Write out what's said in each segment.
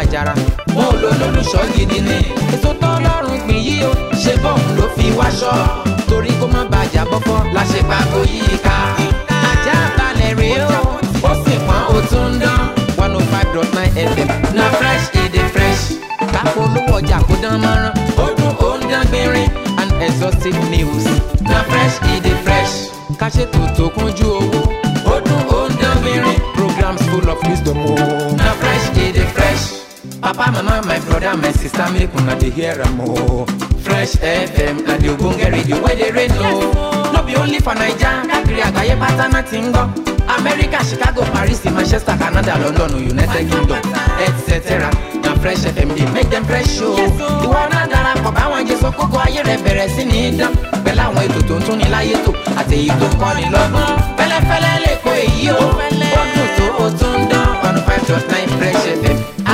àjàrà. mo lo lólùṣọ́ gidi ni èso tọ́lọ́run gbìn yìí o ṣe bọ́ọ̀mù ló fi wáṣọ torí kó má bàjẹ́ bọ́fọ́ la ṣe pàgó yìí ká. ajá balẹ̀ rèé o ó sì pọ́n ó tún ń dán one oh five dot nine fm na fresh e dey fresh. kápò olówó ọjà kó dán mọ́rán ó dún ó dán gbinrin and exhaustive news na fresh e dey fresh. ká ṣètò tó kúnjú owó ó dún ó dán gbinrin programs full of wisdom o. na fresh e dey fresh papa mama my brother my sister make una dey hear am o oh. fresh fm na the ogbonge radio wey dey rain o oh. no be only for naija kakiri àgbáyé pátá na ti ń gbọ́ america chicago paris manchester canada london oh, united kingdom etc na fresh fm dey make dem fresh o ìwọ náà darapọ̀ báwọn jésù kókó ayé rẹ bẹ̀rẹ̀ sí ní dán pẹ̀lú àwọn ètò tó ń tún ni láyé tò àti èyí tó kọ́ ni lọ́gbọ́n fẹ́lẹ́fẹ́lẹ́ lè kó èyí o ó dùn tó o tún dán one five dot nine fresh fm.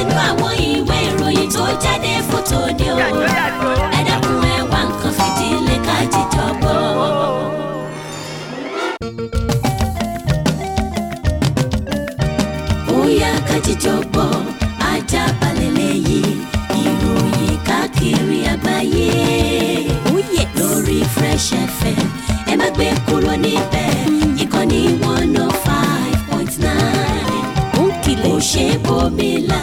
sínú àwọn ìwé ìròyìn tó jáde fótó òde o ẹ dákun nǹkan fìdílé ká jíjọ gbọ́. bóyá ká jíjọ gbọ́ ajá balẹ̀ lẹ́yìn ìròyìn káàkiri àgbáyé oh, lórí Fresh FM ẹ má gbé kúrò níbẹ̀ ìkànnì one oh five point nine kò ṣe bómi la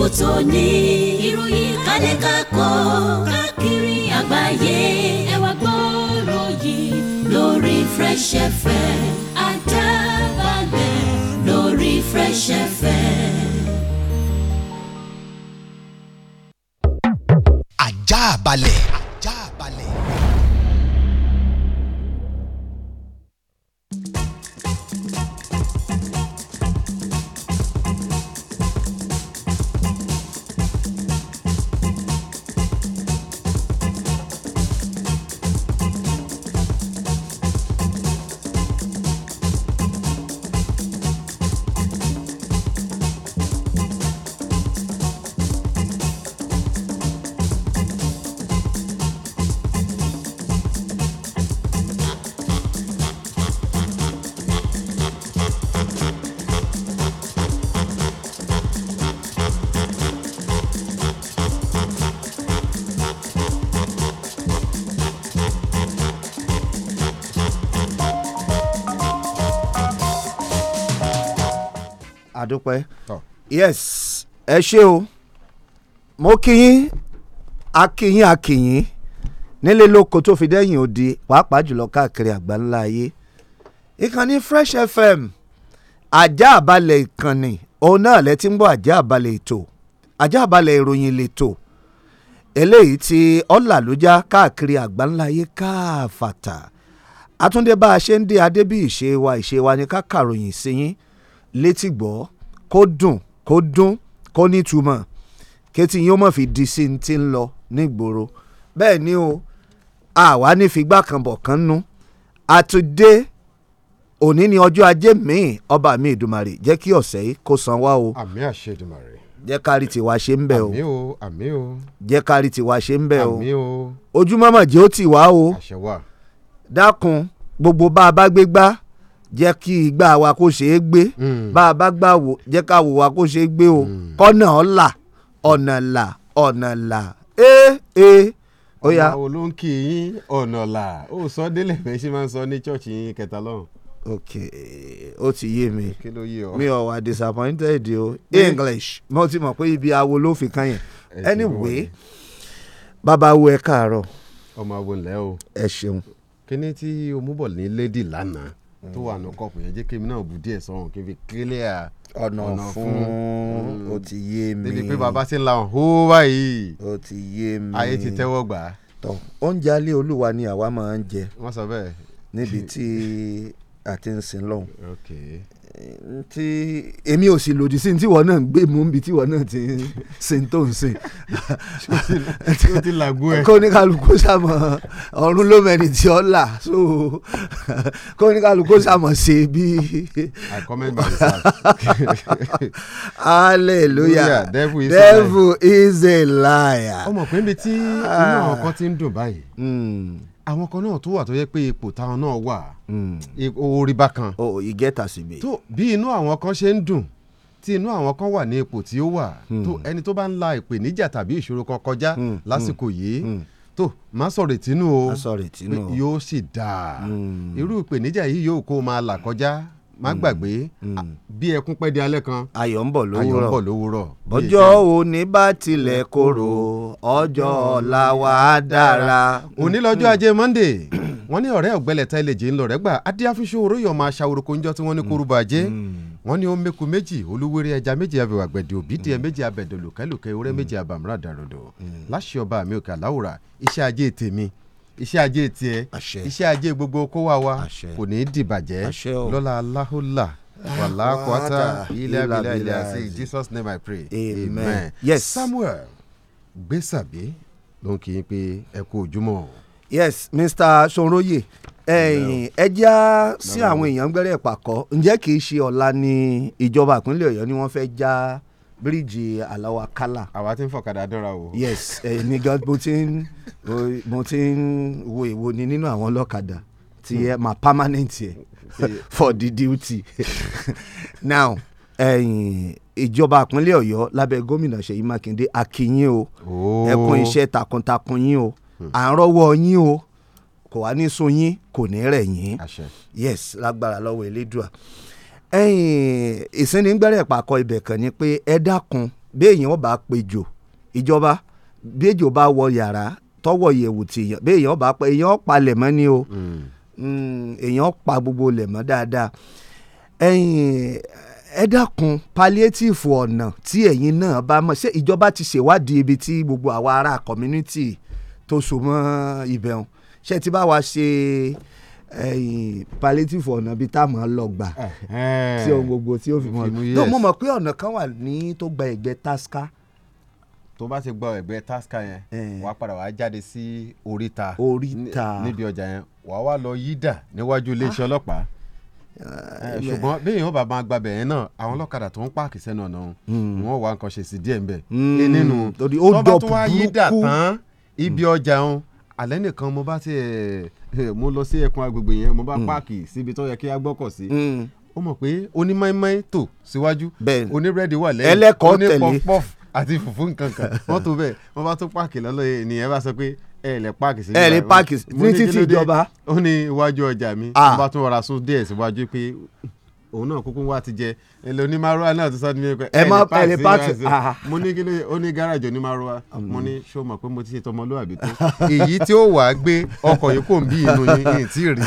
fún tòní. ìròyìn kálẹ̀ kákọ́ káàkiri àgbáyé ẹ wá gbọ́rọ̀ yìí lórí Fresh FM Àdábàgbẹ̀ lórí Fresh FM. àjà balẹ̀. àdúpẹ́ yes ẹ ṣé o mo kí yín akíyín akíyín nílé lóko tó fi dẹ́yìn òdi pàápàá jùlọ káàkiri àgbáńlá ayé ìkànnì fresh fm ajá àbálẹ̀ ìkànnì òun náà lẹ ti ń gbọ́ ajá àbálẹ̀ ètò ajá àbálẹ̀ ìròyìn lètò eléyìí tí ọ̀làlújá káàkiri àgbáńlá ayé káàfàtà àtúndé bá a ṣe ń dé adébí ìṣe wa ìṣe wa ni ká kàròyìn sí yín létí gbọ́ kó dùn kó dún kó nítumọ̀ kétí yín mọ̀ fi di sí ti ń lọ nígboro bẹ́ẹ̀ ni o àwa ní figbá kan bọ̀ kan nú àtúndé òní ni ọjọ́ ajé mi-ín ọba mi ìdùmarè jẹ́ kí ọ̀sẹ̀ yìí kó san wá o. àmì àṣẹ ìdùmarè. jẹ́ kárí tiwa ṣe ń bẹ̀ o. àmì o àmì o. jẹ́ kárí tiwa ṣe ń bẹ̀ o. àmì o. ojúmọ́mọ̀ jẹ́ ó tì wá o. àṣẹ wà. dákun gbogbo bá a bá gbé gbá jẹ́ kí igbá wa kó ṣeé gbé hmm. bá a bá gbà wò jẹ́ ká wò wa kó ṣeé gbé o hmm. kọ́nà ọ̀la ọ̀nà là ọ̀nà là ee ee ó yá. ọ̀nà olóńkì yín ọ̀nà là ó sọ délẹ̀ bẹ́ẹ̀ ṣe máa ń sọ ní ṣọ́ọ̀ṣì yín kẹta lọ́hùn. ok ó ti yé mi mi ò wà disappointed o english mo ti mọ̀ pé ibi awo ló fi kan yẹn anyway bàbá wo ẹ káàárọ̀. ọmọ awo ńlẹ́ o. ẹ ṣeun. kíní tí o mú bọ̀ ní lady lánàá tó wà ní kọ́ọ̀pù yẹn jẹ́ kémi náà bù díẹ̀ sọ̀rọ̀ kí n fi clear ọ̀nà fún ó ti yé mi débi pé bàbá ti ń la hó báyìí ó ti yé mi ayé ti tẹ́wọ́ gbà tọ oúnjẹ alẹ́ olúwa ni àwa máa ń jẹ wọ́n sọ bẹ́ẹ̀ níbi tí a ti ń sin lọ́hùn tí èmi ò sì lòdì sí ní tíwọ náà ń gbé mú níbi tíwọ náà ti ń sin tó ń sin. tí o ti làgó ẹ. kóníkàlùkù sàmọ ọ̀run ló tí ọ là so kóníkàlùkù sàmọ ṣe bí. I comment by myself. hallelujah devil is, devil a liar. ọmọ pé níbi tí inú àwọn ti ń dùn báyìí. Hmm àwọn kan náà tó wà tó yẹ pé ipò táwọn náà wà hmm. orí bákan. o ìgẹ́ tàṣìbè. tó bí inú àwọn kan ṣe ń dùn tí inú àwọn kan wà ní ipò tí ó wà hmm. tó ẹni tó bá ń la ìpèníjà tàbí ìṣòro kan kọjá hmm. lásìkò yìí tó má sọ̀rọ̀ ìtinú o yóò sì dáa irú ìpèníjà yìí yóò kó máa là kọjá má hmm. gbàgbé hmm. bí ẹkún pẹ́ di alẹ́ kan ayọ̀ ń bọ̀ lówùrọ̀ bọ́jọ́ òní bá tilẹ̀ korò ọjọ́ ọ̀la wa dára. òní lọ́jọ́ ajé monday wọ́n ní ọ̀rẹ́ ọ̀gbẹ́lẹ̀ tá ilé jẹ́ ń lọ rẹ́ gbà adíáfíṣe oróyọ̀ máa ṣàwòrán njọ́ tí wọ́n ní kóru bàjẹ́ hmm. wọ́n ní ó mẹ́kù méjì olúwéré ẹja méjì abẹ́wà gbẹ̀dẹ̀ òbídìẹ méjì abẹ́dọ̀ lùkẹ́lùkẹ́ orẹ́ méjì abàmúrà dàrọ̀dọ̀ láṣẹ ọba òkè aláwòrán iṣẹ́ ajé tèmi iṣẹ́ ajé tiẹ̀ iṣẹ́ ajé gbogbo kó wà wá kò ní í dìbàjẹ́ lọ́la aláhùlà wàlá ah, kọ́tà ilẹ̀ abilà ilẹ̀ àti Jesus name I pray amen. yes Samuel gbèsàbí ló ń kí n pé ẹ kú ojúmọ́. yes Mr. Soroye ẹ̀yìn ẹja sí àwọn èèyàn gbẹ́rẹ́ pàkọ́ ǹjẹ́ kì í ṣe ọ̀la ni ìjọba ìpínlẹ̀ Ọ̀yọ́ ni wọ́n fẹ́ já. Ja bíríìjì aláwa kálá. àwa ti ń fọ̀kadà dánra o. yes èmi gan mo ti ń mo ti ń wo èwo ni nínú àwọn ọlọ́kadà ti yẹ ma permanent yẹ for the duty now ìjọba àpínlẹ̀ ọ̀yọ́ lábẹ́ gómìnà ṣèyí mákindé akínyìn o oh. ẹkùn iṣẹ́ takuntakun yín o hmm. à ń rọ́wọ́ yín o kò wá ní sun kò ní rẹ̀ yín yes lágbára lọ́wọ́ elédùà ìsínigbẹ́rẹ́ ìpàkọ́ ibẹ̀ kan ni pé ẹ dákun béèyàn bá péjọ ìjọba béèjọ bá wọ yàrá tọwọ yẹ̀wò tìyàn béèyàn bá pa èèyàn palẹ̀ mọ́ ni o hmm. Hmm, èèyàn pa gbogbo lẹ̀ mọ́ dáadáa ẹ dákun palliative ọ̀nà tí ẹ̀yin náà bá mọ̀ ṣé ìjọba ti ṣèwádìí ibi tí gbogbo àwa ará community tó so mọ́ ibẹ̀ hàn ṣé ti bá wa ṣe. Se palliative ọ̀nà bíi tá a máa lọ gbà tí ohun gbogbo tí ó fi mọ́ lọ mo mọ̀ pé ọ̀nà kan wà ní tó gba ẹ̀gbẹ́ tasca tó bá ti gbọ́ ẹ̀gbẹ́ tasca yẹn wàá padà wàá jáde sí oríta oríta níbi ọjà yẹn wàá wá lọ yídà níwájú iléeṣẹ́ ah. ọlọ́pàá ah, ṣùgbọ́n bí èèyàn bá máa gbàbẹ̀ yẹn náà àwọn ọlọ́kadà tó ń páàkì sẹ́nu ọ̀nà wọn hmm. wọ́n nǹkan ṣe sí díẹ̀ ńbẹ̀ hmm. nínú tó tó wá yídà tán ibi hmm. ọjà wọn alẹ́ nìkan mo bá ti ẹ̀ mo lọ sí ẹkùn agbègbè yẹn mo bá hmm. páàkì síbi tó yẹ kí a gbọ́kọ̀ sí hmm. ó mọ̀ pé onímọ̀ọ́mọ́ tò síwájú onírẹ́dì wà lẹ́yìn ẹlẹ́kọ̀ọ́ tẹ̀lé onípọ̀pọ̀ àti fùfú nǹkan kan wọ́n tó bẹ́ẹ̀ wọ́n bá tó páàkì lọ́lọ́yẹ ènìyàn bá sọ pé ẹ lè páàkì sí. ẹ lè páàkì ní títì ìjọba. ó ní iwájú ọjà mi wọ́n ah. bá tún rọra sún díẹ̀ síwájú pé òun náà kúkú wá ti jẹ ẹlẹ onímàrúwá náà ti sọ ní pé ẹ má pẹlẹ pàtì mo ní kí ló ní gáràjì onímàrúwá mo ní ṣó mọ̀ pé mo ti ṣe tọmọlúwàbí tó èyí tí ó wàá gbé ọkọ̀ yìí kò ń bí inú yín yìí tí ì rí.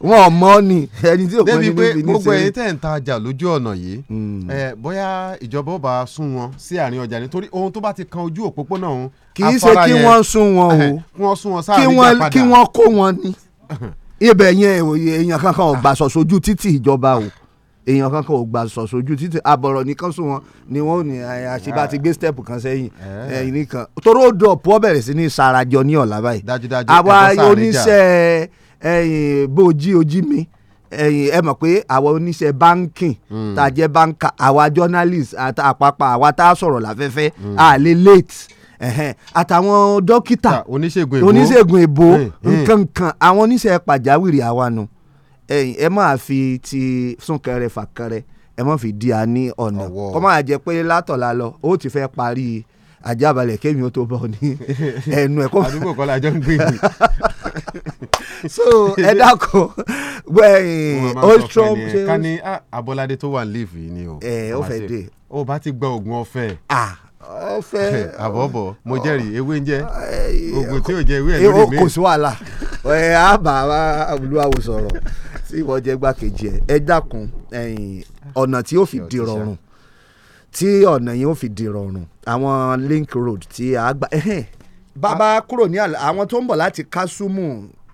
wọn mọ ni ẹni tí òpin nínú fi ní sí. débi pé gbogbo ẹ̀yin tẹ̀ ń ta ọjà lójú ọ̀nà yìí hmm. bóyá ìjọba ó bá sún wọn sí àárín ọjà nítorí ohun tó bá ti kan ojú òpópónà òun. kì í ṣe kí wọ́n sún wọn o kí wọ́n kó wọn ni ibẹ̀ yẹn èèyàn kankan ò gbà sọ sójú títì ìjọba o èèyàn kankan ò gbà sọ sójú títì àbọ̀rọ̀ nìkan sùn wọn ni wọn ò ní àṣìbá ti gbé stẹ́ẹ̀pù kan sẹ́yìn eh. ẹ̀yìn nìkan toró dọ̀pù ọ bẹ̀rẹ̀ sí ní sarajọ ní ọ̀la báyìí àwa oníṣẹ́ ẹ̀yìn bójí ojí mi ẹ̀yin ẹ mọ̀ pé àwọn oníṣẹ́ banking hmm. tá a jẹ́ banker àwa journalist àti àpapọ̀ àwa tá a sọ̀rọ̀ láfẹ́fẹ́ à hmm. lè late àtàwọn dókítà oníṣègùn èbó nkankan àwọn oníṣẹ́ pàjáwìrì àwa nu ẹ máa fi ti súnkẹrẹ fàkẹrẹ ẹ má fi di a ní ọ̀nà kọ́ máa jẹ́ pé látọ̀la lọ ó ti fẹ́ parí àjábalẹ̀ kémi ó tó bọ̀ ní ẹnu ẹ̀ kọ́. àdúgbò kọ́lá jọ ń gbé mi. so ẹ dákọ̀ ultron ṣe. ká ní ah, abọ́ládé tó wà leave yìí ni o. ẹ ó fẹ́ dé. o bá ti gba oògùn ọ̀fẹ́. ah ọfẹ àbọ̀bọ̀ mo jẹ́rìí ewé ń jẹ́ oògùn tí ò jẹ́ ewé ẹ̀ e, lórí mi. kò sí wàhálà ẹ á bá olúwawo sọ̀rọ̀ tí wọ́n jẹ́ gbàkejì ẹ̀ ẹ dákun ọ̀nà tí ó fi di rọrùn tí ọ̀nà yẹn fi di rọrùn àwọn link road tí a gbà bàbá kúrò ní àwọn tó ń bọ̀ láti kásùmù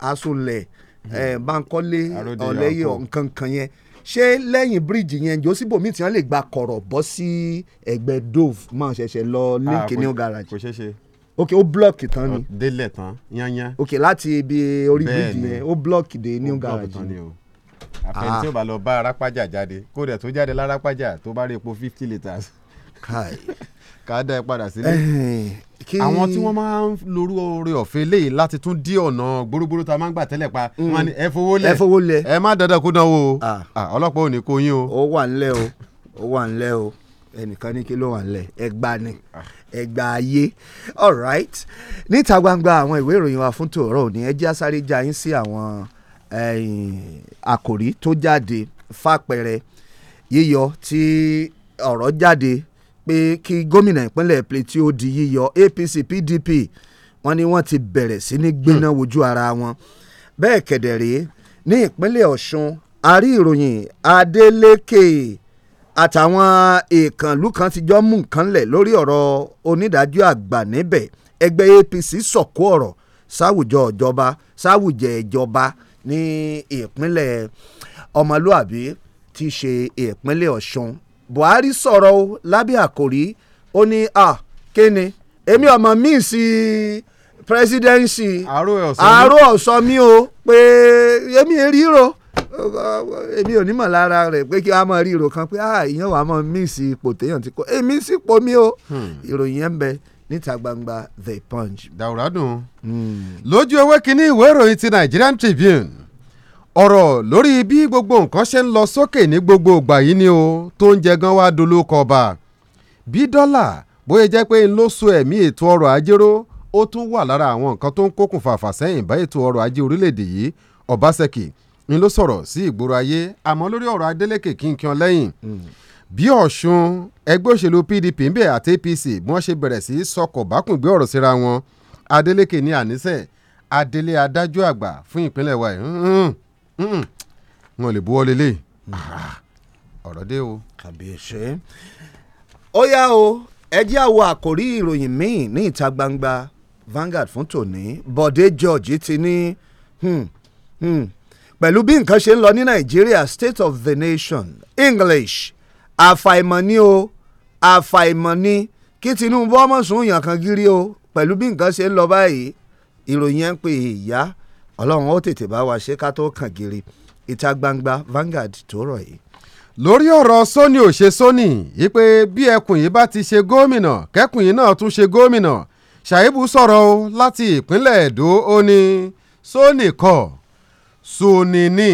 asunlẹ̀ bankole ọ̀lẹ́yẹ nkankan yẹn ṣé lẹ́yìn bíríìjì yẹn ǹjọ́ síbòmí tí wọ́n lè gba kọ̀rọ̀ bọ́ sí ẹgbẹ́ Dove máa ṣẹ̀ṣẹ̀ lọ link ah, new garage. kò ṣeé ṣe ok o blọọkì tán ni. délẹ̀ tán yányán. ok láti ibi orí bíríìjì yẹn o blọọkì de new garage. ó blọọkì tán ni o àfẹn tí ó bá lọ bá arápájà jáde kódà tó jáde lárápájà tó bá rí epo fifty litres ká dá ẹ padà sílé àwọn tí wọ́n máa ń lorú oore ọ̀fẹ́ léyìí láti tún dí ọ̀nà gbórógbóró tá a máa ń gbà tẹ́lẹ̀ pa wọ́n ní ẹ fowó lẹ̀ ẹ fowó lẹ̀ ẹ má dandan kó dán o ọlọ́pàá ò ní kó yín o. ó wà ńlẹ̀ o ó wà ńlẹ̀ o ẹnìkan ní kí ló wà ńlẹ̀ ẹgbà ni ẹgbà ayé alright níta gbangba àwọn ìwé ìròyìn wa fún tòórọ́ òní ẹ já sáré já yín sí àwọn eh, àkòrí tó jáde fàpẹrẹ yíyọ tí ọ̀rọ̀ jáde pé kí gómìnà ìpínlẹ̀ Plateau di yíyọ APC PDP wọ́n ní wọ́n ti bẹ̀rẹ̀ sí ní gbéná hmm. wojú ara wọn bẹ́ẹ̀ kẹ̀dẹ̀ ní ìpínlẹ̀ Ọ̀ṣun a rí ìròyìn Adeleke àtàwọn ìkànlú kan ti jọ mú nǹkan lẹ̀ lórí ọ̀rọ̀ onídàájọ́ àgbà níbẹ̀ ẹgbẹ́ APC sọ̀kò ọ̀rọ̀ sáwùjọ ìjọba sáwùjẹ ìjọba ní ìpínlẹ̀ ọmọlúàbí ti ṣe ìpínlẹ̀ Ọ̀ṣun buhari sọ̀rọ̀ o lábẹ́ àkòrí ó ní à kéne èmi ọmọ mi sí presidency àárò ọ̀sọ́ mi o pé èmi ríro èmi ò ní mọ̀ lára rẹ̀ pé kí wọ́n mọ̀ ríro kan pé ìyẹn wàá mọ̀ míì sí ipò téèyàn ti kó èmi sì pọ̀ mi o hmm. ìròyìn yẹn ń bẹ níta gbangba the punch. dàwùrà dùn. Hmm. lójú ewé kínní ìwé ìròyìn ti Nigerian Tribune ọ̀rọ̀ lórí bí gbogbo nǹkan ṣe ń lọ sókè ní gbogbo ìgbà yìí ni o tó ń jẹ gan wá dolóko ọba bí dọ́là bóyá jẹ́ pé ń ló so ẹ̀mí ètò ọrọ̀ ajé ró ó tún wà lára àwọn nǹkan tó ń kókùn fàfà sẹ́yìn bá ètò ọrọ̀ ajé orílẹ̀-èdè yìí Ọbaṣẹ́kì ń ló sọ̀rọ̀ sí ìgboro ayé àmọ́ lórí ọ̀rọ̀ Adeleke kínkín lẹ́yìn bí Ọ̀ṣun ẹgbẹ́ òṣèlú PDP ń bẹ̀ àti APC bí wọ́n ṣe bẹ̀rẹ̀ sí sọkọ̀ bákùngbé ọ̀rọ̀ síra wọn Adeleke ní ànísẹ̀ Adelé adájọ́ àgbà fún ìpínlẹ̀ wa yìí n ò lè buwọ́ lélẹ̀ mm. ah, ọ̀rọ̀ dé o. kàbíyèsí ó yá o ẹ jẹ́ àwọ àkórí ìròyìn míì ní ìta gbangba Vanguard fún tòní Bọ̀dé George ti ní hmm, hmm, pẹ̀lú bí nǹkan ṣe ń lọ ní Nàìjíríà state of the nation English àfàìmọ̀ ni o àfàìmọ̀ ni kí Tinubu ọmọ sùn yàn kan gírí o pẹ̀lú bí nǹkan ṣe ń lọ báyìí ìròyìn ẹ̀ ń pè é ìyá ọlọ́run ó tètè bá wa ṣe ká tó kàn gírí ìta gbangba Vanguard tó rọ̀ yìí. lórí ọ̀rọ̀ Soni ò ṣe Soni yìí pé bí ẹkùn yìí bá ti ṣe gómìnà kẹ́kùn yìí náà tún ṣe gómìnà ṣàyẹ̀bù sọ̀rọ̀ o láti ìpínlẹ̀ èdò ó ní Soni kọ̀ Soni ní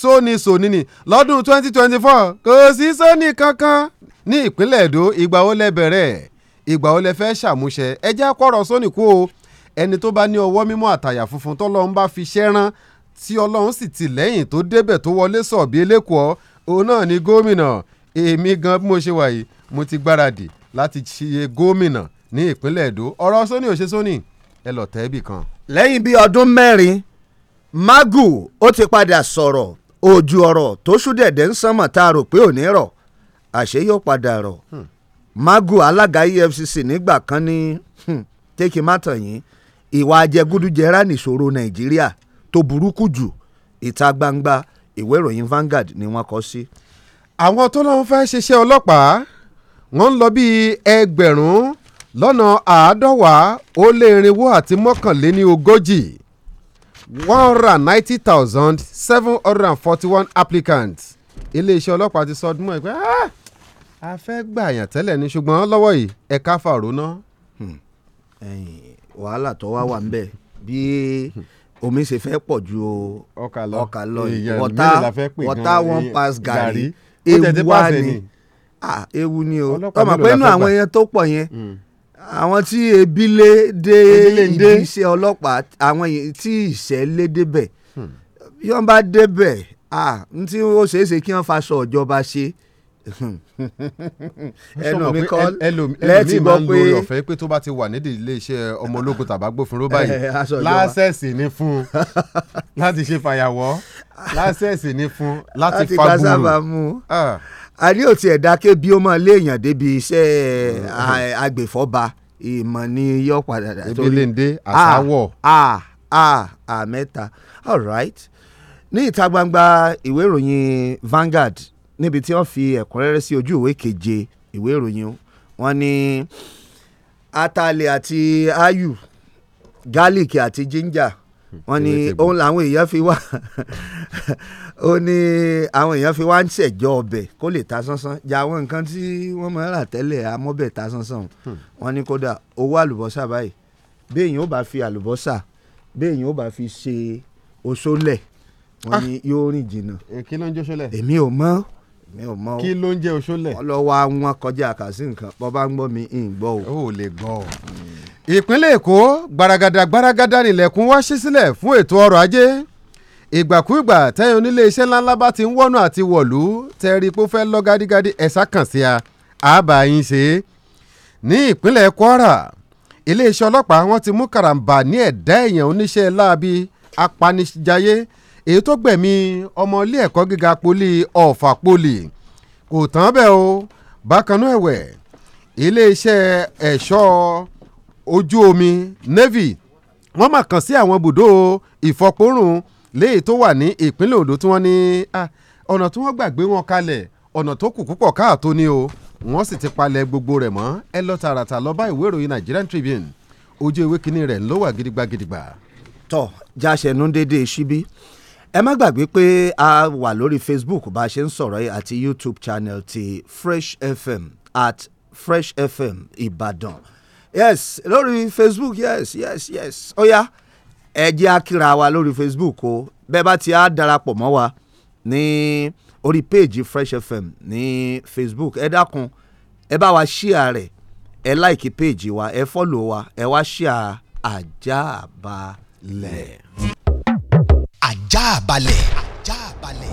Soni Soni ní lọ́dún 2024 kò sí Soni kankan ní ìpínlẹ̀ èdò ìgbà ó lẹ bẹ̀rẹ̀ ìgbà ó lẹ fẹ́ ṣàmúṣẹ ẹjẹ́ kọ̀rọ̀ Soni kú o ẹni tó bá ní ọwọ́ mímọ́ àtàyà funfun tọ́lọ́run bá fi ṣẹ́ rán tí ọlọ́run sì ti lẹ́yìn tó débẹ̀ tó wọlé sọ̀bí elékòó òun náà ni gómìnà èmi gan bí mo ṣe wà yìí mo ti gbáradì láti ṣe gómìnà ní ìpínlẹ̀ èdò ọ̀rọ̀ sóní ò sóní ẹ lọ tẹ́ ibì kan. lẹ́yìn bíi ọdún mẹ́rin magu ó ti padà sọ̀rọ̀ ojú ọ̀rọ̀ tó ṣúdẹ̀dẹ̀ ń sánmọ̀ tá a rò pé ò ní rọ̀ àṣé yóò padà rọ̀ magu hmm. alága EFCC nígbà kan ní tẹ́kì mátàn yìí ìwà ajẹgúdújẹrá nìṣòro nàìjíríà tó burúkú jù ìta gbangba ìwé ìròyìn Vanguard ni wọ́n kọ sí. àwọn tó lọ́n fẹ́ ṣiṣẹ́ ọlọ́pàá wọ́n ń lọ bíi ẹgbẹ̀rún lọ́nà àádọ́wàá ó lé irinwó àti mọ́kànléní ogójì one hundred and ninety thousand seven hundred and forty one applicants iléeṣẹ́ ọlọ́pàá ti sọ ọdún mọ́ ẹ pé a fẹ́ gbà yàn tẹ́lẹ̀ ní ṣùgbọ́n lọ́wọ́ yìí ẹ̀ka fàrọ̀ náà. Hmm, wàhálà tó wá wà ńbẹ̀ bí omi ṣe fẹ́ pọ̀ ju ọkà lọ ọ̀tá ọ̀tá one pass gàrí ewu wá ni ewu ni o tọmọ pé inú àwọn yẹn tó pọ̀ yẹn hmm. àwọn tí ebi lé dé ìdí iṣẹ́ ọlọ́pàá àwọn tí ìṣẹ́ lé débẹ̀ yọ̀ǹba hmm. débẹ̀ n tí ó ṣeé kí wọ́n faṣọ ìjọba ṣe. ẹnu mi kọ lẹ́tì gbọ́ pé ẹlòmíì máa ń lo ọ̀fẹ́ pé tó bá ti wà nídìí iléeṣẹ́ ọmọ ológun tàbá gbófinró báyìí láṣẹ̀sì ni fún un láti ṣe fàyàwọ́ láṣẹ̀sì ni fún un láti fagbúrú àrí ah. òtí ẹ̀dá ké bí ó máa léèyàn débi iṣẹ́ agbèfọ́ba ìmọ̀ ni yọ padà dà torí ebi lèndé ah, àsáwọ̀ a ah, a a mẹ́ta all right ní ìta gbangba ìwé ìròyìn Vanguard níbi tí wọ́n fi ẹ̀kúnrẹ́rẹ́ sí ojú ìwé keje ìwé ìròyìn wọn ní atalẹ̀ àti ayù gálíìkì àti jíńjà wọn ní òun làwọn èèyàn fi wá ó ní àwọn èèyàn fi wá ń ṣẹ̀jọ́ ọbẹ̀ kó lè ta sánsán ja àwọn nǹkan tí wọ́n máa ń rà tẹ́lẹ̀ amọ́bẹ̀ ta sánsán hmm. wọn ní kódà owó àlùbọ́sà báyìí béèyàn ó bá fi àlùbọ́sà béèyàn ó bá fi ṣe oṣó lẹ̀ wọ́n ah! ní yóò rìn jìnnà. èmi ò mọ̀ mi ò mọ. kí ló ń jẹ́ oṣólẹ̀. ọlọ́wọ́ àwọn kọjá àkàsí nǹkan bọ́ bá ń gbọ́ mi ń gbọ́ o. o lè gbọ́ o. ìpínlẹ̀ èkó gbaragada gbaragada nìlẹ̀kùn wá ṣí sílẹ̀ fún ètò ọrọ̀ ajé ìgbàkúgbà tẹ́yìn onílé iṣẹ́ ńláńlá bá ti ń wọ́nà àti wọ̀lú tẹ́rí pé ó fẹ́ lọ gádígádí ẹ̀sà kàn sí a àbá yín ṣe ní ìpínlẹ̀ kwara iléeṣẹ́ ọlọ́pàá wọn ti mú karambà ní ẹ̀dá èèyàn oníṣẹ́ láabi apanijayé èyí tó gbẹ̀mí ọmọ ilé ẹ̀kọ́ gíga poli ọ̀fà poli kò tán bẹ́ẹ̀ o bákan náà ẹ̀wẹ̀ iléeṣẹ́ ẹ̀ṣọ́ ojú omi navy wọ́n mà kàn sí àwọn ibùdó ìfọpọ́rùn léyìí tó wà ní ìpínlẹ̀ Ondo tí wọ́n ní ọ̀nà tí wọ́n gbàgbé wọn kalẹ̀ ọ̀nà tó kù púpọ̀ káàtó ni o wọ́n sì ti palẹ̀ gbogbo rẹ̀ mọ́ ẹ lọ tààràtà lọ bá ìwé ìròyìn Nigerian Tribune ojú ewé kínní rẹ̀ ló wà gidigba gidigba. tọ́ jáṣẹ̀nú déédéé síbí ẹ má gbàgbé pé a wà lórí Facebook bá a ṣe ń sọ̀rọ̀ yìí àti YouTube channel ti Fresh FM at Fresh FM Ìbàdàn yes lórí Facebook yes yes yes ó yá ẹ jẹ́ àkìrà wa lórí Facebook o bẹ́ẹ̀ bá ti á darapọ̀ mọ́ wa ní orí péèjì Fresh FM ní Facebook ẹ dákun ẹ bá wa ṣíà rẹ̀ ẹ láìkí péèjì wa ẹ fọ́lò wa ẹ wá ṣíà Àjààbálẹ̀ àjàbalẹ̀. àjàbalẹ̀.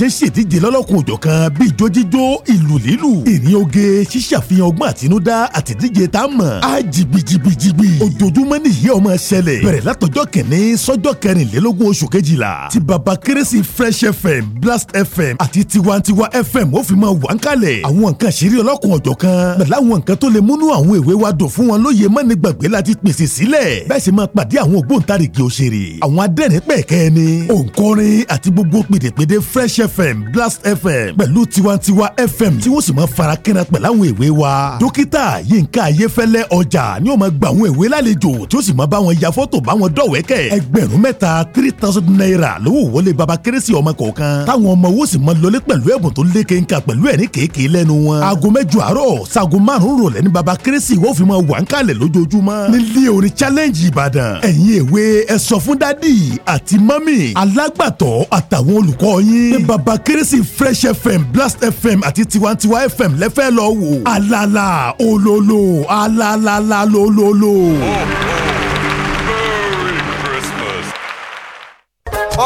ṣe ń ṣèdíje lọ́lọ́kùn òjọ̀ kan bíi ijó jíjó ìlú lílù ìrìn oge ṣíṣàfihàn ọgbọ́n àtinúdá àtìdíje tá a mọ̀ á jìgbìjìgbìjìgbì ojoojúmọ́ nìyí ọmọ ṣẹlẹ̀ bẹ̀rẹ̀ látọjọ́ kẹ̀ní sọ́jọ́ kẹrìnlélógún oṣù kejìlá ti baba kérésì fresh fm blast fm àti tiwantiwa fm ó fi máa wà ń kalẹ̀ àwọn nǹkan ṣeré ọlọ́kùn ọ̀jọ̀ kan pẹ̀lú àwọn nǹkan tó lè múnú àwọn èwe wa dùn fún wọn lóye mọ́ni gbàgbé láti pèsè sílẹ̀ bẹ́ẹ̀ sì máa pàdé àwọn ògbóǹtarìgì òṣèré àwọn adẹ́rìn pẹ̀kẹ́ ni òǹkọrin àti gbogbo pèdèpèdè fresh fm blast fm pẹ̀lú tiwantiwa fm tí wọ́n sì máa fara kẹ́ra pẹ̀lú àwọn èwe wa. dókítà yínká ayéfẹ́lẹ́ ọjà ni ó máa gba àwọn èwe lálejò tí ó sì máa bá wọn ya fọ́tò bá wọn dọ̀wẹ́kẹ̀. ẹgbẹ̀rún mẹ́ta three thousand naira lówó wọlé baba kérésì ọmọ kọ̀ọ̀kan táwọn ọmọ wo sì máa lọlé pẹ̀lú ẹ̀bùn tó léke nǹka pẹ̀lú ẹ̀rín kéèké lẹ́nu wọn. aago mẹ́jọ àárọ̀ sago márùn baba kérésì wọ́n fi máa wà ń kalẹ̀ lójoojúmọ́. challenge ìbàdàn ẹ̀yin èwe ẹ sọ fún dádì àti mọ́mì alágbàtọ́ àtàwọn olùkọ́ yín baba kérésì fresh fm blast fm àti tiwantiwa fm lẹ́fẹ̀ẹ́ lọ alala olólo alalala lólólo. Oh, oh.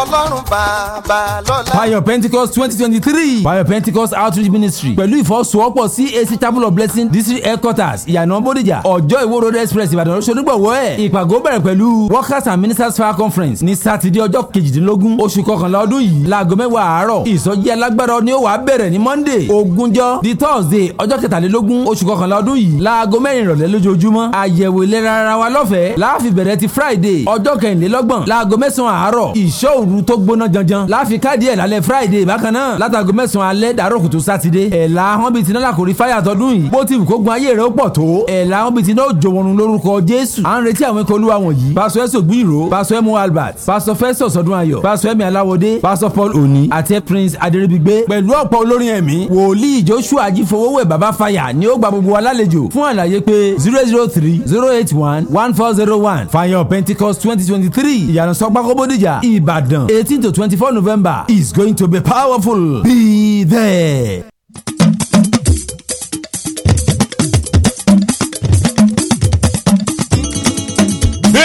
ọlọ́run bàbá lọ́la. fire pentecost twenty twenty three fire pentecost outreach ministry pẹ̀lú ìfọwọ́sowọ́pọ̀ cac table of blessing district headquarters ìyànà bódìjà ọjọ́ ìwó road express ìbàdàn lọ́sọ̀dúngbọ̀wọ́ ẹ̀ ìpàgọ́ bẹ̀rẹ̀ pẹ̀lú workers and ministers fire conference ní sátidé ọjọ́ kejìdínlógún oṣù kọkànlá ọdún yìí láago mẹ́wàá àárọ̀ ìsọjí alágbára ni ó wà bẹ̀rẹ̀ ní monday ogúnjọ́ di thursday ọjọ́ kẹtàlélógún oṣù kọkànlá ọdún yìí láago mẹ́rin ìrọ̀lẹ́ lójoojúmọ́ àyẹ̀wò ìlera ara wa lọ́fẹ̀ẹ́ láàfin bẹ̀rẹ̀ ti friday ọjọ́ kẹrìnlélọ́gbọ̀n láago mẹ́sàn-án àárọ̀ ìṣòwò òru tó gbóná janjan láfi káàdì ẹ̀ lálẹ́ friday bákan náà látago mẹ́sàn-án alẹ́ dàrọ́ kùtù sátidé ẹ̀la ahọ́n bíi tiná làkòrí fáyà tọdún yìí bó ti kógun ayé rẹ̀ ó pọ̀ tó ẹ̀la ahọ́n bíi tiná òjò wọnú lórúkọ jésù à ń retí àwọn ikọ̀ olúwa wọ̀nyí pásọ ẹ̀sọ̀ gbìrò pásọ ẹ̀mú albert pásọ fẹ́sọ̀ sọdún ayọ̀ pásọ ẹ̀mí aláwọ̀dé pásọ paul òní àti prince adéríbigbé pẹ̀lú ọ̀pọ̀ olórin ẹ̀mí wòlíì joshua ajífowówẹ̀ baba fire ni ó gba gbogbo wa lálejò fún àlàyé pé zero zero three zero eight one one four zero one fire pentecost twenty twenty three ìyànà sọgbàkọ́bódìjà ìbàdàn Ibadan, 18 to 24 November is going to be powerful. Be there.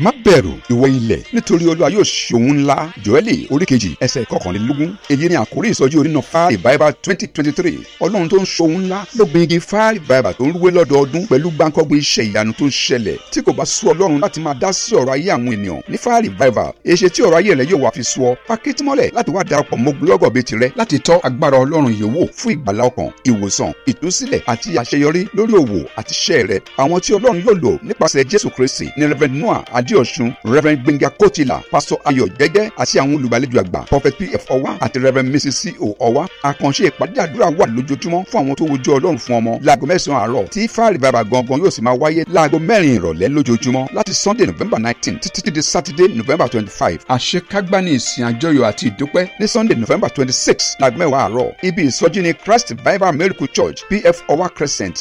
má bẹ̀rù ìwọ ilẹ̀ nítorí olúwa yóò ṣe ńlá joeli oríkejì ẹsẹ̀ kọkànlélógún èyí ni àkórí ìsọjí orí náà fáàlì báíbà twenty twenty three ọlọ́run tó ń ṣe ohun ńlá ló gbin igi fáàlì báíbà tó ń rúwé lọ́dọọdún pẹ̀lú gbáǹkọ́gbìn iṣẹ́ ìyanu tó ń ṣẹlẹ̀ tí kò bá sú ọlọ́run láti máa dá sí ọ̀rọ̀ ayé àwọn ènìyàn ní fáàlì báíbà èṣe tí ọ̀rọ̀ ayé rẹ yóò wá fi sú ọ pàkítímọ́lẹ̀ láti wá darapọ̀ mọ́ blọ́gọ̀ bíi tirẹ̀ láti tọ́ agbára ọlọ́run yìí wò fún ìgbàlá ọkàn ìwòsàn ìtúsílẹ̀ àti àṣeyọrí ìdájí ọ̀ṣun rev gbẹ̀ngà kòtìlà pásọ ayọ̀ jẹ́jẹ́ àti àwọn olùgbàlejò àgbà prophet pf ọwá àti rev mrs co ọwá àkànṣe ìpàdé àdúrà wà lójoojúmọ́ fún àwọn tó wojú ọlọ́run fún ọmọ láago mẹ́sàn-án àárọ̀ tí fáàrí bàbà gangan yóò sì máa wáyé láago mẹ́rin ìrọ̀lẹ́ lójoojúmọ́ láti sunday november nineteen títí di saturday november twenty five àṣekágbá ni ìsìn àjọyọ̀ àti ìdúpẹ́ ní sunday november twenty six láago mẹ́wàá àárọ̀ ibi ìsọjí ni christ bible miracle church pf ọwá crescent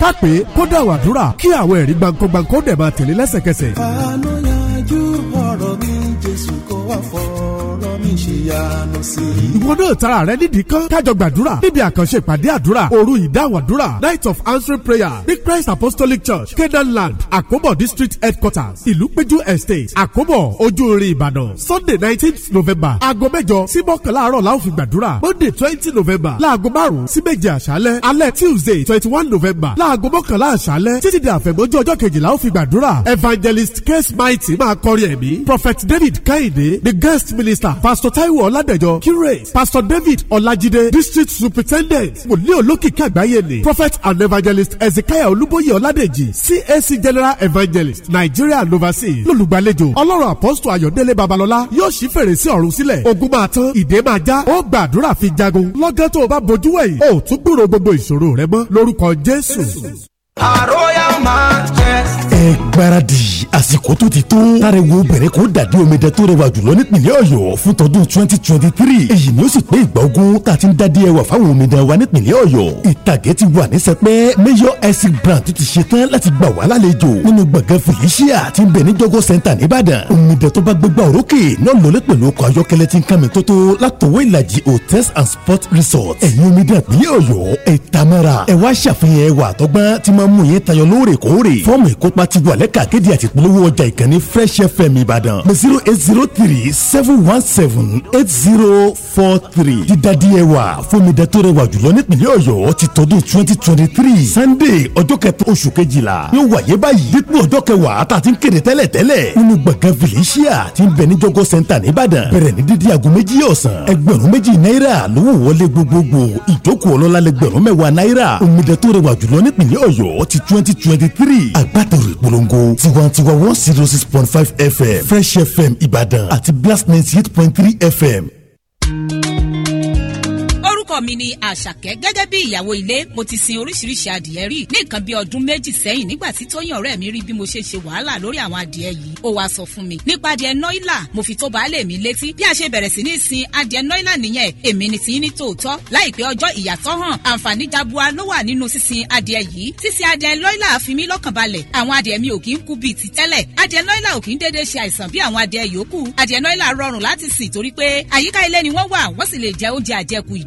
tá pé kó dàwàdúrà kí àwọn ẹ̀rí gbàǹkangbàǹkan dẹ̀ máa tẹ̀lé lẹ́sẹ̀kẹsẹ̀. yanu sí. ìwọ náà tara rẹ nídìí kan kájọ gbàdúrà níbi àkànṣe ìpàdé àdúrà òru ìdáwàdúrà night of answering prayer ní christ apostolic church Kedan land àkóbọ̀ district headquarters ìlúpéjú estate àkóbọ̀ ojú irin ìbàdàn sunday nineteenth november aago mẹ́jọ sí mọ́kànlá àárọ̀ la ó fi gbàdúrà monday twenty november láago márùn-ún sí méje àṣálẹ́ alẹ́ tuesday twenty one november láago mọ́kànlá àṣálẹ́ títí di àfẹ̀mọ́jú ọjọ́ kejìlá ó fi gbàdúrà evangelist case mighty máa kọrin ẹ̀mí prophet david kainde the guest minister pastor taiwo taiwo ọládẹjọ curate pastor david ọlájídé district superintendent wòlíì olókìkí àgbáyé ni prophet and evangelist ezekiah olúbóyè ọládèjì cac general evangelist nigeria and overseas lólùgbàlejò ọlọ́run apostle ayọ̀délé babalọ́lá yóò ṣí fèrèsé ọ̀run sílẹ̀ ogun máa tán ìdè máa já ó gbàdúrà fi jagun lọ́gán tó o bá bojú wẹ̀yìn ó tún gbúrò gbogbo ìṣòro rẹ mọ́ lórúkọ jésù. àròyá máa ẹ gbáradì àsìkò tó ti tó tariwo bẹ̀rẹ̀ kó dàdí omidan tó rẹwà jùlọ nípìnlẹ̀ ọ̀yọ́ fún tọdún twenty twenty three èyí ni ó sì pé ìgbà ogún tá a ti ń dádí ẹwà fáwọn omidan wa nípìnlẹ̀ ọ̀yọ́ ìtàgé ti wà ní sẹpẹ́ mayor essex brand tó ti ṣe tán láti gbà wá lálejò nínú gbọ̀ngàn felicia ti ń bẹ ní jọgọ́ center nìbàdàn omidan tó bá gbégbá òrókè náà lọlé pẹ̀lú ọkọ̀ ayọ́kẹ́lẹ́ ti and sports resort ẹ̀yin omidan ìpínlẹ̀ ọ̀yọ́ ẹ̀ tamara ẹ̀ wá ṣàfihàn ẹwà àtọ́gbọ́n tí máa mú yín tayọ ìkópa ti wà lẹ́ka akéde àti ìpolówó ọjà ìkànnì fresh fm ìbàdàn pé zero eight zero three seven one seven eight zero four three dídádì ẹwà fomidà tó rẹwà jùlọ nípìnlẹ̀ ọ̀yọ́ ti tọdún twenty twenty three sunday ọjọ́ kẹta oṣù kejìlá yóò wáyé báyìí dípò ọjọ́ kẹwàá tá a ti ń kéde tẹ́lẹ̀tẹ́lẹ̀ nínú gbọ̀ngàn felicia ti ń bẹ ní jọgọ́ center nìbàdàn bẹ̀rẹ̀ ní dídí aago méjì ọ̀sán ẹgbẹ̀rún méjì náírà lówó wọlé gbogbogbò ìjókòó ọlọ́lá lẹgbẹ̀rún mẹ́wàá náírà omidan tó rẹwà jùlọ nípìnlẹ̀ ọ̀yọ́ ti twenty twenty three àgbà látọ̀rọ̀ ìpolongo tiwantiwa one zero six point five fm fresh fm ìbàdàn àti blast ninety eight point three fm orúkọ mi ni àṣàkẹ́ gẹ́gẹ́ bí ìyàwó ilé mo ti sin oríṣiríṣi adìẹ rí ní nǹkan bí ọdún méjì sẹ́yìn nígbà tí tóyìn ọ̀rẹ́ mi rí bí mo ṣe ṣe wàhálà lórí àwọn adìẹ yìí ó wàá sọ fún mi nípa adìẹ nọ́ìlà mo fi tó baálé mi létí bí a ṣe bẹ̀rẹ̀ sí ní sin adìẹ nọ́ìlà nìyẹn èmi ni ti ní tòótọ́ láìpẹ́ ọjọ́ ìyàtọ̀ hàn àǹfààní jabua ló wà nínú sísin adìẹ yìí sísin adìẹ nọ́ìlà fi mí lọ́kàn balẹ̀ àwọn adìẹ mi ò kí ń kú bíi ti tẹ́lẹ̀ adìẹ nọ́ìlà ò kí ń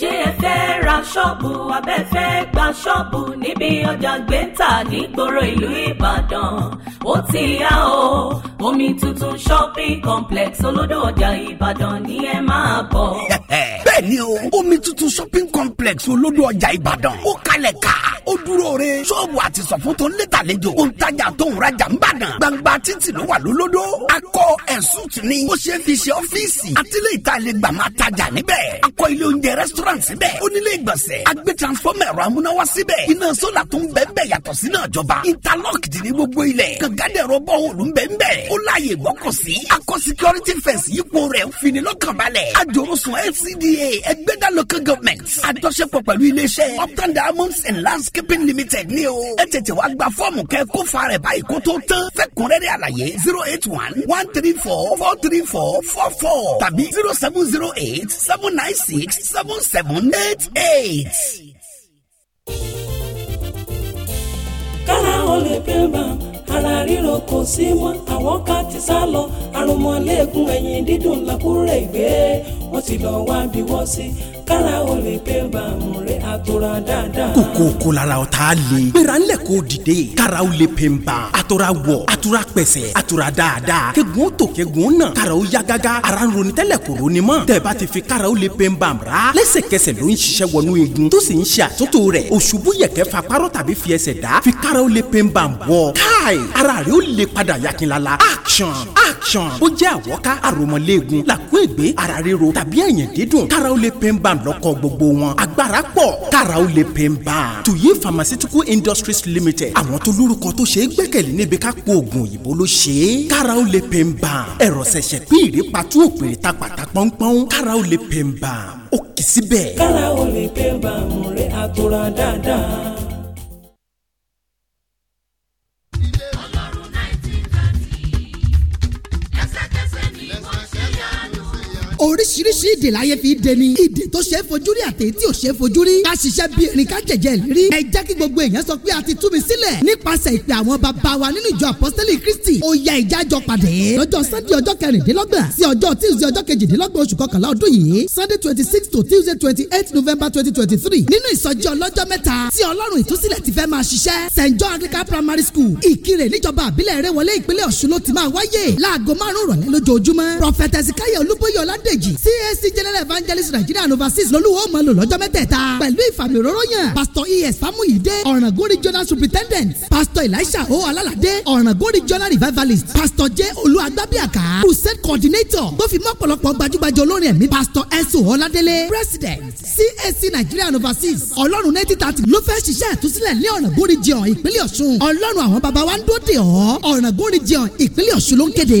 ṣé ẹ fẹ́ ra ṣọ́ọ̀bù abẹ́fẹ́ gba ṣọ́ọ̀bù níbi ọjà gbẹ́ntà nígboro ìlú Ìbàdàn ó ti yá o omi tuntun shopping complex olódò ọjà Ìbàdàn ni ẹ máa bọ̀ bẹ́ẹ̀ ni o omi tuntun shopping complex olódò ọjà ìbàdàn ó kalẹ̀ ká ó dúró re ṣọ́ọ̀bù àti sọ̀fún tó ń lé tàlejò ó ń tajà tó ń rajà ń bàdàn gbangba títì ló wà lólódó akọ ẹ̀sùn tì ní ó ṣe é fi ṣe ọ́fíìsì àtìlẹ́ ìta gbà máa tajà níbẹ̀ akọ ilé oúnjẹ restaurant síbẹ̀ onílé ìgbọ̀nsẹ̀ agbé transformer ẹ̀rọ amúnáwá síbẹ̀ iná sólà tó ń bẹ́ẹ̀ bẹ́ẹ̀ yàtọ̀ sí náà jọba interlock dì ní gbogbo ilẹ̀ gàgádẹ̀rọ security fence yípo fini lọ́kànbalẹ̀ àjòrò sùn LCDA ẹgbẹ́dá local government àjọṣepọ̀ pẹ̀lú iléeṣẹ́ upton diamonds and landscaping limited ní o ẹ tètè wá gba fọ́ọ̀mù kẹ́ kó fa rẹ̀ báyìí kó tó tán fẹ́kùnrẹ́rẹ́ àlàyé zero eight one one three four four three four four four tàbí zero seven zero eight seven nine six seven seven eight eight. kára ó lè pè bá ara ríro kò sí mọ́ àwọn ká ti sá lọ àrùnmọ́lẹ́gùn ẹ̀yìn dídùn làkúrẹ́ ìgbé wọ́n ti lọ́ọ́ wá bí wọ́n sí kára o lè pé bàmù rẹ̀ àtòrà dáadáa. kòkó kò lára ọ̀tá le. gbéra ńlẹ̀ kò dìde. kára o lè pè ń ban. àtòrà wọ̀ àtòrà pẹ̀sẹ̀ àtòrà dáadáa. kegun tó kegun nà. kára o ya gágá. ara ń ronú tẹ́lẹ̀ kò ronú mọ́. tẹ̀bá ti fi kára o lè pè ń ban ra. lẹ́sẹ̀kẹsẹ̀ ló ń ṣiṣẹ́ wọnú igun. tó sì ń ṣe àtúntò rẹ̀. òṣùbù yẹ̀kẹ́ fa párọ̀ tàbí fi ẹsẹ̀ dá. fi kára ara rẹ̀ ó lè padà yakinlala action action ó jẹ́ àwọ́ká àròmọléegun làkúègbé ara ríro tàbí ẹ̀yìn dídùn kára ó lè pè ń bá lọ́kọ̀ gbogbo wọn agbára pọ̀ kára ó lè pè ń tuyi pharmaceutical industries limited àwọn tó lórúkọ tó ṣe é gbẹ́kẹ̀lé níbi ká po oògùn òyìnbó ló ṣe é kára ó lè pè ń bá ẹ̀rọ ṣẹ̀ṣẹ̀ bí ìrèpàtú òpèrè ta pàtà pọ́npọ́n kára ó lè pè ń ó kì í síbẹ̀. kára ó lè pè ń bá mọ̀rẹ́ àtúrà dáadáa oríṣiríṣi ìdè láyé fi dè ni ìdè tó ṣe é fojú rí àti tí ò ṣe é fojú rí ká ṣiṣẹ́ bí erin ká jẹ̀jẹ̀ lérí ẹ jẹ́ kí gbogbo èèyàn sọ pé a ti tú mi sílẹ̀ nípasẹ̀ ìpè àwọn bàbá wa nínú ìjọ apọ́sítẹ́lì kristi ó ya ìjájọ pàdé lọ́jọ́ sunday ọjọ́ kẹrìndínlọ́gbọ̀n sí ọjọ́ tuesday ọjọ́ kejìdínlọ́gbọ̀n oṣù kọkànlá ọdún yìí sunday twenty six to tuesday twenty eight november twenty twenty three nínú ìsọjí ọlọ́jọ́ mẹ́ta tí ọlọ́run ìtúsílẹ̀ ti fẹ́ máa ṣiṣẹ́ st john anglican primary school ìkirè níjọba àbílẹ̀ rẹ̀ wọlé ìpínlẹ̀ ọ̀ṣun ló ti máa wáyé láago márùn-ún rọ̀lẹ́ lójoojúmọ́ prọfẹtẹsì káyọ̀ olúbóyè ọ̀ládé méjèèjì CAC general evangelist nigeria and overseas lolúwo máa lò lọ́jọ́ mẹ́tẹ̀ẹ̀ta pẹ̀lú ìfàmì òróró yàn pastor es famuyide ọ̀ràngún regional superintendent pastor elisha o alalade ọ̀ràngún regional revivalist pastor j olú agbábíàká crusade coordinator tó fi mọ́ ọ̀pọ̀lọpọ̀ gbajúgbajù olórin ẹ̀mí pastor esu ọládélé president CSC nigeria and overseas ọlọ́run ninety thirty ló fẹ́ ṣiṣẹ́ àtúnṣílẹ̀ ní ọ̀ràngún region ìpínlẹ̀ ọ̀ṣun ọlọ́run àwọn baba wa ń dóde ọ̀ ọ̀ràngún region ìpínlẹ̀ ọ̀ṣun ló ń kéde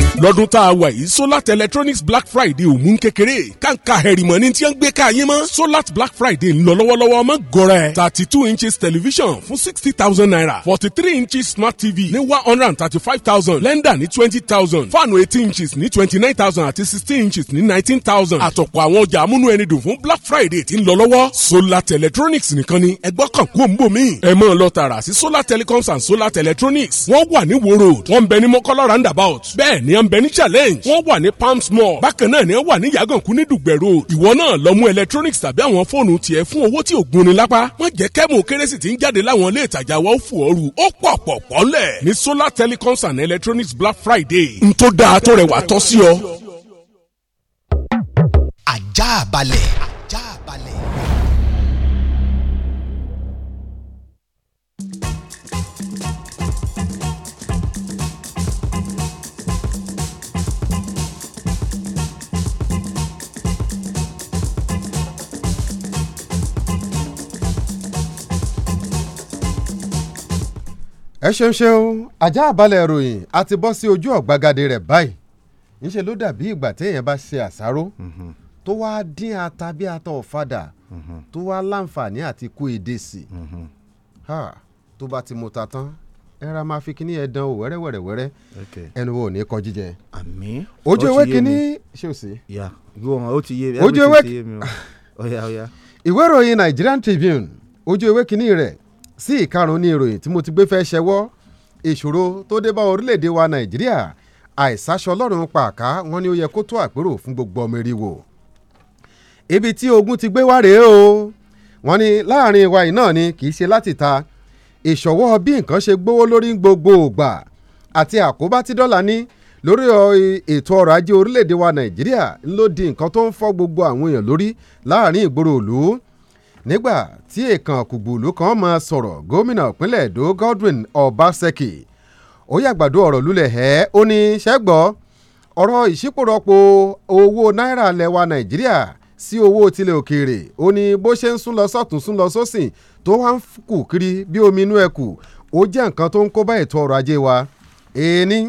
lọ́dún tá a wà yìí solar electronics black friday ò mú kékeré kàǹkà hẹ̀rìmọ̀ ni tí wọ́n gbé ká mọ́ solar black friday ń lọ lọ́wọ́lọ́wọ́ ọmọ gọ̀rẹ́ thirty two inches television fún sixty thousand naira forty three inches smart tv ní one hundred and thirty five thousand blender ní twenty thousand fáànù eighteen inches ní twenty nine thousand àti sixteen inches ní nineteen thousand àtọ̀pọ̀ àwọn ọjà amúnú ẹni dùn fún black friday tí ń lọ lọ́wọ́ solar electronics nìkan ni ẹgbọ́ kan kú òǹbò mi. ẹ mọ̀ lọ tààrà sí solar telecoms and solar electronics wọ́n wà ní wo road wọ́n ń bẹ ní mọ́kọ́lá roundabout bẹ́ẹ̀ ni à ń bẹ challenge wọ́n wà ní palms mall bákan náà ni wọ́n wà ní yàgànkú ní dùgbẹ̀ ìwọ náà lọ mú electronics tàbí àwọn fóònù tiẹ̀ fún owó tí ò gúnni lápá má jẹ́ kẹ́mù kérésì tí ń jáde láwọn ilé ìtajà wa ó fò ooru ó pọ̀ pọ̀ pọ́lẹ̀ ní solar telecoms and electronics black friday n tó dáa tó rẹwà tọ́ sí ọ. ajá balẹ̀. ẹ ṣeun ṣeun ajá àbálẹ̀ ìròyìn a ti bọ́ sí ojú ọ̀gbagadé rẹ̀ báyìí níṣẹ́ ló dàbí ìgbà téèyàn bá ṣe àṣáró mhm. tó wáá dín ata bí ata ọ̀fadà mhm. tó wáá láǹfààní àti kó èdè sí mhm. tó bá ti mú ta tán ẹra máa fi kíní ẹdán o wẹ́rẹ́ ẹnu wo ní kọjú jẹ. àmín ojú ewé kíní ṣé o sí. ya gbọ́n o ti yé mi ojú ewé ọ̀ya ìwé ìròyìn Nigerian Tribune ojú ewé kíní rẹ̀ sí ìkarùn ní ìròyìn tí mo ti gbé fẹ́ ṣẹwọ́ ìṣòro tó dé bá orílẹ̀-èdè wa nàìjíríà àìsáṣọ ọlọ́run pàká wọn ni ó yẹ kó tó àpérò fún gbogbo ọmọ eré wò ibi tí ogun ti gbé wá rèé o wọ́n ní láàrin ìwà yìí náà ni kì í ṣe láti ta ìṣọwọ́ bí nǹkan ṣe gbówó lórí gbogbo ògbà àti àkóbá tí dọ́là ní lórí ètò ọrọ̀ ajé orílẹ̀-èdè wa nàìjíríà ló di nǹkan tó ń fọ́ gbogbo àwọn èèyàn lórí láàrin ìgboro òlu nígbà tí èèkàn kùgbùlù kan máa sọ̀rọ̀ gómìnà ìpínlẹ̀ èdò Godwin Obaseki ó yàgbàdo ọ̀rọ̀ lulẹ̀ ẹ́ ó ní ṣẹ́gbọ́ ọ̀rọ̀ ìṣípòrọ̀pọ̀ owó náírà lẹwa Nàìjíríà sí owó tilẹ̀ òkèèrè ó ní bó ṣe ń sún lọ sọ́tún sún lọ sósìn tó wá ń kù kiri bí omi inú ẹ̀kù ó jẹ́ nǹkan tó ń kó bá ètò ọrọ̀ ajé wa èèní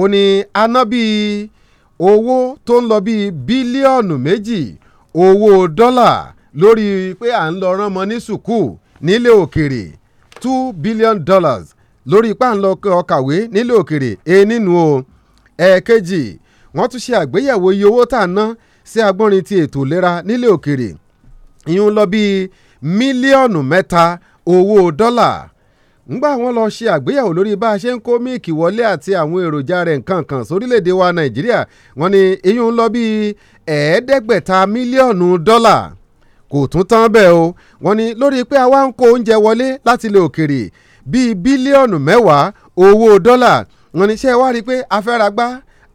ó ní aná bíi owó tó ń lọ bíi bílíọ̀nù méjì owó dọ́là lórí pé à ń lọ rán ọmọ ní sùkúù nílé òkèrè two billion dollars lórí pé à ń lọ kàwé nílé òkèrè e nínú o ẹ̀ẹ̀kejì wọ́n tún ṣe àgbéyẹ̀wò iye owó tá a ná sí agbọ́nrin ti ètò ìlera nílé òkèrè ìyún lọ bíi mílíọ̀nù mẹ́ta owó dọ́là ngbà wọn lọ ṣe àgbéyẹ̀wò lórí bá a ṣe ń kó míìkì wọlé àti àwọn èròjà rẹ̀ nǹkan kan sórílẹ̀ wa nàìjíríà wọ́n ní ìyún lọ bíi ẹ̀ẹ́dẹ́gbẹ̀ta mílíọ̀nù dọ́là kò tún tán bẹ́ẹ̀ o wọ́n ní lórí pé àwa ń kó oúnjẹ wọlé láti ilẹ̀ òkèrè bíi bílíọ̀nù mẹ́wàá owó dọ́là wọ́n ní ṣé wá rí i pé afẹ́ragbá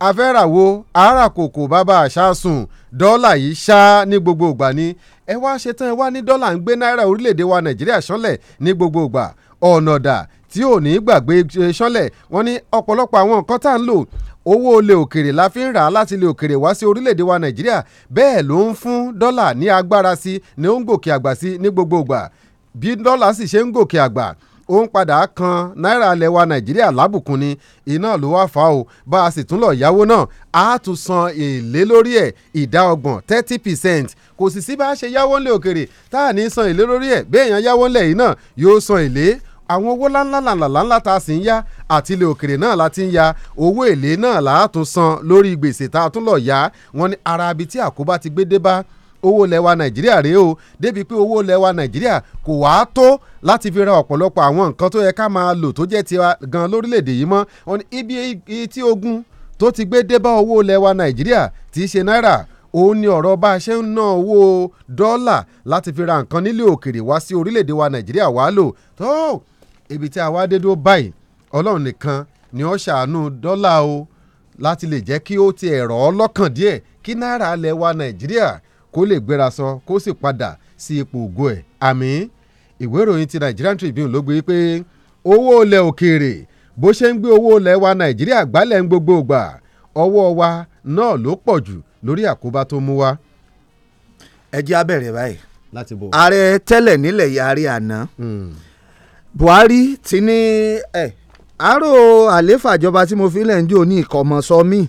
afẹ́ràwo ara kòkò bàbá àṣà sùn dọ́là yìí ṣá ní gbogbo ìgbà ni ẹ wá ṣe tán ẹ wá ní dọ́là ń gbé náírà orílẹ̀-èdè wa nàìjíríà ṣánlẹ̀ ní gbogbo ìgbà ọ̀nà tí ò ní gbàgbé ṣánlẹ̀ wọ́n ní ọ̀pọ̀lọpọ̀ àwọn nǹkan tá à ń lò owó ilẹ̀ òkèrè la fi ń rà á láti ilẹ̀ òkèrè wá sí orílẹ̀-èdè wa nàìjíríà bẹ́ẹ̀ ló ń fún dọ́là ní agbára sí ni ó ń gòkè àgbà sí ní gbogbo ìgbà bí dọ́là sì ṣe ń gòkè àgbà ó ń padà kan náírà ilẹ̀ wa nàìjíríà lábùkún ni iná ló wá fà ó bá a sì tún lọ yáwó náà a tún san èlé lórí ẹ̀ ìdá ọgbọ̀n thirty percent kò sì sí bá a ṣe yáwó ńlẹ̀ òkèrè tá à ní san èlé lórí ẹ̀ bí èèyàn yáwó ńlẹ̀ yìí náà yóò san èlé àwọn owó ńláńláńláńlá tá a sì ń yá àti ilẹ̀ òkèrè náà la ti ń ya owó èlé náà là á tún san lórí gbèsè tá a tún lọ yá wọn ni ara ibi tí àkóbá ti gbé dé bá owó lẹwa nàìjíríà rèé o débi pé owó lẹwa nàìjíríà kò wá tó láti fi ra ọ̀pọ̀lọpọ̀ àwọn nǹkan tó yẹ ká máa lò tó jẹ́ tiwa gan lórílẹ̀‐èdè yìí mọ́ wọn ni ibi tí ogun tó ti gbé dé bá owó lẹwa nàìjíríà tí í ṣe náírà òun ni ọ̀rọ̀ bá a ṣe ń ná owó dọ́là láti fi ra nǹkan nílé òkèrè wá sí orílẹ̀‐èdè wa nàìjíríà wá lò tó ibi tí a wá dé dúró báyìí ọlọ́run nìkan ni ó ṣàánú dọ́là o láti lè jẹ́ kí ó ti ẹ̀rọ ọlọ́kàn díẹ̀ kí náírà alẹ́ wa nàìjíríà kó lè gbéra sọ kó sì padà sí ipò ògo ẹ̀ àmì ìwé ìròyìn ti Nigerian Tribune ló gbé pé owó ilẹ̀ òkèèrè bó ṣe ń gbé owó ilẹ̀ wa nàìjíríà gbálẹ̀ ń gbogbo ìgbà ọwọ́ wa náà ló pọ̀ jù lórí àkóbá tó mú wa. ẹ jẹ́ abẹ́rẹ́ báyìí ààrẹ tẹ́lẹ̀ nílẹ̀ yìí àná. Mm buhari ti ní eh, àárò àléfà ìjọba tí mo fi lẹ̀ ń jò ní ìkọ̀mọ̀sọ mi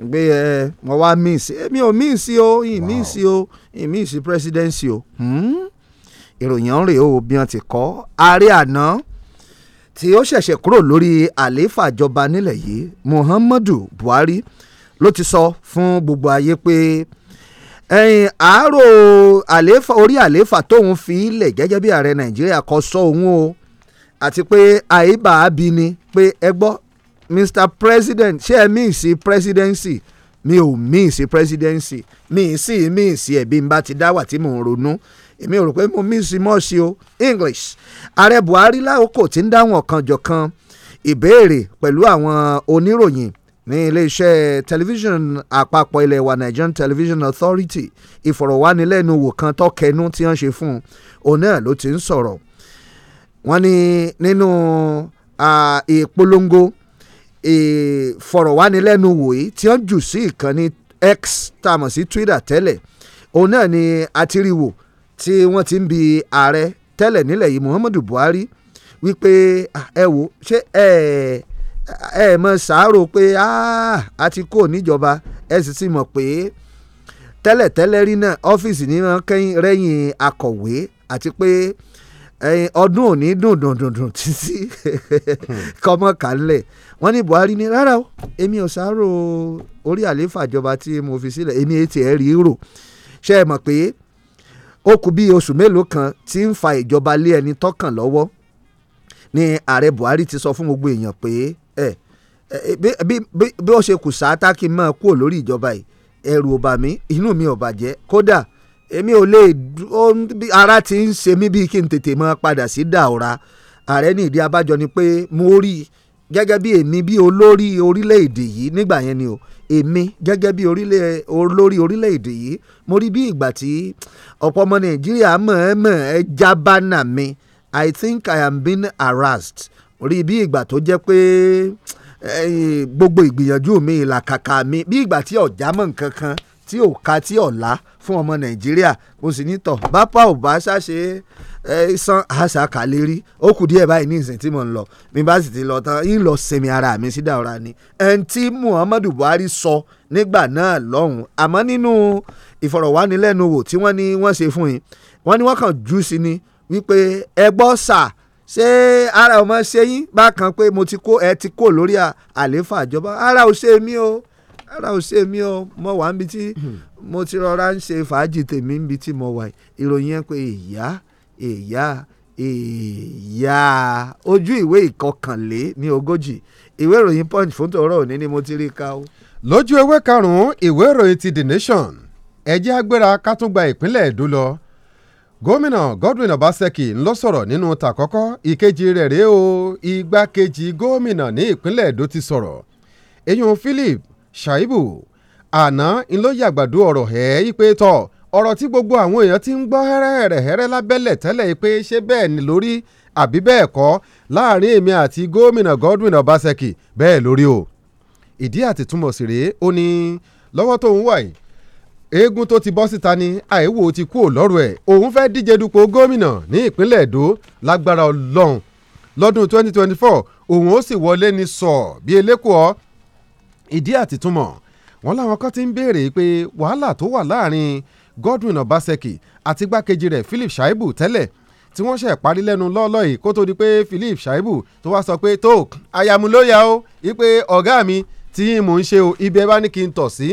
gbé ẹ mo wá mí sí èmi ò mí sí o ìyìn mí sí o ìyìn mí sí presidency o hmm? ìròyìn ọ̀rẹ́ o bí wọ́n ti kọ́ ààrẹ àná tí ó ṣẹ̀ṣẹ̀ kúrò lórí àléfà ìjọba nílẹ̀ yìí muhammadu buhari ló ti sọ fún gbogbo ayé pé ẹ̀yìn àárò àléfà orí àléfà tóun fi ilẹ̀ gẹ́gẹ́ bí ààrẹ nàìjíríà kò sọ òun o àti pé àìbá bí ni pé ẹ gbọ́ Mr President ṣé ẹ mí sí presidency mi ò mí sí presidency mi sí mi sí ẹ̀bí n bá ti dá wà tí mò ń ronú èmi ò rò pé mo mí sí mọ́ o English ààrẹ Buhari láòkò tí ń dáhùn ọ̀kanjọ̀kan ìbéèrè pẹ̀lú àwọn oníròyìn ní iléeṣẹ́ tẹlifíṣàn àpapọ̀ ilẹ̀ wa Nigerian Television Authority ìfọ̀rọ̀wánilẹ́nuwò kan tọ́kẹnu tí wọ́n ṣe fún un òun náà ló ti ń sọ̀rọ̀ wọ́n ní nínú ìpolongo ìfọ̀rọ̀wánilẹ́nuwò yìí tí wọ́n jù sí ìkànnì X tá sí Twitter tẹ́lẹ̀ òun náà ni àtìrìwò tí wọ́n ti ń bi ààrẹ tẹ́lẹ̀ nílẹ̀ yìí Muhammadu Buhari wípé ẹ wo ṣé ẹ ẹ mọ ṣàárò pé a ti kó níjọba ẹ sì ti mọ̀ pé tẹ́lẹ̀tẹ́lẹ̀ rí náà ọ́fíìsì ní wọn kẹ́yìn rẹ́yìn akọ̀wé àti pé. Pe ọdún òní dùn dùn dùn dùn títí kọ́mọ kálẹ̀ wọ́n ní Buhari ní rárá o èmi ò sáró orí àlééfà ìjọba tí mo fi sílẹ̀ èmi ètì ẹ̀ rí rò ṣe é mọ̀ pé ó kù bí oṣù mélòó kan tí ń fa ìjọba lé ẹni tọ́kàn lọ́wọ́ ni ààrẹ Buhari ti sọ fún gbogbo èèyàn pé ẹ bí ó ṣe kù sáátá kí n máa kúrò lórí ìjọba yìí ẹ̀rù ò bà mí inú mi ò bàjẹ́ kódà èmi ò lè ara ti ń ṣe mí bíi kí n tètè mọ padà sí dàora ààrẹ ní ìdí abájọ ni pé mo rí gẹ́gẹ́ bí èmi bí olórí orílẹ̀-èdè yìí nígbà yẹn ni o èmi gẹ́gẹ́ bí olórí orílẹ̀-èdè yìí mo rí bí ìgbà tí ọ̀pọ̀ ọmọ nàìjíríà mọ̀-ẹ́mọ̀ ẹ jábánà mi i think i am being harassed rí bí ìgbà tó jẹ́ pé eh, gbogbo ìgbìyànjú mi ìlàkàkà mi bí ìgbà tí ọ̀já mọ̀ nǹkan kan. kan tí ò ka tí ọ̀la fún ọmọ nàìjíríà ó sì ní tọ̀ bápá ò bá ṣàṣe ẹ san àṣàkàlẹ̀ rí ó kù díẹ̀ báyìí ní ìsìn tí mò ń lọ mi bá sì ti lọ tán yín lọ sinmi ara mi sí dàrá ni ẹn tí muhammadu buhari sọ nígbà náà lọ́hùn àmọ́ nínú ìfọ̀rọ̀wánilẹ́nuwò tí wọ́n ní wọ́n ṣe fún yín wọ́n ní wọ́n kàn jù sí ni wípé ẹ gbọ́ sáà ṣé ara ọmọ ṣe yín bákan pé mo ti kó ẹ ti kó lórí àlééfà ìjọba ara ò ṣe mí o ara ò ṣe mí o mo wà níbi tí mo ti rọra ń ṣe fàájì tèmi níbi tí mo wà ìròyìn yẹn pé ìyá ìyá ìyá ojú ìwé ìkọkànlé ní ogójì ìwé ìròyìn punch fún tòró òní ni mo ti rí ká o. lójú ewé karùn-ún ìwé ìròyìn ti the nation ẹ̀jẹ̀ agbéra ká tún gba ìpínlẹ̀ èdò lọ gómìnà Godwin Obaseki ń lọ sọ̀rọ̀ nínú tàkọ́kọ́ ìkejì rẹ̀ rèé o igbákejì gómìnà ní ìpínlẹ̀ èdò ti sọ̀rọ̀ èyàn Philip Shaibu àná ń ló yàgbàdo ọ̀rọ̀ ẹ̀ í pé tọ̀ ọ̀rọ̀ tí gbogbo àwọn èèyàn ti ń gbọ́ hẹ́rẹ́hẹ́rẹ́ lábẹ́lẹ̀ tẹ́lẹ̀ yìí pé ṣé bẹ́ẹ̀ ni lórí àbí bẹ́ẹ̀ kọ́ láàrin èmi àti gómìnà Godwin Obaseki bẹ́ẹ̀ lórí o ìdí àtìtúmọ̀ sí rèé ó ní lọ́wọ́ tó ń wà yìí eégún tó ti bọ́ síta ni àìwò ti kú òlọ́rùn ẹ̀ òun fẹ́ díje dupò gómìnà ní ìpínlẹ̀ Èdó lágbára Ọlọ́run lọ́dún 2024 òun ó sì wọlé ní sọ bí elékòó ìdí àtìtúmọ̀ wọn làwọn kan ti ń béèrè pé wàhálà tó wà láàrin Godwin Obaseki àti igbákejì rẹ̀ Philip Shaibu tẹ́lẹ̀ tí wọ́n ṣe parí lẹ́nu lọ́ọ́lọ́ yìí kó tó di pé Philip Shaibu tó wá sọ pé tó ayamulóya o ipe ọ̀gá mi tí mò ń ṣe o ibi ẹ bá ní kí n tọ̀ sí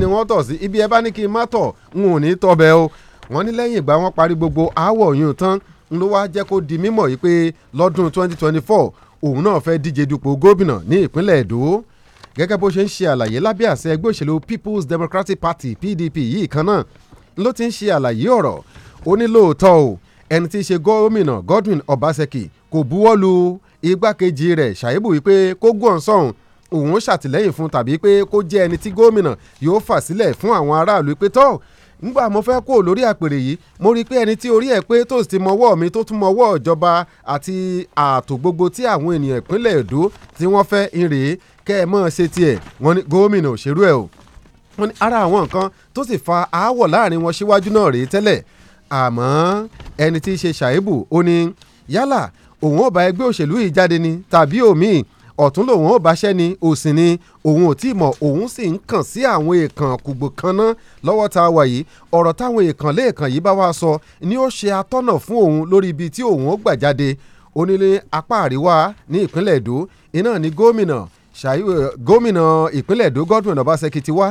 ni wọ́n tọ̀ sí ibi ẹ bá ní kí n má tọ̀ n ò ní tọ̀ o wọ́n ní lẹ́yìn ìgbà wọn parí gbogbo aáwọ̀ yìí tán n ló wá jẹ́ kó di mímọ̀ yìí pé lọ́dún 2024 òun náà fẹ́ díje dupò gómìnà ní ìpínlẹ̀ Èdó gẹ́gẹ́ bó ṣe ń ṣe àlàyé lábẹ́ àṣẹ ẹgbẹ́ òṣèlú People's Democratic Party PDP yìí kan náà ló ti ń ṣe àlàyé ọ̀rọ̀ ó ní lóòótọ́ o ẹni tí í ṣe gómìnà Godwin Obaseki kò buwọ́ lu igbákejì rẹ̀ ṣàyẹ̀bù wípé kó gùn ọ̀n sọ̀hún òun ṣàtìlẹ́yìn fún tàbí pé kó jẹ́ ẹni tí gómìnà yóò fà sílẹ̀ fún àwọn aráàlú pé tọ́ọ̀ ngbà mo fẹ́ kó lórí àpèrè yìí mo rí i pé ẹni tí orí ẹ̀ pé tó sì ti mọwọ́ mi tó tún mọwọ́ ìjọba àti ààtò gbogbo tí àwọn ènìyàn ìpínlẹ̀ èdò tí wọ́n fẹ́ ìrè kẹ́ ẹ mọ̀ ṣe tiẹ̀ wọ́n ní gómìnà òṣèrú ẹ̀ o wọ́n ní ara àwọn nǹkan tó sì fa aáwọ̀ láàrin wọn síwájú náà rèé tẹ́lẹ̀ àmọ́ ẹni tí í ṣe ṣàìbù ó ní yálà òun ò bá ẹgbẹ́ òṣèlú yìí jáde ni tàbí òmíì ọ̀tún lòun ò báṣẹ́ ni òsì ni òun ò tí ì mọ̀ òun sì ń kàn sí àwọn èèkàn kùgbò kan náà lọ́wọ́ tá a wà yìí ọ̀rọ̀ táwọn èèkàn léèkàn yìí bá wá sọ ni ó ṣe atọ́nà fún òun lórí ibi tí òun ó gbà jáde onílé apá àríwá ní ìpínlẹ̀ èdò iná ni gómìnà ṣàyíwò gómìnà ìpínlẹ̀ èdò Godwin Obaseki ti wá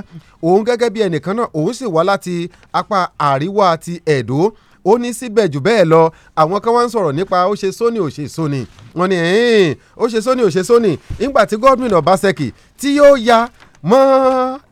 òun gẹ́gẹ́ bí ẹnìkan náà òun sì wá láti apá àríwá ti èdò ó ní síbẹ̀ jù bẹ́ẹ̀ lọ àwọn kan wá ń sọ̀rọ̀ nípa ó ṣe sóní ò ṣe sóní wọ́n ní ó ṣe sóní ò ṣe sóní ńgbà tí Godwin Obaseki tí yóò ya mọ́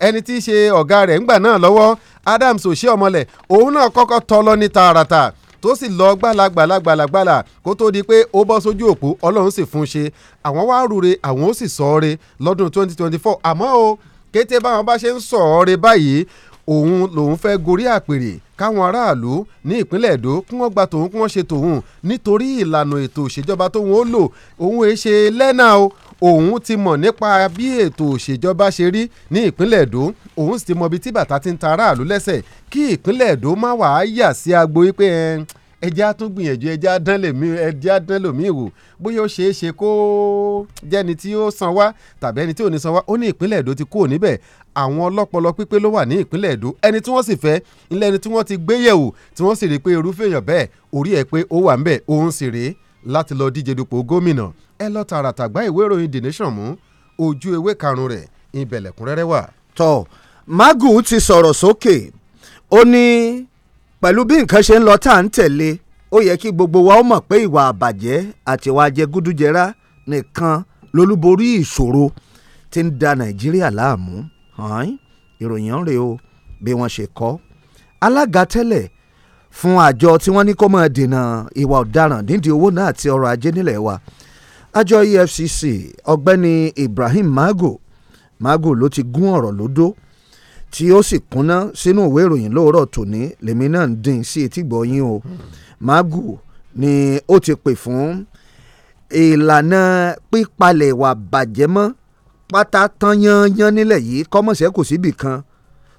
ẹni tí í ṣe ọ̀gá rẹ̀ ńgbà náà lọ́wọ́ Adams òṣè ọmọlẹ̀ òun náà kọ́kọ́ tọ́ lọ ní tààràtà tó sì lọ gbàlagbàlagbàlagbàlà kó tó di pé ó bọ́ sójú òpó Ọlọ́run sì fún un ṣe àwọn wá rure àwọn ó sì sọ ọ́ re lọ́dún 2024 àmọ́ o kété báwọn bá ṣe ń sọ ọ́ re báyìí òun lòun fẹ́ gorí àpèrè káwọn aráàlú ní ìpínlẹ̀ èdò kí wọ́n gba tòun kí wọ́n ṣe tòun nítorí ìlànà ètò òṣèjọba tóun ó lò òun èé ṣe lẹ́nà o òun ti mọ̀ nípa bí ètò òṣèjọba ṣe rí ní ìpínlẹ̀ èdò òun sì ti mọ ibi tí bàtà ti ń ta aráàlú lẹ́sẹ̀ kí ìpínlẹ̀ èdò má wàá yà sí agbo yìí pé ẹjẹ́ á tún gbìyànjú ẹjẹ́ á dán lèmi ẹjẹ́ á dán lòmíì wò bóyá ó ṣeé ṣe kó jẹ́ni tí ó san wá tàbí ẹni tí ò ní san wá ó ní ìpínlẹ̀ èdò ti kúrò níbẹ̀ àwọn ọlọ́pọlọ pípé ló wà ní ìpínlẹ̀ Èdó ẹni tí wọ́n sì fẹ́ ilé ẹni tí wọ́n ti gbé yẹ̀wò tí wọ́n sì rí i pé irúfẹ́ èèyàn bẹ́ẹ̀ orí ẹ̀ pé ó wà ń bẹ̀ òun sì rèé láti lọ díje dupò gómìnà ẹ lọ tààràtà gbá ìwé ìròyìn The Nation mú ojú ewé karùn-ún rẹ̀ ìbẹ̀lẹ̀kúnrẹ́rẹ́ wà. tọ́ magu ti sọ̀rọ̀ sókè ó ní pẹ̀lú bí nǹkan ṣe ń lọ tá à ń tẹ̀lé ó yẹ kí gbogbo wa ó mọ̀ pé ìwà àbàjẹ́ àti ìwà jẹgúdújẹrá nìkan lolúborí ìṣòro tí ń da Nàìjíríà láàmú hàn ìròyìn rèé o bí wọ́n ṣe kọ́. alága tẹ́lẹ̀ fún àjọ tí wọ́n ní kó máa dènà ìwà ọ̀daràn nídìí owó náà àti ọrọ̀ ajé nílẹ̀ wa àjọ EFCC ọ̀gbẹ́ni Ibrahim Mago Mago ló ti gún ọ̀rọ̀ lódó tí ó sì kúnná sínú ìwé ìròyìn lóòrọ̀ tòní lèmi náà ń dín sí etí gbọ̀yìn o Mago ni ó ti pè fún ìlànà pípalẹ̀ ìwà bàjẹ́ mọ́ pátá tán yanyan nílẹ̀ yìí kọ́mọ̀ṣẹ́ kò síbì kan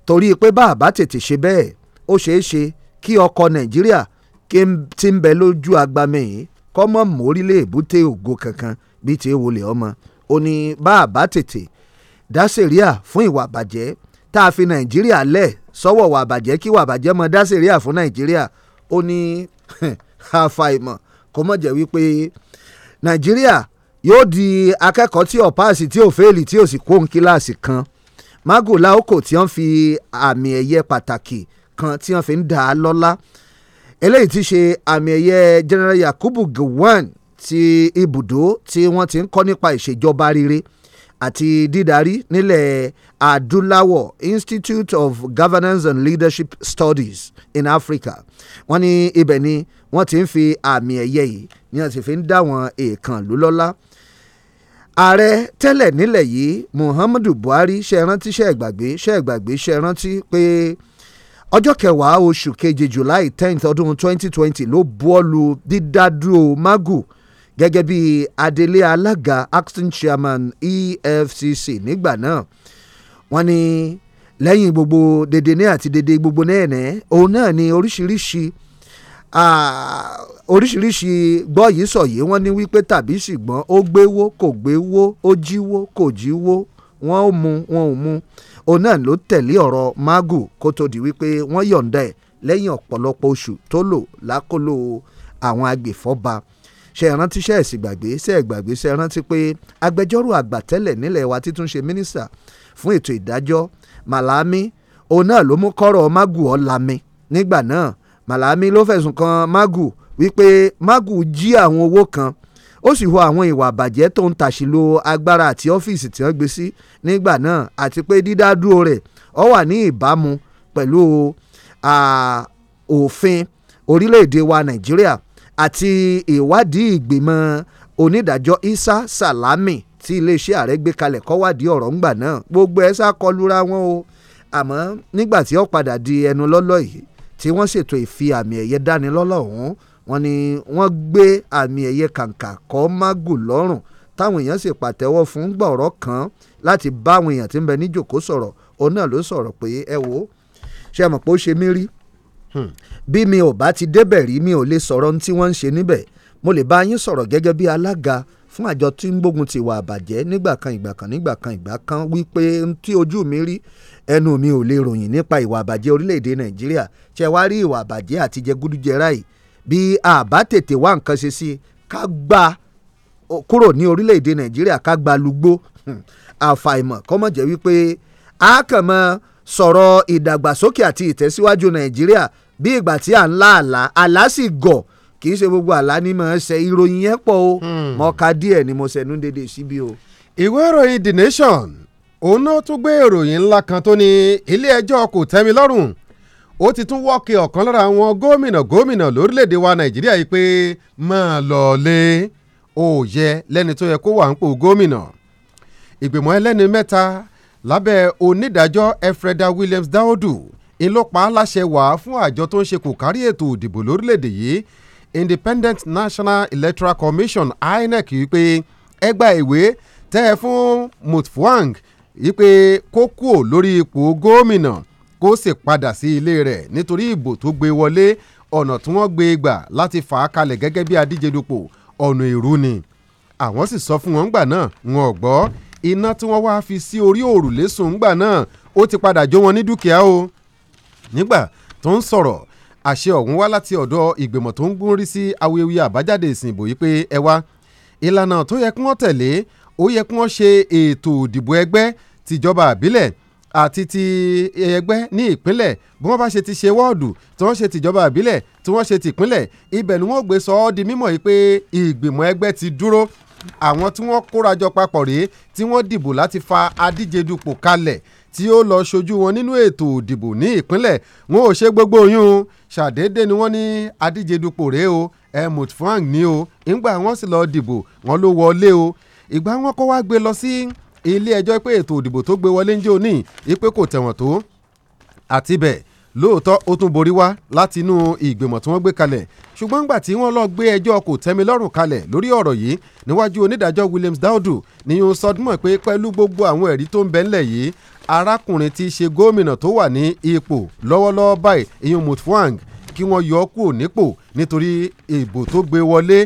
torí pé bá a bá tètè ṣe bẹ́ẹ̀ ó ṣeé ṣe kí ọkọ̀ nàìjíríà ti ń bẹ lójú agbami yìí kọ́mọ̀ mórílẹ̀ èbúté ògo kankan bíi ti wọlé ọmọ ó ní bá a bá tètè dá sẹ̀ríà fún ìwà bàjẹ́ tá a fi nàìjíríà lẹ̀ sọ́wọ́ wà bàjẹ́ kí wà bàjẹ́ mọ dá sẹ̀ríà fún nàìjíríà ó ní àfàìmọ̀ kó wípé nàìjíríà yóò di akẹ́kọ̀ọ́ tí ò páàsì tí ò fẹ́ẹ̀lì tí ò sì kó ń kíláàsì kan mago laoko tí wọ́n fi àmì ẹ̀yẹ pàtàkì kan tí wọ́n fi ń dà á lọ́lá eléyìí ti ṣe àmì ẹ̀yẹ general yakubu gowon ti ibùdó tí wọ́n ti ń kọ́ nípa ìṣèjọba rere àti dídarí nílẹ̀ adúláwọ̀ institute of governance and leadership studies in africa wọ́n ní ibẹ̀ ni wọ́n ti ń fi àmì ẹ̀yẹ yìí ni wọ́n ti fi ń dá èèkàn lólọ́lá. E ààrẹ tẹ́lẹ̀ nílẹ̀ yìí muhammadu buhari ṣe rántí ṣe gbàgbé ṣe gbàgbé ṣe rántí pé ọjọ́ kẹwàá oṣù keje july tenth ọdún twenty twenty ló buwọ́lu dídádúró magu gẹ́gẹ́ bí adelé alága acting chairman efcc nígbà náà wọ́n ní lẹ́yìn gbogbo dèdè ní àti dèdè gbogbo náà ní òun náà ní Oríṣiríṣi oríṣiríṣi gbọ́ yìí sọ yìí wọ́n ní wípé tàbí ṣùgbọ́n ó gbéwó kò gbéwó ó jíwó kò jíwó wọ́n ó mu wọn ò mu òun náà ló tẹ̀lé ọ̀rọ̀ magu kó tó di wípé wọ́n yọ̀ǹda ẹ̀ lẹ́yìn ọ̀pọ̀lọpọ̀ oṣù tó lò lákòlò àwọn agbèfọ́ba ṣe rántí ṣe ẹ̀sìn gbàgbé ṣe ẹ̀ gbàgbé ṣe rántí pé agbẹjọ́rò àgbà tẹ́lẹ̀ nílẹ̀ wa títún ṣe mínísítà fún ètò ìdájọ́ Malami òun náà ló mú kọ́rọ̀ magu ọ̀ nígbà náà Malami ló fẹ̀sùn kan Magu wípé Magu jí àwọn owó kan ó sì hùwà àwọn ìwà àbàjẹ́ tó ń tàṣìlò agbára àti ọ́fíìsì tí wọ́n gbé sí nígbà náà àti pé dídádúró rẹ̀ ó wà ní ìbámu pẹ̀lú òfin orílẹ̀-èdè wa Nàìjíríà àti ìwádìí ìgbìmọ̀ onídàájọ́ Isa Salami tí iléeṣẹ́ ààrẹ gbé kalẹ̀ kọ́wádìí ọ̀rọ̀ ńgbà náà gbogbo ẹ̀ sá kọlura wọn o àmọ́ nígbà tí ó padà di ẹnu lọ́lọ́ yìí tí wọ́n ṣètò ìfi àmì ẹ̀yẹ dáni lọ́lọ́ ọ̀hún wọ́n ní wọ́n gbé àmì ẹ̀yẹ kàǹkà kọ́ mágù lọ́rùn táwọn èèyàn sì pàtẹ́wọ́ fún gbọ̀rọ̀ kan láti bá àwọn èèyàn tí ń bẹ níjòkó sọ̀rọ̀ òun náà ló sọ̀rọ̀ pé ẹ wo ṣe mọ̀ pé ó ṣe mí rí hmm. bí mi ò bá ti débẹ̀ rí mi ò lè sọ̀rọ̀ ohun tí wọ́n ń ṣe níbẹ̀ mo lè bá yín sọ̀rọ̀ gẹ́gẹ́ bí alága fún àjọ tí ń gbógun ti ìwà àbàjẹ́ nígbà kan ìgbà kan nígbà kan ìgbà kan wípé tí ojú mi rí ẹnu mi ò lè ròyìn nípa ìwà àbàjẹ́ orílẹ̀-èdè nàìjíríà ṣe wá rí ìwà àbàjẹ́ àti jẹgúdújẹrá yìí bí àbá tètè wá nǹkan ṣe sí ká gba kúrò ní orílẹ̀-èdè nàìjíríà ká gba lugbó hmm. àfàìmọ̀ kọ́mọ̀ jẹ́ wípé a kàn mọ́ sọ̀rọ̀ ìdàgbàsókè àti ìtẹ̀síwájú nàìjíríà bí ìgbà tí à ń lá àlá àlá sì gọ̀ kì í ṣe gbogbo àlá ni mo ṣe ìròyìn yẹn pọ̀ o hmm. mo ka díẹ̀ ni mo ṣẹnu dédé síbi o. ìwé ìròyìn The Nation òun náà tún gbé ìròyìn ńlá kan tó ní ilé-ẹjọ́ kò tẹ́mi lọ́rùn ó ti tún wọ́ọ̀kì ọ̀kan lára àwọn gómìnà gómìnà lórílẹ̀‐èdè wa nàìjíríà yìí pé máa lọ lé òòyẹ lẹ́ni tó yẹ kó wà ń pò gómìnà ìgbìmọ̀ ẹlẹ́ni mẹ́ta lábẹ́ onídàájọ́ efreda williams daodu ìlọ́pàá aláṣẹ wàá fún àjọ tó ń ṣe kò kárí ètò òdìbò lórílẹ̀‐èdè yìí independent national electoral commission inec yìí pé ẹgbàá ìwé tẹ́ ẹ fún mutfwang wípé kó kúò lórí ipò gómìnà kó sì padà sí ilé rẹ̀ nítorí ìbò tó gbé wọlé ọ̀nà tí wọ́n gbé gbà láti fà á kalẹ̀ gẹ́gẹ́ bí adíje dupò ọ̀nà ìrú ni àwọn sì sọ fún wọn gbà náà wọn ò gbọ́ iná tí wọ́n wáá fi sí orí òrùlé gbà náà ó ti padà jó wọn ní dúkìá o nígbà tó ń sọ̀rọ̀ àṣẹ ọ̀hún wá láti ọ̀dọ̀ ìgbìmọ̀ tó ń gún rí sí awuyewuye àbájáde ìsìn ìbò yìí pé ẹ wá ìlànà tó yẹ kí wọ́n tẹ̀lé ó yẹ kí wọ́n ṣe ètò òdìbò ẹgbẹ́ tìjọba àbílẹ̀ àti ti ẹgbẹ́ ní ìpínlẹ̀ bí wọ́n bá ṣe ti ṣe wọ́ọ̀dù tí wọ́n ṣe tìjọba àbílẹ̀ tí wọ́n ṣe tìpínlẹ̀ ibẹ̀ ni wọ́n gbé sọ ọ́ di mímọ̀ yìí pé ìgbìmọ̀ ẹgbẹ́ ti dúró àwọn tí wọ́n kórajọ papọ̀ rèé tí wọ́n dìbò láti fa adíje dupò kalẹ̀ tí ó lọ ṣojú wọn nínú ètò òdìbò ní ìpínlẹ̀ wọn ò ṣe gbogbo oyún ṣàdédé ni wọ́n ní adíje dupò rèé o Helmut Frank ní o ńgbà wọ́n sì lọ dìbò wọ́n ló wọlé o ìgbà wọn kó wá gbé lọ sí ilé ẹjọ́ pé ètò òdìbò tó gbé wọlé ń jẹ́ òní ìpè kò tẹ̀wọ̀n tó àti bẹ́ẹ̀ lóòótọ́ ó tún borí wá láti inú ìgbìmọ̀ tí wọ́n gbé kalẹ̀ ṣùgbọ́n nígbà tí wọ́n lọ gbé ẹjọ́ kò tẹ́milọ́rùn kalẹ̀ lórí ọ̀rọ̀ yìí níwájú onídàájọ́ Williams Daudu ni yóò sọdúnmọ̀ pé pẹ̀lú gbogbo àwọn ẹ̀rí tó ń bẹ ńlẹ̀ yìí arákùnrin tí í ṣe gómìnà tó wà ní ipò lọ́wọ́lọ́wọ́ báyìí iyun Mutfwang kí wọ́n yọ ọ́ kúrò nípò nítorí ìbò tó gbé wọlé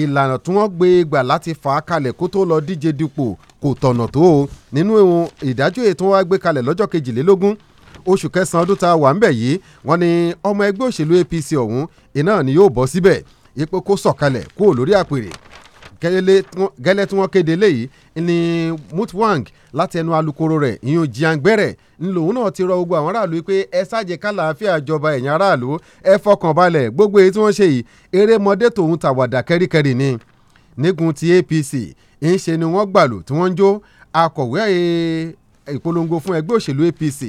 ìlànà tí wọ́n gbé gbà láti fà á kalẹ̀ kó tó lọ díje dupò kò tọ̀nà tó o nínú ìdájọ́ ètò wa gbé kalẹ̀ lọ́jọ́ kejìlélógún oṣù kẹsàn-án ọdún tá a wà ń bẹ̀ yìí wọ́n ní ọmọ ẹgbẹ́ òṣèlú APC ọ̀hún iná ni yóò bọ́ síbẹ̀ ipò kó sọ̀kalẹ̀ kúrò lórí àpèrè gẹ́lẹ́ tí wọ́n kéde léyìí ni Mutwang láti ẹnu alukoro rẹ̀ ìyún jiangbẹ́rẹ̀ ńlòun náà ti rọ gbogbo àwọn aráàlú pé ẹ sáàjẹ kálàáfíà jọba ẹ̀yìn aráàlú ẹ fọkàn balẹ̀ gbogbo èyí tí wọ́n ṣe yìí erémọdé tòun tàwàdà kẹ́ríkẹ́rí ni nígun ti APC ń ṣe ni wọ́n gbàlù tí wọ́n ń jó akọ̀wé ìpolongo fún ẹgbẹ́ òṣèlú APC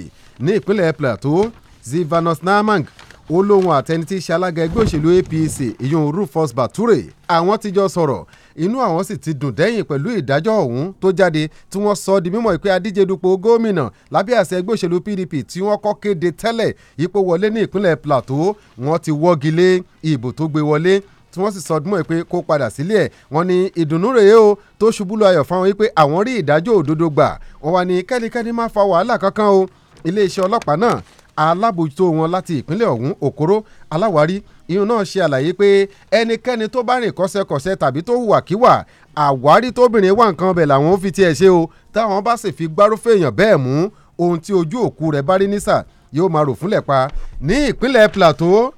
ní ìpínlẹ̀ Plateau Zivanus Namang ó lóun àtẹni tí í ṣe alága ẹgbẹ́ òṣèlú APC ìyún Rufus Bature àwọn ti jọ sọ̀rọ̀ inú àwọn sì ti dùn dẹ́yìn pẹ̀lú ìdájọ́ ọ̀hún tó jáde tí wọ́n sọ di mímọ̀ pé adíje dupò gómìnà lábẹ́ àṣẹ ẹgbẹ́ òṣèlú PDP tí wọ́n kọ́ kéde tẹ́lẹ̀ ipò wọlé ní ìpínlẹ̀ Plateau wọ́n ti wọ́gi lé ìbò tó gbé wọlé tí wọ́n sì sọ ọdún mọ́ pé kó padà sílé ẹ̀ wọ́n ní ìdùnnú rèé o tó ṣubú lọ ayọ̀ fáwọn wípé àwọn rí ìdájọ́ òdodo gbà wọ́n wá ní kẹ́nikẹ́ni má fa wàhálà kankan o iléeṣẹ́ ọlọ́pàá náà alábòjútó wọn láti ìpínlẹ̀ ọ̀hún òkóró aláwárí ìyún náà ṣe àlàyé pé ẹnikẹ́ni tó bá rìn kọ́sẹ̀kọ́sẹ̀ tàbí tó hùwàkíwà àwárí tóbìnrin wà nǹkan ọbẹ̀ làwọn fi tiẹ̀ ṣe o táwọn bá sì fi gbárùfẹ́ èèyàn bẹ́ẹ̀ mú ohun tí ojú òkú rẹ̀ bá rí nísà yóò máa rò fúnlẹ̀ pa ní ìpínlẹ̀ plateau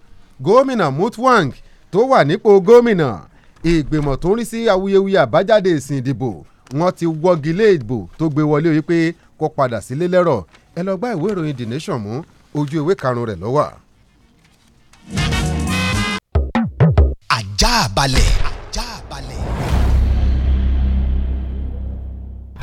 gómìnà mutwang tó wà nípò gómìnà ìgbìmọ̀ tó ń rí sí awuyewuye àbájáde ìsìn ìdìbò wọ́n ti wọ́gi lé ìdìbò tó gbé wọlé o yìí pé kó padà sílé lẹ́rọ̀ ẹ lọ gbá ìwé ìròyìn the nation mú ojú ìwé karùn-ún rẹ̀ ló wà. ajá balẹ̀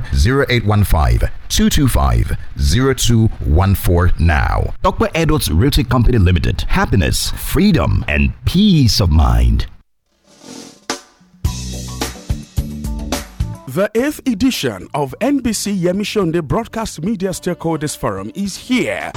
0815-225-0214 now. Dr. Edwards Realty Company Limited. Happiness, freedom, and peace of mind. The eighth edition of NBC Yemishonde Broadcast Media Stakeholders Forum is here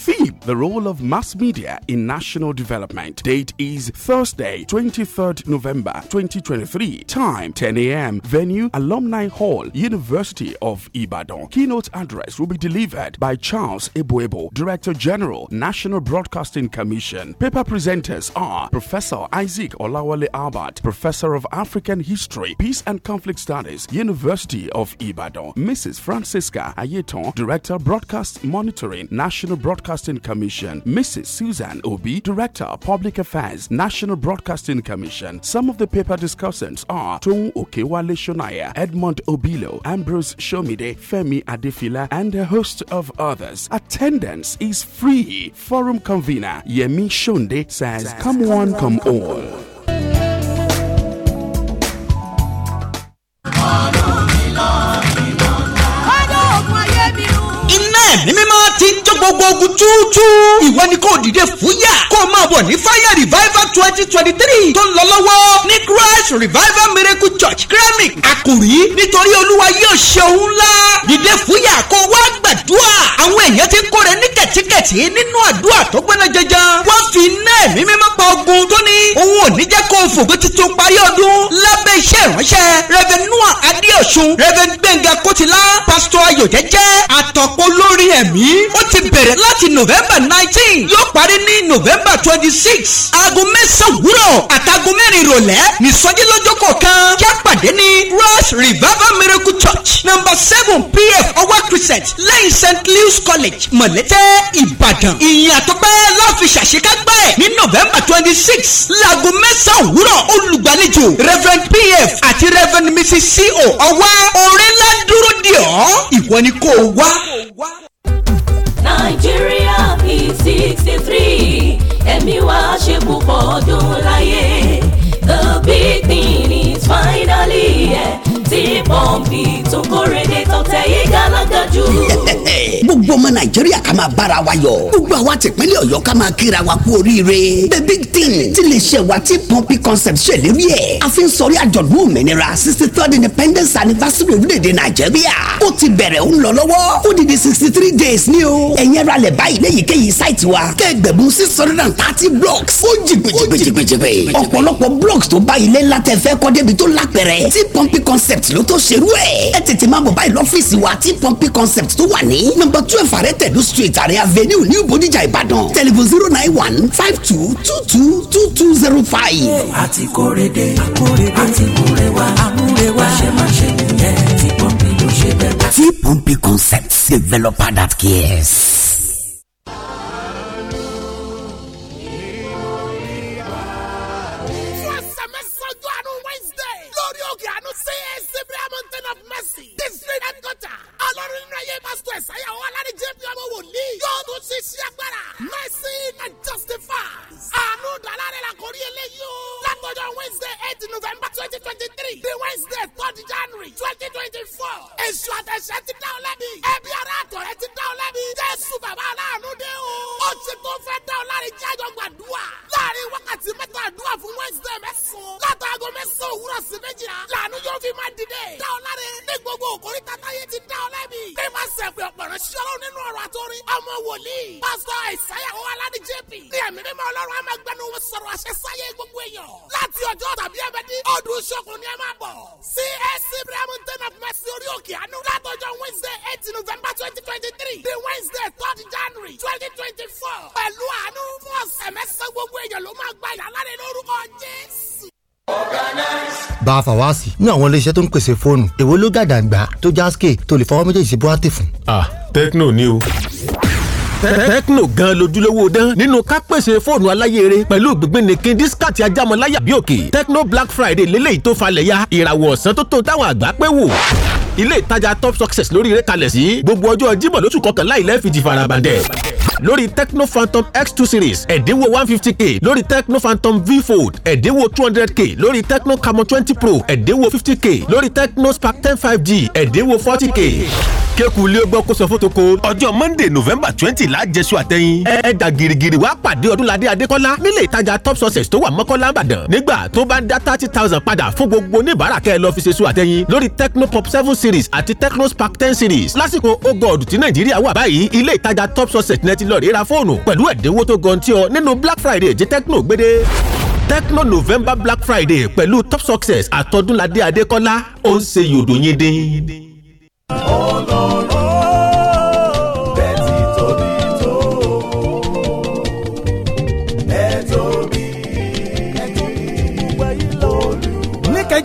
Theme The Role of Mass Media in National Development. Date is Thursday, 23rd November 2023. Time 10 a.m. Venue Alumni Hall, University of Ibadan. Keynote address will be delivered by Charles Ebuebo, Director General, National Broadcasting Commission. Paper presenters are Professor Isaac Olawale Albert, Professor of African History, Peace and Conflict Studies, University of Ibadan. Mrs. Francisca Ayeton, Director Broadcast Monitoring, National Broadcasting Broadcasting Commission, Mrs. Susan Obi, Director of Public Affairs, National Broadcasting Commission. Some of the paper discussants are Tong Okewale Shonaya, Edmond Obilo, Ambrose Shomide, Femi Adefila, and a host of others. Attendance is free. Forum convener Yemi Shonde says, Come on, come on. ológun túútú ìwọ ni kò dìde fúyà kó o máa bọ̀ ní fire revival twenty twenty three tó ń lọ lọ́wọ́ ní christ revival miracle church kremik àkùrí nítorí olúwa yóò ṣe òun ńlá dìde fúyà kó wá gbàdúrà àwọn èèyàn ti kó rẹ ní kẹ̀tíkẹ̀tí nínú àdúrà tó gbẹ́nà jẹjẹrẹ wọ́n fi iná ẹ̀mí mímọ́ pa ogun tó ní òun ò ní jẹ́ kó o fògo tuntun parí ọdún lábẹ́ iṣẹ́ ìránṣẹ́ revenue adéosun revenue gbẹ̀ngà kòtìlá pastor ayọ̀ jẹ́jẹ́ àtọ̀pọ̀ lórí ẹ̀mí ó ti bẹ̀rẹ̀ lá láti november nineteen yóò parí ní november twenty six aago mẹ́sàn-án wúrọ̀ àtàgọ́ mẹ́rin ìrọ̀lẹ́ nìsọjí lọ́jọ́ kọ̀ọ̀kan kí a pàdé ní ross revival miracle church number seven pf ọwá crescent lẹ́yìn st louis college mọ̀lẹ́tẹ̀ ìbàdàn ìyìn àtọ́pẹ́ láfi ṣàṣekágbẹ́ ní november twenty six laago mẹ́sàn-án wúrọ̀ olùgbàlejò reverend pf àti reverend mrs co ọwá orin ńlá dúró dè ọ́ ìwọ ni kò wá nàìjíríà p sixty three ẹ̀mí wa ṣe púpọ̀ ọdún láyé the big thing is finally ẹ̀ tí pọ́ǹpì tún kórè dé tọ́tẹ̀ yìí gàlágàjù bẹ́ẹ̀ gbogbo ọmọ nàìjíríà ká máa bára wa yọ̀ gbogbo àwa tìpínlẹ̀ ọ̀yọ́ ká máa kíra wa kú oríire the big thing ti lè ṣe wa ti pọ́ńpì concept ṣèlérí ẹ̀ a fi ń sọrí àjọ̀dún òmìnira sixty third independence anniversary orílẹ̀-èdè nàìjíríà ó ti bẹ̀rẹ̀ ó ń lọ lọ́wọ́ ó di di sixty three days ni o ẹ̀yẹ́ ra lẹ̀ báyìí léyìíkéyìí sáìtì wa kẹ́gbẹ̀bùn six hundred and thirty blocks ó jì gbèjìgbèjìgbè ọ̀pọ̀lọpọ̀ blocks tó bá ilé ńlá tẹ fẹ́ kọ́ débi tó lápẹ̀rẹ̀ tí pọ́ńpì concept ló tó ṣerú ẹ̀ ẹ̀ tètè máa bọ̀ báyìí lọ́fíìsì wa tí pọ́ńpì concept tó wà ní number twelve àrẹ tẹ̀lú street àrẹ avenue new bodijà ìbàdàn telephone zero nine one five two two two two two zero five. a ti kórè dé a kórè dé a ti múre wá a múre wá ṣe má ṣe nìyẹn tí pọ́ǹpì ló ṣe bẹ́ẹ̀. tí pọ́ǹpì concepts developer that cares. aráyé pásítọ̀ ẹ̀sáyà wọn alárí jẹ́bi ọmọ wòlíì yóò tún ṣiṣẹ́ agbára mercy and justifies. àánú dàlárẹ̀ la kórí eléyìí o. látọjọ́ wednesday eight november twenty twenty three the wednesday third january twenty twenty four. èso àtẹ̀sẹ̀ ti dá ọ lẹ́bi. ẹbí ara àtọ̀rẹ́ ti dá ọ lẹ́bi. jésù bàbá aláàánú dé o. ó ti tó fẹ́ dá ọ lárí bàbá fawasi ní àwọn iléeṣẹ́ tó ń pèsè fóònù èwo ló gàdàgbà tó jáske tó lè fọwọ́ méjèèjì sí buwati fún. ah tecno ni o tẹ́kínò gan lójúlówó dán nínú ká pèsè fóònù aláyèrè pẹ̀lú gbígbínnikin dískàtì ajámọ̀láyà bí òkè tẹ́kínò black friday lélẹ́yìí tó falẹ̀ ya ìràwọ̀ ọ̀sán tó tó táwọn àgbà pé wò ilé ìtajà top success lórí rẹ̀ kalẹ̀ sí gbogbo ọjọ́ jímọ̀ lóṣù kọkànlá ilẹ̀ fìdí farabandẹ̀ lórí Tecno Phantom X2 series ẹ̀dínwó one fifty k lórí Tecno Phantom V Fold ẹ̀dínwó two hundred k lórí Tecno Camo 20 pro ẹ̀dínwó 50 k lórí Tecno Spark 10 5 g ẹ̀dínwó 40 k kéku ilé ọgbọ́n kó sọ fún toko. ọjọ́ monday november twenty lájẹsùn àtẹ̀yìn. ẹ̀ẹ́dà girigiri wàá pàdé ọdúnladé adékọ́lá nílé ìtajà top success tó wà mọ́kànlá ìbàdàn. nígbà tó bá ń dá thirty thousand padà fún gbogbo oníbàárà kẹ́ ẹ lọ fi ṣe sùn àtẹ̀yìn. lórí tecno pop seven series àti tecno spark ten series lásìkò ogod tí nàìjíríà wà báyìí ilé ìtajà top success nẹ́tí lọ rí fóònù pẹ̀lú ẹ̀dínwó tó gọ̀ǹtì ọ nínú Black Friday tí Tecno gbédè Tecno November Black Friday pẹ̀lú Top Success àtọ́dúnladé Adékọ́lá ó ń se yòdò yín dín.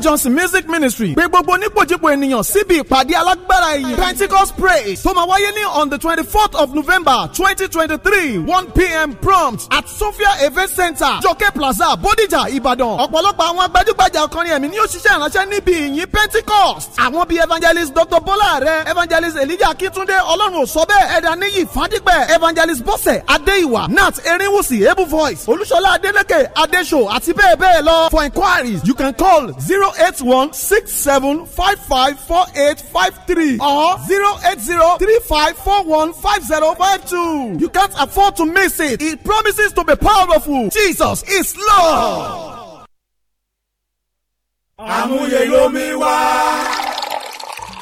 johnson music ministry pé gbogbo onípòjìpò ènìyàn síbi ìpàdé alágbára ẹ̀yìn pentecost praise tó máa wáyé ní on the twenty fourth of november twenty twenty three one pm prompt at sophia event center jọkẹ́ plaza Bodija, ìbàdàn ọ̀pọ̀lọpọ̀ àwọn gbajúgbajà ọkùnrin ẹ̀mí ni yóò ṣiṣẹ́ ìránṣẹ́ níbi ìyìn pentecost àwọn bíi evangelist dr bola rẹ evangelist elijah akitunde ọlọ́run ò sọ bẹ́ẹ̀ ẹ̀dá níyì fadípẹ̀ evangelist bọ́sẹ̀ adéìwà nat erinwusi Able voice olúṣọlá adélèké adéṣò àti bẹ́ẹ̀ bẹ́ẹ̀ lọ for inquiries you can call zero eight one six seven five five four eight five three or zero eight zero three five four one five zero five two. You can't afford to miss it. It promises to be powerful. Jesus is Lord. Àmúyẹ lómi wá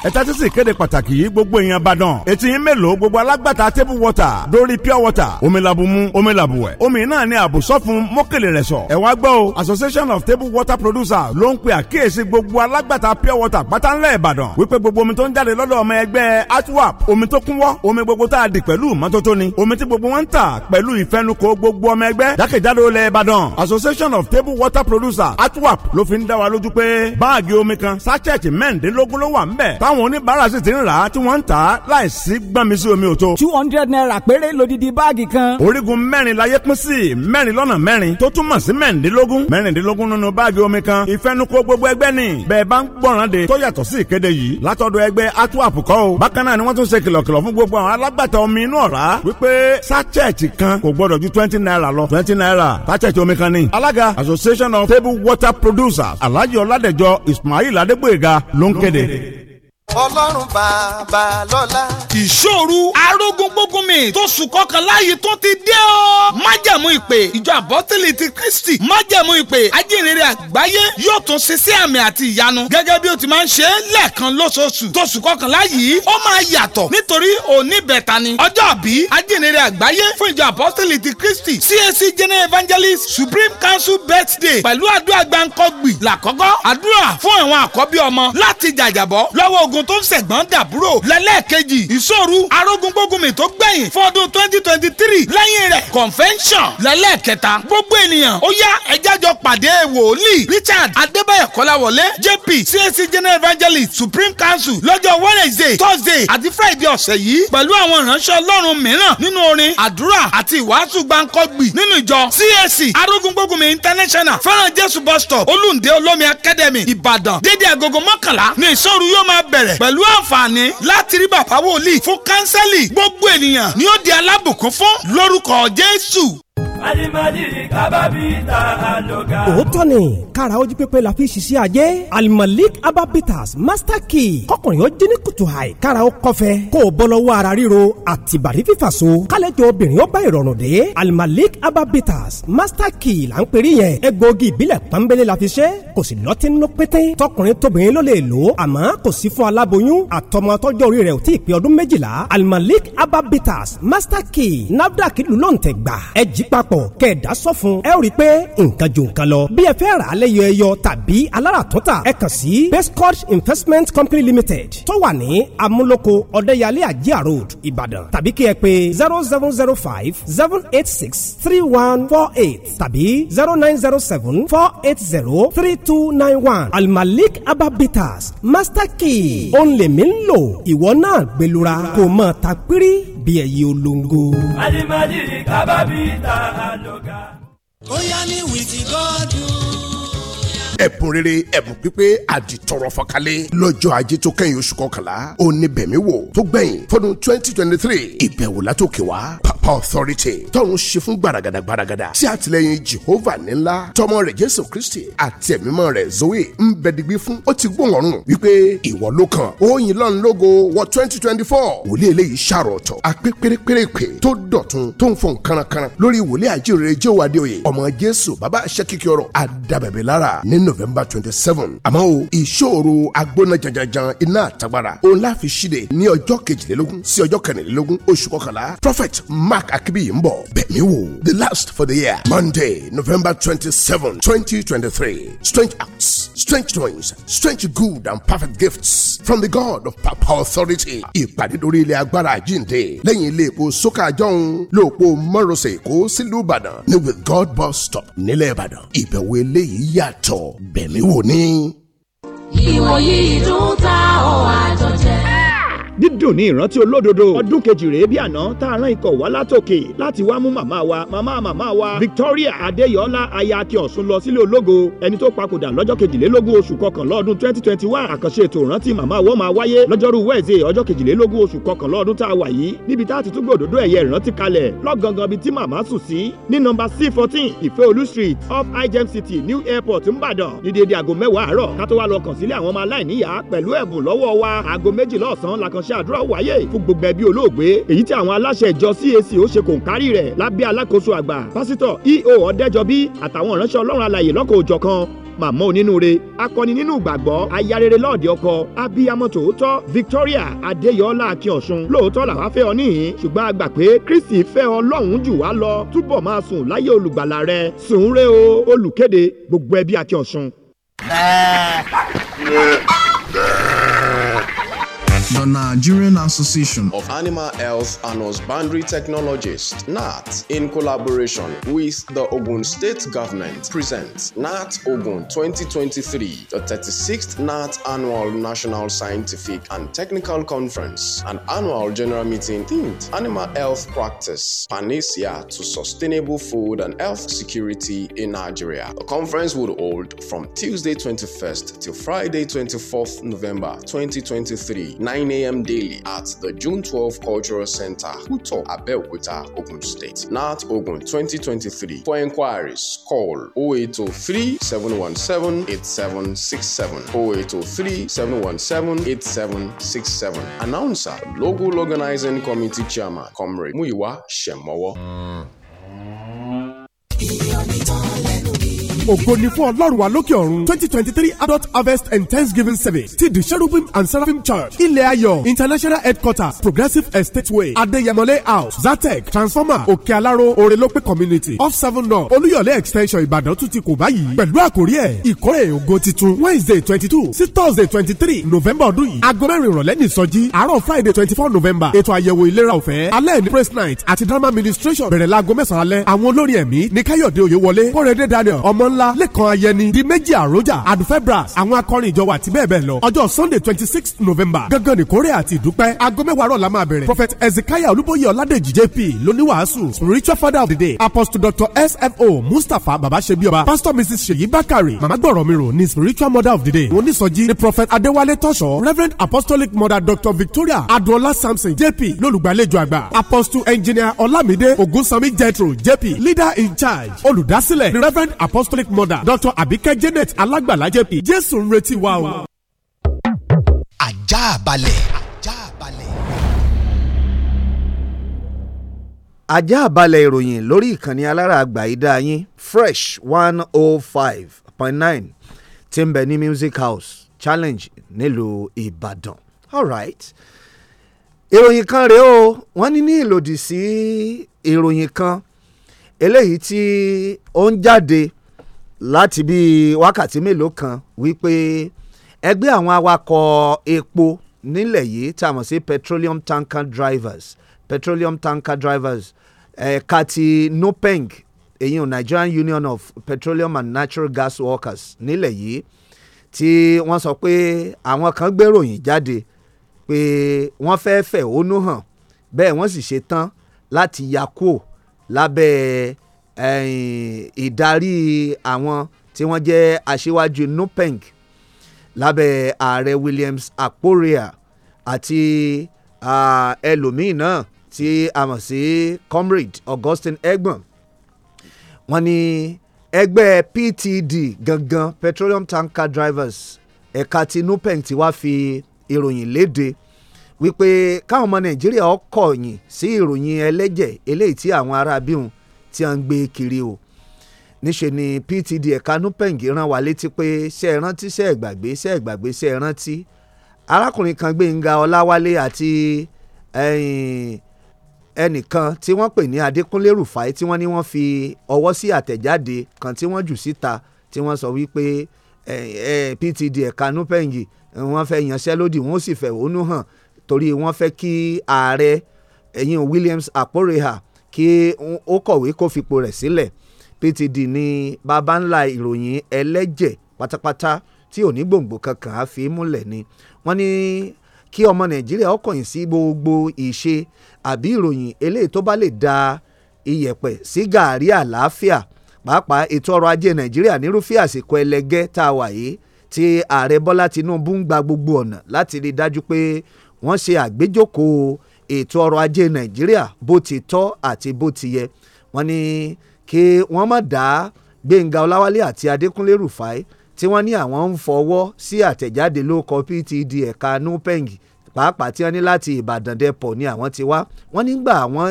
ẹ̀ta títí kéde pàtàkì yìí gbogbo èèyàn Ìbàdàn ètí yín mélòó gbogbo alágbàtà table water lórí pure water omi labumu omi labuwẹ̀ omi náà ni àbùsọ fún mókèlè rẹ̀ sọ. ẹ wá gbọ́ o association of table water producers ló ń pe àkíyèsí gbogbo alágbàtà pure water pátánlẹ̀ Ìbàdàn wípé gbogbo omi tó ń jáde lọ́dọ̀ ọmọ ẹgbẹ́ atwap omi tó kúnwọ́ omi gbogbo tá a dì pẹ̀lú mọ́tótó ni omi tí gbogbo wọn ń tà pẹ̀lú ìfẹnukò gbogbo association of table water producers atwap ló fi ń dá wa lójú pé báàgì omi kan sachet táwọn oníbàárà sì ti ń rà á tí wọ́n ń tà á láìsí gbọ́nmi omi òtó. two hundred naira péré lodidi báàgì kan. orígun mẹ́rin la yẹ pín sí mẹ́rin lọ́nà mẹ́rin tó túmọ̀ sí mẹ́rìndínlógún mẹ́rìndínlógún nínú báàgì omi kan ìfẹnukò gbogbo ẹgbẹ́ ni bẹ́ẹ̀ bá ń gbọ́ràn de tó yàtọ̀ sí ìkéde yìí látọ̀dọ̀ ẹgbẹ́ atuap kọ́ o bákan náà ni wọ́n tún ṣe kìlọ̀kìlọ̀ fún gbogbo àwọn alágbàtà omi inú ọ̀rá wípé twenty naira twenty naira sachet omi kan ni. alága association of table water producers alhaji ọládẹjọ ismail adégbòyega ló ń kéde ọlọ́run bàbá lọ́lá. ìṣòro arógún gbógun mi tó sùn kọkànlá yìí tó ti dé o. májẹ̀mú ìpè ìjọ àbọ́tìlì ti kristi májẹ̀mú ìpè ajínrere àgbáyé yóò tún ṣe sí àmì àti ìyanu gẹ́gẹ́ bí o ti máa ń ṣe lẹ́ẹ̀kan lóṣooṣù tó sùn kọkànlá yìí ó máa yàtọ̀ nítorí òní bẹ̀ta ni ọjọ́ àbí ajínrere àgbáyé fún ìjọ àbọ́tìlì ti kristi CAC general evangelist supreme council birthday pẹ̀lú àdúrà gbàǹkọ́gbì làkọ́kọ́ àdúrà fún àwọn àkọ́bí ọmọ láti jàjàbọ́ lọ́wọ́ og ogun tó ń ṣẹ̀gbọ́n dàbúrò lẹ́lẹ́ẹ̀kejì ìṣòru arógun gbógunmi tó gbẹ̀yìn fọ́dún twenty twenty three lẹ́yìn rẹ̀ convention lẹ́lẹ́ẹ̀kẹta gbogbo ènìyàn ó yá ẹjájọ pàdé wòlíì Richard Adébáyọ̀ Kọ́láwọlé JP CAC General Evangelist Supreme Council lọ́jọ́ Wednesday Thursday àti Friday ọ̀sẹ̀ yìí pẹ̀lú àwọn ìránṣẹ́ Ọlọ́run mìíràn nínú orin àdúrà àti ìwàásù gbáǹkọ́gbì nínú ìjọ CAC arógun gbógunmi international fẹ́ràn Jésù bus stop Olúndé Olómi Academy Ìbàdàn dédé agogo mọ́kànlá ni ìṣòru yóò máa bẹ̀rẹ̀ bẹ̀rẹ̀ pẹ̀lú àǹfààní láti rí bàbá wòlíì fún kánsẹ́lì gbogbo ènìyàn ni ó di alábùkún fún lórúkọ Jésù alimadiri kababita aloga. òótọ́ ni kára ojú pépé la fi ṣiṣẹ́ ajé alimalik ababitas master key kọkùnrin ó jí ní kùtù àì kára ó kọfẹ kó o bọ́ lọ́wọ́ ara ríro àti bàrí fífà so kálẹ̀jọ obìnrin ó ìrọ̀rùn dé alimalik ababitas master key là ń pèrè yẹn egbòogi ìbílẹ̀ pọ́nbélé la fi ṣe kò sì lọ́tí nínú pété tọkùnrin tóbìnrin ló lè lò àmọ́ kò sí fún aláboyún àtọmọ tọjọ́ orí rẹ̀ ò tí ì pé ọdún méjìlá alimalik ababitas master key nafdac lulọ̀ǹtẹ̀ gbà papọ̀ kẹ̀ẹ́dá sọ fún ẹ rí i pé nǹkan ju nǹkan lọ. bí ẹ fẹ́ rà á lẹ́yọ ẹyọ tàbí aláràtúntà ẹ kàn sí bestcourt investment company limited tó wà ní amúlòkó ọ̀dẹ́yàlé àjíà road ìbàdàn tàbí kí ẹ pé zero seven zero five seven eight six three one four eight tàbí zero nine zero seven four eight zero three two nine one almalik ababitas master key òun lèmi ń lò ìwọ náà gbẹlura kò mọ̀ ta bí ẹyẹ olóńgó. àdìmọ́dìrì kábàbí ta àlọ́gà. ó yá ní wìtí gọ́ọ̀dù ẹ̀bùn rere ẹ̀bùn pípé àdìtọ̀rọ̀ fọkalẹ̀ lọ́jọ́ ajé tó kẹ́yìn oṣù kọkànlá oníbẹ̀mí wò tó gbẹ̀yìn fọdún twenty twenty three ìbẹ̀wò látòkè wá authority tọ́run ṣe fún gbaragada gbaragada tí àtìlẹ́yìn Jehovah ní ńlá tọmọ rẹ̀ Jésù Kristi àti ẹ̀mímọ́ rẹ̀ Zoe ń bẹ digbí fún ó ti gbóhùn ọ̀run wípé ìwọ ló kàn ó yin lọ́run lógo wọ twenty twenty four wòlíì eléyìí ṣàrọ̀ ọ̀tọ̀ àpé pérépérépé tó dọ̀tun tó ń fọn kanrankanran lórí wòlíì àjíire Jehova Adéoyè ọmọ Jésù bàbá àṣẹ kíkì ọ̀rọ̀ àdàbẹ̀bẹ̀ lára ní November twenty seven àmọ́ o ìṣòro agbóná janjanjan iná àtagbára òun láfi ṣíde ní ọjọ́ kejìlélógún sí ọjọ́ prophet Mark Akibiyimbo, Beniwo. the last for the year, Monday, November 27, 2023. Strange acts, strange doings, strange good and perfect gifts from the God of Papa Authority. Ìpàdé lórí ilẹ̀ agbára àjíǹde lẹ́yìn ilé epo Sókà Jọ́hún lóòpọ̀ Mọ́rọ̀sẹ̀ Èkó sílùú Ìbàdàn ní with God bus stop nílẹ̀ Ìbàdàn. Ìbẹ̀wò eléyìí yàtọ̀, Bemiwu ní. Ìwòyí ìdún ta ọ̀ àjọ dídùn ní ìrántí olódodo ọdún kejì rèé bí àná tá a rán ikọ̀ wá látòkè láti wá mú màmá wa màmá màmá wa Victoria Adéyọlá aya Akin Ọ̀sùn lọ sílé ológo ẹni tó papòdà lọ́jọ́ kejìlélógún oṣù kọkànlá ọdún twenty twenty one àkànṣe ètò ìrántí màmá wọn máa wáyé lọ́jọ́rú Wednesday ọjọ́ kejìlélógún oṣù kọkànlá ọdún tá a wà yìí níbi tá a ti tún gbòdòdó ẹ̀yẹ ìrántí kalẹ̀ lọ́gangan c fourteen Ìfẹ́olú street off igem city new airport ńbàdàn ní déédéé aago mẹ́wàá àárọ̀ ká tó wá lọ kàn sílé àwọn ọmọ aláìníyàá pẹ̀lú ìránṣẹ́ àdúrà wáyé fún gbogbo ẹbí olóògbé èyí tí àwọn aláṣẹ ìjọ CAC ó ṣe kòǹkárì rẹ̀ lábẹ́ alákòóso àgbà pásítọ̀ EO ọ̀dẹ́jọbí àtàwọn ìránṣẹ́ ọlọ́run alàyè lọ́kọ̀ òjọ̀kan màmá onínúure akọni nínú ìgbàgbọ́ ayarere lọ́ọ̀dẹ ọkọ abiyamọ tòótọ́ Victoria Adéyọlá akínọ̀sùn lóòótọ́ làwa fẹ́ ọ níhìn ṣùgbọ́n a gbà pé Kristi fẹ́ ọ jù wá lọ túbọ̀ máa sùn láyé olùgbàlà rẹ sùn o olùkéde gbogbo ẹbí akínọ̀sùn. the Nigerian Association of Animal Health and Husbandry Technologists, NAT, in collaboration with the Ogun State Government, presents NAT Ogun 2023, the 36th NAT Annual National Scientific and Technical Conference, an annual general meeting themed Animal Health Practice Panacea to Sustainable Food and Health Security in Nigeria. The conference would hold from Tuesday 21st till Friday 24th November 2023, 9 a.m. daily at the June 12 Cultural Center, Huto, Abeokuta, Ogun State, North Ogun 2023. For inquiries, call 0803 717 8767 0803 717 8767. Announcer, Local Organizing Committee Chairman, Comrade Muiwa Shemowo. Mm. ògo ni fún ọlọ́run wa lókè ọ̀run twenty twenty three adult harvest and thanksgiving service ti the cherubim and seraphim church ilẹ̀ ayọ̀ international headquarters progressive estate way adéyẹmọlé house zatec transformer òkè aláró orelópé community off seven north olúyọ̀lé extension ìbàdàn tún ti kò báyìí pẹ̀lú àkórí ẹ̀ ìkórè ògo titun wednesday twenty two sí thursday twenty three november ọdún yìí aago mẹ́rin ìrọ̀lẹ́ nìsọjí àárọ̀ friday twenty four november ètò àyẹ̀wò ìlera ọ̀fẹ́ alẹ́ ní Press night àti drama Administration, bẹ̀rẹ̀ láago mẹ́sàn-án alẹ́ àwọn olórin ẹ̀mí ní káyọ̀dé oyèwọlé kórèdé daniel ọmọ ọlá lẹ́kan ayẹni di méjì àròjà adufebras àwọn akọrin ìjọ wa àti bẹ́ẹ̀ bẹ́ẹ̀ lọ ọjọ́ sunday twenty six november gangan nìkórè àti ìdúpẹ́ aago mẹ́wàá rọ̀ la máa bẹ̀rẹ̀ prophet ezekiah olúbóyè ọládèjì jp lóníwàásù spiritual father of the day apostle dr sfo mustapha babaṣebíọba pastor mrs ṣèyí bákàrè Mama gbọ̀rọ̀ mi rò ní spiritual mother of the day onísọjí ni prophet adéwálé tọ́ṣọ̀ reverend apostolic mother dr victoria aduola samson jp lólùgbàlejò àgbà apostle engineer ọlámídé ògúnsanmi jethro jp leader in charge olùdásílẹ̀ reverend apostolic catholic mother dr abike janet alágbàlá jp jésù ń retí wa o. ajá balẹ̀. ajá balẹ̀. ìròyìn lórí ìkànnì alára àgbà ìdá fresh one oh five point nine tí ń bẹ ní music house challenge nílùú ìbàdàn alright ìròyìn kan rèé o wọ́n ní ní ìlòdì sí ìròyìn kan eléyìí tí ó ń jáde láti bí wákàtí mélòó kan wípé ẹgbẹ́ àwọn awakọ̀ epo nílẹ̀ yìí tá a mọ̀ sí petroleum tanker drivers petroleum tanker drivers ẹ̀ka eh, ti NUPENG èyí eh, Nigerian Union of Petroleum and Natural Gas Workers nílẹ̀ yìí tí wọ́n sọ pé àwọn kan gbèròyìn jáde pé wọ́n fẹ́ fẹ̀hónú hàn bẹ́ẹ̀ wọ́n sì ṣe tán láti yakó lábẹ́ ìdarí àwọn tí wọ́n jẹ́ aṣíwájú NUPENG lábẹ́ ààrẹ Williams Akporia àti ẹlòmíì náà tí a mọ̀ sí comrade Augustine Egbon wọ́n ní ẹgbẹ́ PTD gangan Petroleum Tanker Drivers ẹ̀ka ti NUPENG ti wá fi ìròyìn léde wípé káwọn ọmọ Nàìjíríà ọkọ̀ yìn sí ìròyìn ẹlẹ́jẹ̀ eléyìí tí àwọn ará bíhun tí wọ́n ń gbé kiri o níṣe ni PTD ẹ̀ka nupẹ̀ǹgì rán wa létí pé ṣe é rántí ṣe é gbàgbé ṣe é gbàgbé ṣe é rántí arákùnrin kan Gbénga Ọláwálé àti ẹnìkan tí wọ́n pè ní Adékúnlé Rufai tí wọ́n ní wọ́n fi ọwọ́ sí àtẹ̀jáde kan tí wọ́n jù síta tí wọ́n sọ wípé PTD ẹ̀ka nupẹ̀ǹgì wọ́n fẹ́ yanṣẹ́lódì wọ́n sì fẹ̀hónú hàn torí wọ́n fẹ́ kí ààrẹ ẹ̀yìn Williams Àpórèhà kí ó kọ̀wé kó fipò rẹ̀ sílẹ̀ PTD ní baba ńlá ìròyìn ẹlẹ́jẹ̀ pátápátá tí ò ní gbòǹgbò kankan á fi múlẹ̀ ni wọ́n ní kí ọmọ Nàìjíríà ó kọ̀yìn sí gbogbo ìṣe àbí ìròyìn eléyìí tó bá lè da iyẹ̀pẹ̀ sí gàárì àlàáfíà pàápàá ètò ọrọ̀ ajé Nàìjíríà nírúfẹ́ àsìkò ẹlẹgẹ́ tá a wà yìí tí ààrẹ Bọ́lá Tinubu ń gba gbogbo ọ̀nà láti rí i dájú pé wọ́n ṣe àgbéjókòó ètò ọrọ̀ ajé nàìjíríà bó ti tọ́ àti bó ti yẹ wọ́n ní kí wọ́n má dá gbẹ̀ngà ọláwálé àti adékúnlé rufai tí wọ́n ní àwọn ń fọwọ́ sí àtẹ̀jáde ló kọ ptd ẹ̀ka nupeng pàápàá tí wọ́n ní láti ìbàdàn depọ̀ ni àwọn ti wá wọ́n nígbà wọ́n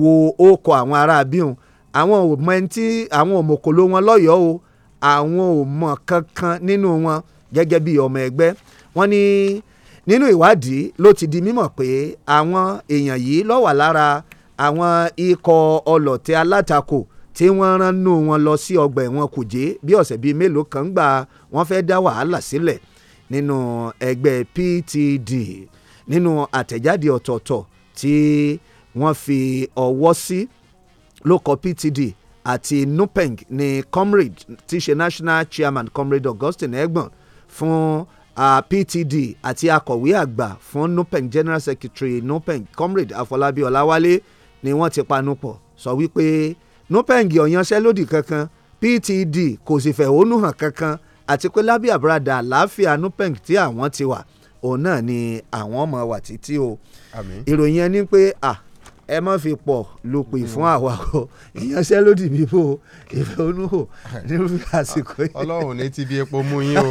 wo okọ̀ àwọn ará abíhùn àwọn ò mọ ẹni tí àwọn ò mọ̀kòló wọn lọ́yọ̀ọ́ o àwọn ò mọ̀ kankan nínú wọn gẹ́gẹ́ bí ọmọ ẹgbẹ́ wọ́n ní nínú ìwádìí ló ti di mímọ̀ pé àwọn èèyàn yìí ló wà lára àwọn ikọ̀ ọlọ̀tẹ̀ alátakò tí wọ́n ránnú wọn lọ sí ọgbà ẹ̀wọ̀n kùjé bí ọ̀sẹ̀ bíi mélòó kan gbà wọ́n fẹ́ dá wàhálà sílẹ̀ nínú ẹgbẹ́ PTD nínú àtẹ̀jáde ọ̀tọ̀ọ̀tọ̀ tí wọ́n fi ọwọ́ sí ló kọ PTD àti NUPENG ní comrade tí í ṣe national chairman comrade Augustine Egbon fún uh, PTD àti akọ̀wé àgbà fún NUPEN General Secretary NUPEN Comrade Afọlábí Ọláwálé ni wọ́n ti panupọ̀ sọ wípé NUPEN ọ̀yanṣẹ́lódì kankan PTD kò sì fẹ̀hónú hàn kankan àti pé lábẹ́ àbúradà àlàáfíà NUPEN tí àwọn ti wà òun náà ni àwọn ọmọ wà títí o ìròyìn ẹni pé ah ẹ má fi pọ̀ ló pè fún àwakọ̀ ìyanṣẹ́lódì bíbó ìfẹ̀hónú hò nírúfẹ́ àsìkò yìí. ọlọ́run ní ti bí epo mú yín o.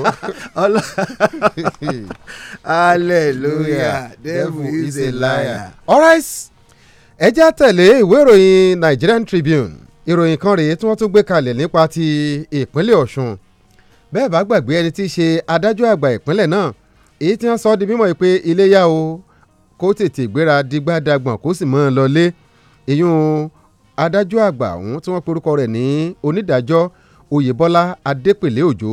hallelujah devil is a liar. alright ẹ já tẹ̀lé ìwé ìròyìn Nigerian Tribune ìròyìn kan rèé tí wọ́n tún gbé kalẹ̀ nípa ti ìpínlẹ̀ Ọ̀ṣun bẹ́ẹ̀ bá gbàgbé ẹni tí í ṣe adájọ́ àgbà ìpínlẹ̀ náà èyí tí wọ́n sọ ọ́ di mímọ̀ pé iléyà o kó tètè gbéra digbá dagbọ̀n kó sì mọ́ ọ lọlé ìyún adájọ́ àgbà ọ̀hún tí wọ́n porúkọ rẹ̀ ní onídàájọ́ oyèbọ́lá adépèlé òjò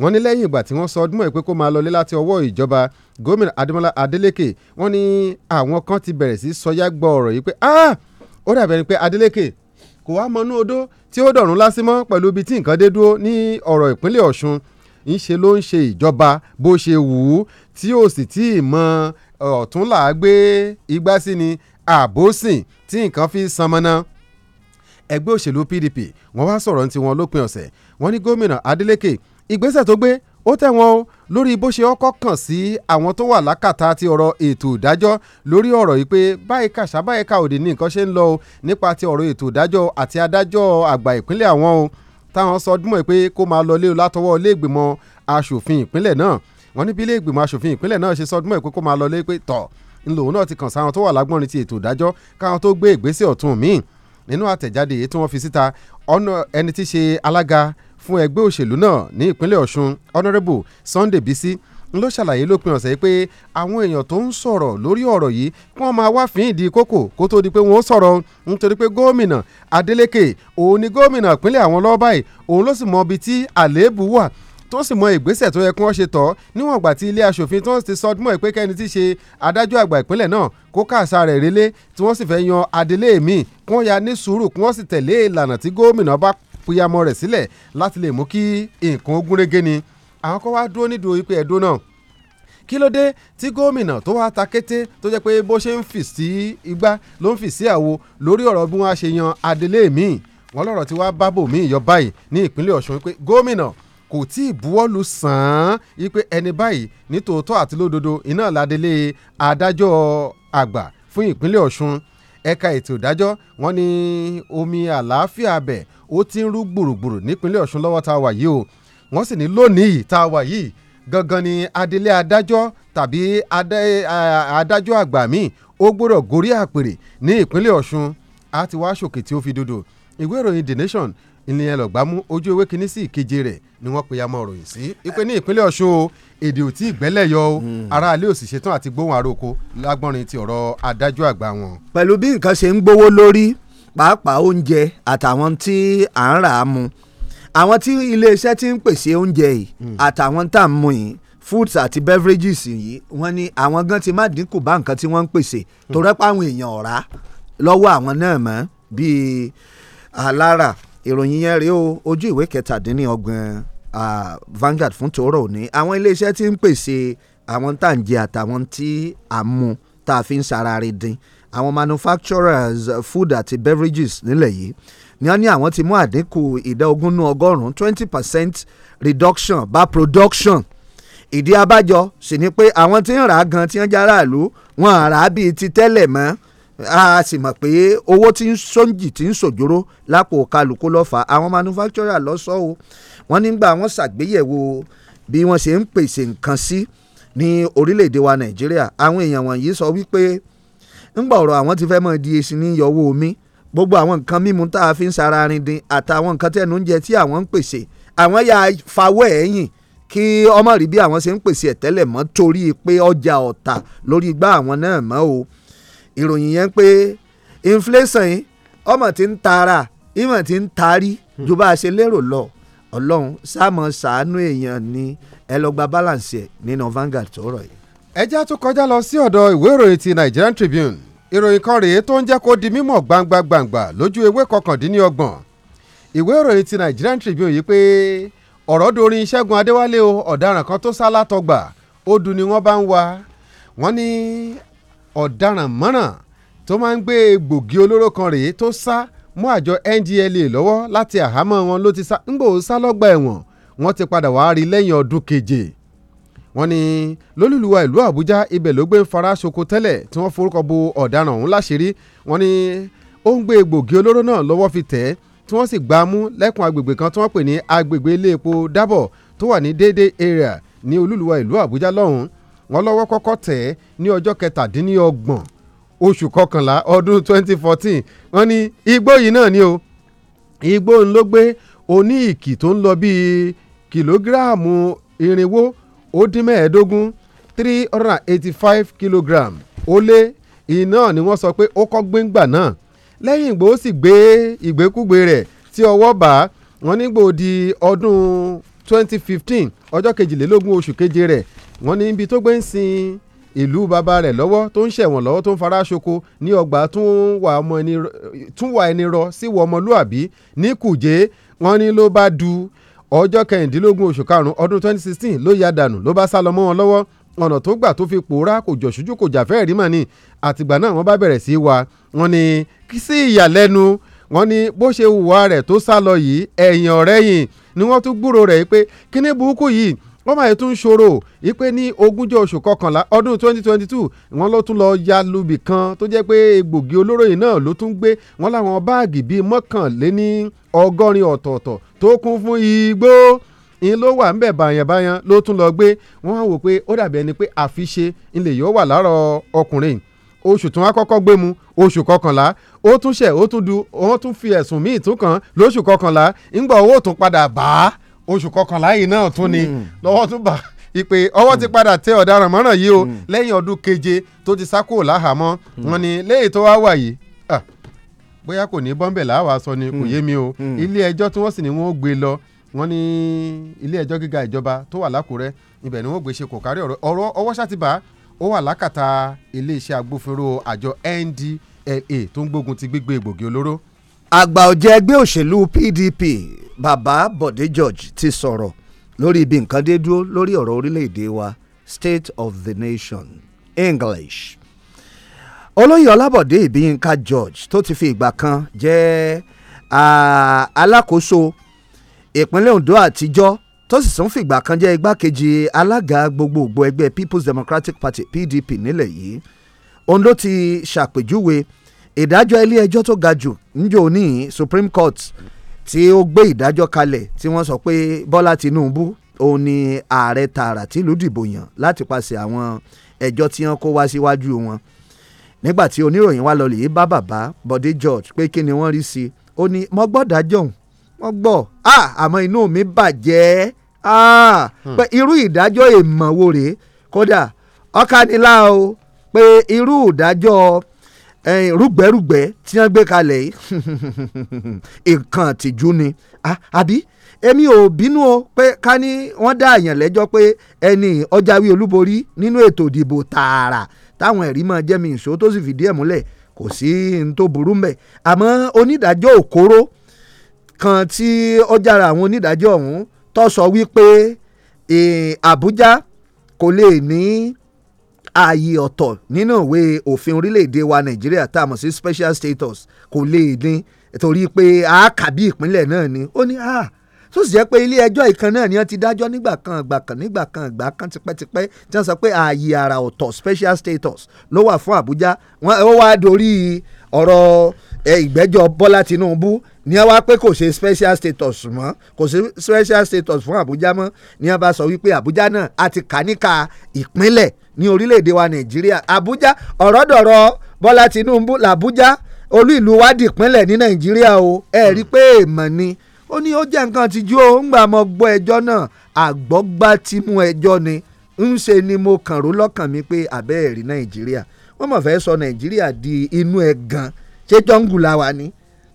wọ́n ní lẹ́yìn ìgbà tí wọ́n sọ ọdún mọ̀ pé kó máa lọlé láti ọwọ́ ìjọba gómìnà adémọ́lá adélékè wọ́n ní àwọn kan ti bẹ̀rẹ̀ sí sọyá gbọ́ ọ̀rọ̀ yìí pé ah ó dàbẹ̀ ni pé adélékè kò wá mọnú odó tí ó dọ̀rùn lásìmọ́ pẹ̀lú ibi tí nǹkan dé dúró ní ọ̀rọ̀ ìpínlẹ̀ ọ̀ṣun ńṣe ló ń ṣe ìjọba bó ṣe wù ú tí ó sì tí ì mọ ọ̀tún là á gbé igbá sí ni àbòsìn tí nǹkan fi sanmọ́nà ẹgbẹ́ òṣèlú PDP wọ́n wá sọ̀rọ̀ ti wọn lópin ọ̀sẹ̀ wọ́n ní gómìnà Adeleke ìgbésẹ̀ tó gbé ó tẹ̀ wọ́n o lórí bó ṣe ọkọ̀ kàn sí àwọn tó wà lákàtà ti ọ̀rọ̀ ètò ìdájọ́ lórí ọ̀rọ̀ yìí pé báyìí kàṣà báyìí kà òdì ní nǹkan ṣe ń lọ o nípa ti ọ̀rọ̀ ètò ìdájọ́ àti adájọ́ àgbà ìpínlẹ̀ àwọn o táwọn sọ dúnmọ̀ pé kó máa lọ lé o látọwọ́ ilé ìgbìmọ̀ asòfin ìpínlẹ̀ náà wọ́n ní bí ilé ìgbìmọ̀ asòfin ìpínlẹ̀ náà ṣe sọdún mọ́ ìpínkó máa lọ lé pé tọ̀ ńlòun náà ti kàn sáwọn tó wà lágbọ́nrin ti ètò ìdájọ́ káwọn tó gbé ìgbésẹ̀ ọ̀tún míì nínú àtẹ̀jáde èyí tí wọ́n fi síta ọ̀nà ẹni tí ṣe alága fún ẹgbẹ́ òṣèlú náà ní ìpínlẹ̀ Ọ̀ṣun honourable Sunday Bisi n ló ṣàlàyé lópin ọ̀sẹ̀ pé àwọn èèyàn tó ń sọ̀rọ̀ lórí ọ̀rọ̀ yìí kí wọ́n máa wá fín ìdí kókò kó tó di pé wọ́n sọ̀rọ̀ nítorí pé gómìnà Adeleke òun ni gómìnà ìpínlẹ̀ àwọn lọ́ọ́ báyìí òun ló sì mọ ibi tí àléébù wà tó sì mọ ìgbésẹ̀ tó yẹ kí wọ́n ṣe tọ́ níwọ̀n ìgbà tí ilé aṣòfin tó ń ti sọdúnmọ́ pé kẹ́ni tí ṣe adájọ́ àgbà ìpínlẹ̀ náà kó káàsà rẹ̀ relé tí wọ́n sì fẹ́ yan adelé mi kí wọ́n ya ní sùúrù kí wọ́n sì tẹ̀lé ìlànà tí gómìnà bá fìyàmọ́ rẹ̀ sílẹ̀ láti lè mú kí nǹkan ogun rege ni àwọn kan wá dúró nídùú ipò ẹ̀dọ́ náà kí ló dé tí gómìnà tó wá ta kété tó jẹ́ pé bó ṣe ń fì sí igbá ló ń fì sí àwo lórí ọ̀rọ̀ bí wọ́n á ṣe yan adelé mi wọ́n lọ́rọ̀ tí wàá bábò mí ìyọ báyìí ní ìpínlẹ̀ Ọ̀ṣun pé gómìnà kò tí ì buwọ́lu sàn án wípé ẹni báyìí nítòótọ́ àti lódodo iná ládélé adájọ́ àgbà fún ìpínlẹ̀ Ọ̀ṣun ẹ̀ka ètò ìdájọ́ wọn ni omi àlàáfíà abẹ ó ti ń rú gbùrùgbùrù nípínlẹ̀ Ọ̀ṣun lọ́wọ́ tá a wà yìí o wọ́n sì ní lónìí tá a wà yìí gangan ni adelé adájọ́ tàbí adájọ́ àgbà míì ó gbọ́dọ̀ gorí àpèrè ní ìpínlẹ̀ Ọ̀ṣun a ti wá ṣòkè tí ó fi dodo ìwé ìròyìn The Nation ní ẹlọgbàmú ojú ewé kínní sí ìkeje rẹ̀ ni wọ́n pe amọ ròyìn sí ipe ní ìpínlẹ̀ Ọ̀ṣun o èdè ò tí ì gbẹ́lẹ̀ yọ o hmm. aráalé ò sì ṣetán àti gbóhùn àròkọ lágbọ́nrin ti ọ̀rọ̀ adájọ́ àgbà wọn. pẹ̀lú bí nǹkan ṣe ń gbówó lórí pàápàá oúnjẹ àtàwọn tí à ń rà á mu àwọn tí iléeṣẹ́ ti ń pèsè oúnjẹ yìí hmm. àtàwọn tá à ń mu yìí foods àti beverages yìí wọ́n ní àwọn gan ti má dínkù bá nǹkan tí wọ́n ń pèsè hmm. tó rẹ́pọ̀ àwọn èèyàn ọ̀rá lọ́wọ́ àwọn náà mọ́ bíi alára ìròyìn yẹn rèé o ojú ìwé kẹtàdínlọ́gbọ̀n Vanguard fún tòórọ́ òní àwọn iléeṣẹ́ tí ń pèsè àwọn tá à ń jẹ àtàwọn tí à ń tá a fi ń sara re dín àwọn manufacturers food àti beverages nílẹ̀ yìí ni wọ́n ní àwọn ti mú àdínkù ìdá ogún nú ọgọ́rùn-ún twenty percent reduction bá production ìdí abájọ sì ni pé àwọn tí ń rà á gan tí wọ́n jára ìlú wọn àrà bíi ti tẹ́lẹ̀ mọ́ a sì mọ̀ pé owó tí ń sọ́njì tí ń sòjóró lápò kálukú lọ́fà àwọn manufacturer lọ́sọ̀ o wọ́n nígbà wọ́n ṣàgbéyẹ̀wò bí wọ́n ṣe ń pèsè nǹkan sí ní orílẹ̀-èdè wa nàìjíríà àwọn èèyàn wọ̀nyí sọ wípé ńgbà ọ̀rọ̀ àwọn ti fẹ́ mọ̀ di èsì ní yọwọ́ omi gbogbo àwọn nǹkan mímu tá a fi ń sara arin dín àtàwọn nǹkan tẹnu ń jẹ tí àwọn ń pèsè àwọn ya fawọ́ ẹ̀yìn kí ọmọ rí bí àwọn ṣe ń pèsè ẹ̀tẹ́lẹ̀ mọ́ torí pé ọjà ọ̀tà lórí igbá àwọn náà mọ́ o ìròyìn yẹn pé inflation yìí ọmọ tí ń tara ìmọ̀ tí ń tarí hmm. ju bá a ṣe lérò lọ ọlọ́run sáàmọ̀ sàánú èèyàn ni ẹ lọ gba balance ẹ̀ nínú Vanguard tó rọ̀ yìí. ẹjẹ́ tó kọjá lọ sí ọ̀dọ̀ ìwé ìròyìn ti Nigerian Tribune ìròyìn kan rèé tó ń jẹ́ kó di mímọ̀ gbangba-gbangba lójú ewé kọkàndínlọ́gbọ̀n ìwé ìròyìn ti Nigerian Tribune yìí pé ọ̀rọ̀ dorin Ṣẹ́gun Adéwálé o ọ̀daràn kan tó sá látọgbà ó dun ni wọ́n bá ń wa wọ́n ní ọ̀daràn mọ́ràn tó máa ń gbé gbòógì olóró kan rèé tó sá mọ́ àjọ NDLEA lọ́wọ́ láti àhámọ́ wọn ló ti sá ńgbò sá lọ́gbà ẹ̀wọ̀n wọ́n ti padà wàá rí lẹ́yìn ọdún keje wọ́n ní lólùlùwà ìlú Àbújá ibẹ̀ ló gbé ń fara ṣoko tẹ́lẹ̀ tí wọ́n forúkọ bo ọ̀daràn ọ̀hún láṣìírí wọ́n ní ó ń gbé gbòógì olóró náà lọ́wọ́ fi tẹ̀ ẹ́ tí wọ́n sì gbá a mú lẹ́kùn agbègbè kan tí wọ́n pè ní agbègbè iléepo dábọ̀ tó wà ní déédéé area ní olúluwa ìlú Àbújá lọ́hùn-ún wọ́n lọ́wọ́ kọ́kọ́ tẹ̀ ẹ́ ní ọjọ́ kẹtàdínlọ́gbọ̀n oṣù kọkànlá ọdún 2014 wọ́n ní igbó yìí náà ni o igbó ń ló gbé oní ìkì tó ń lọ bíi kìlógíráàmù irinwó ó dín mẹ́ẹ̀ẹ́dógún three hundred eighty five kilogram ó lé iná ni wọ́n sọ pé ó kọ́ gbéǹgbà náà lẹ́yìn ìgbò ó sì gbé ìgbékúgbé rẹ̀ tí ọwọ́ bá wọ́n nígbò di ọdún 2015 ọjọ́ kejìlélógún oṣù keje rẹ̀ wọ́n ní ibi tó gbé ń sin ìlú bàbá rẹ̀ lọ́wọ́ tó ń ṣẹ̀wọ̀n lọ́wọ́ tó ń fara ṣoko ní ọgbà túnwà ẹni rọ sí ọmọlúàbí ní kùjé wọ́n ní ló bá du ọjọ́ kẹrìndínlógún oṣù karùn-ún ọdún 2016 ló ya dànù ló bá sá lọ mọ́ wọn lọ́wọ́ ọ̀nà tó gbà tó fi pòórá kò jọ̀ṣújú kò jàfẹ́ rí mọ̀ ni àtìgbà náà wọ́n bá bẹ̀rẹ̀ sí í wa wọ́n ní kí sí ìyàlẹ́nu wọ́n ní bó ṣe hùwà rẹ̀ tó sá lọ yìí ẹ̀yìn ọ̀rẹ́yìn ni wọ́n tún gbúrò rẹ̀ pé kíní burúkú yìí wọ́n máa tún ṣòro ìpè ní ogúnjọ́ oṣù kọkànlá ọdún 2022 wọ́n ló tún lọ ya lubì kan tó jẹ́ pé egbògi olóró yìí náà ló tún gbé wọ́n láwọn báàgì bíi mọ́kànléní ọgọ́rin ọ̀tọ̀ọ̀tọ̀ tó kún fún igbó in ló wà ńbẹ̀ bàyànbàyàn ló tún lọ gbé wọ́n á wò pé ó dàbí ẹni pé àfiṣe ilẹ̀ yóò wà láàárọ̀ ọkùnrin oṣù tí wọ́n kọ́kọ́ gbé mu oṣù kọkànlá ó tún ṣẹ̀ ó tún du wọ́n tún fi ẹ̀sùn míì tún kàn lóṣù kọkànlá ńgbà owó tún padà bàá oṣù kọkànlá yìí náà tún ni hmm. lọ́wọ́ tún bá ìpè ọwọ́ ti hmm. padà tẹ ọ̀daràn mọ́ràn yìí o hmm. lẹ́yìn ọdún keje tó ti sá kúrò láhàámọ́ wọn ni léyìí tó wá wà yìí bóyá kò ní bọ́ńbẹ̀ làwa sọ ni kò yé mi o ilé ẹjọ́ tí wọ́n sì ní wọ́n gbé lọ wọ́n ní ilé ẹjọ́ gíga ìjọba tó wà lákùrẹ́ ibẹ̀ ni wọ́n gbé ṣe kò kárí ọ̀rọ̀ ọwọ́ ṣàtìbá ó wà lákàtà iléeṣẹ́ agbófinró àjọ NDLA tó ń gbógun ti gbígbé egbògi olóró. àgbà ọ̀jẹ̀ ẹgbẹ́ òṣèlú PDP bàbá Bọ̀dé George ti sọ̀rọ̀ lórí ibi nǹkan dé dúró lórí ọ̀rọ̀ orílẹ̀-èdè wa State of the Nation English olóyè Ọlábọ̀dé Ìbíyínká George tó ti fi ìgbà kan jẹ́ alákòóso ìpínlẹ̀ Ondo àtijọ́ tó sì tún fìgbà kan jẹ́ igbákejì alága gbogbogbò ẹgbẹ́ People's Democratic Party PDP nílẹ̀ yìí òun ti ṣàpèjúwe ìdájọ́ ilé ẹjọ́ tó ga jù níjọ́ ní Supreme Court tí ó gbé ìdájọ́ kalẹ̀ tí wọ́n sọ pé Bọ́lá Tinubu òun ni ààrẹ tààrà tìlú dìbò yàn láti pàṣẹ àwọn ẹjọ́ tí wọ́n kó wá síwájú wọn nígbà tí oníròyìn wa lọlẹ̀ bá bàbá Bọ̀dé George pé kí ni wọ́n rí sí i ó ní mo gbọ́ dájọ́ òun mo gbọ́ àmọ́ inú mi bàjẹ́ hmm. pé irú ìdájọ́ èèmọ̀ wo rèé kódà ọ̀kanilá o pé irú ìdájọ́ rúgbẹ́rúgbẹ́ tí wọ́n gbé kalẹ̀ yìí nǹkan àtìjú ni àbí èmi ò bínú o pé ká ní wọ́n dá àyàn lẹ́jọ́ pé ẹni ọjàwé olúborí nínú ètò ìdìbò tààrà táwọn ẹ̀rí máa jẹ́ mi ìṣó tó sì fìdí ẹ̀ múlẹ̀ kò sí n tó burú mbẹ̀ àmọ́ onídàájọ́ òkóró kan tí ọjàrà àwọn onídàájọ́ ọ̀hún tó sọ wípé Àbújá kò lè ní ààyè ọ̀tọ̀ nínú ìwé òfin orílẹ̀-èdè wa nàìjíríà tá a mọ̀ sí special status kò lè dín torí pé a kà bí ìpínlẹ̀ náà ni ó ní a ah! tó sì jẹ́ pé ilé ẹjọ́ ìkan náà ni wọ́n ti dájọ́ nígbà kan ìgbà kan nígbà kan ìgbà kan tipẹ́tipẹ́ tí wọ́n sọ pé ààyè àrà ọ̀tọ̀ special status ló wà fún àbújá wọ́n wá dorí ọ̀rọ̀ ìgbẹ́jọ́ bọ́lá tinúbú ní wá pé kò ṣe special status mọ́ kò ṣe special status fún Abuja mọ́ ní wọ́n bá sọ wípé Àbújá náà a ti kà níka ìpínlẹ̀ ní orílẹ̀-èdè wa Nàìjíríà Abuja ọ̀rọ̀ dọ̀rọ̀ Bọ́lá Tinubu làbújá olú ìlú wa dìpínlẹ̀ ní Nàìjíríà o ẹ̀ rí i pé èèmọ̀ ni ó ní ó jẹ́ nǹkan tijú o ń gbà mọ́ gbọ́ ẹjọ́ náà àgbọ́gbá ti mú ẹjọ́ ni ń ṣe ni mo kàn ró lọ́kàn mi pé àbẹ́ẹ̀rí Nàìjíríà wọ́n mọ̀ fẹ́ sọ Nàìjíríà di inú ẹ̀gàn ṣé jọ́ngùlà wa ni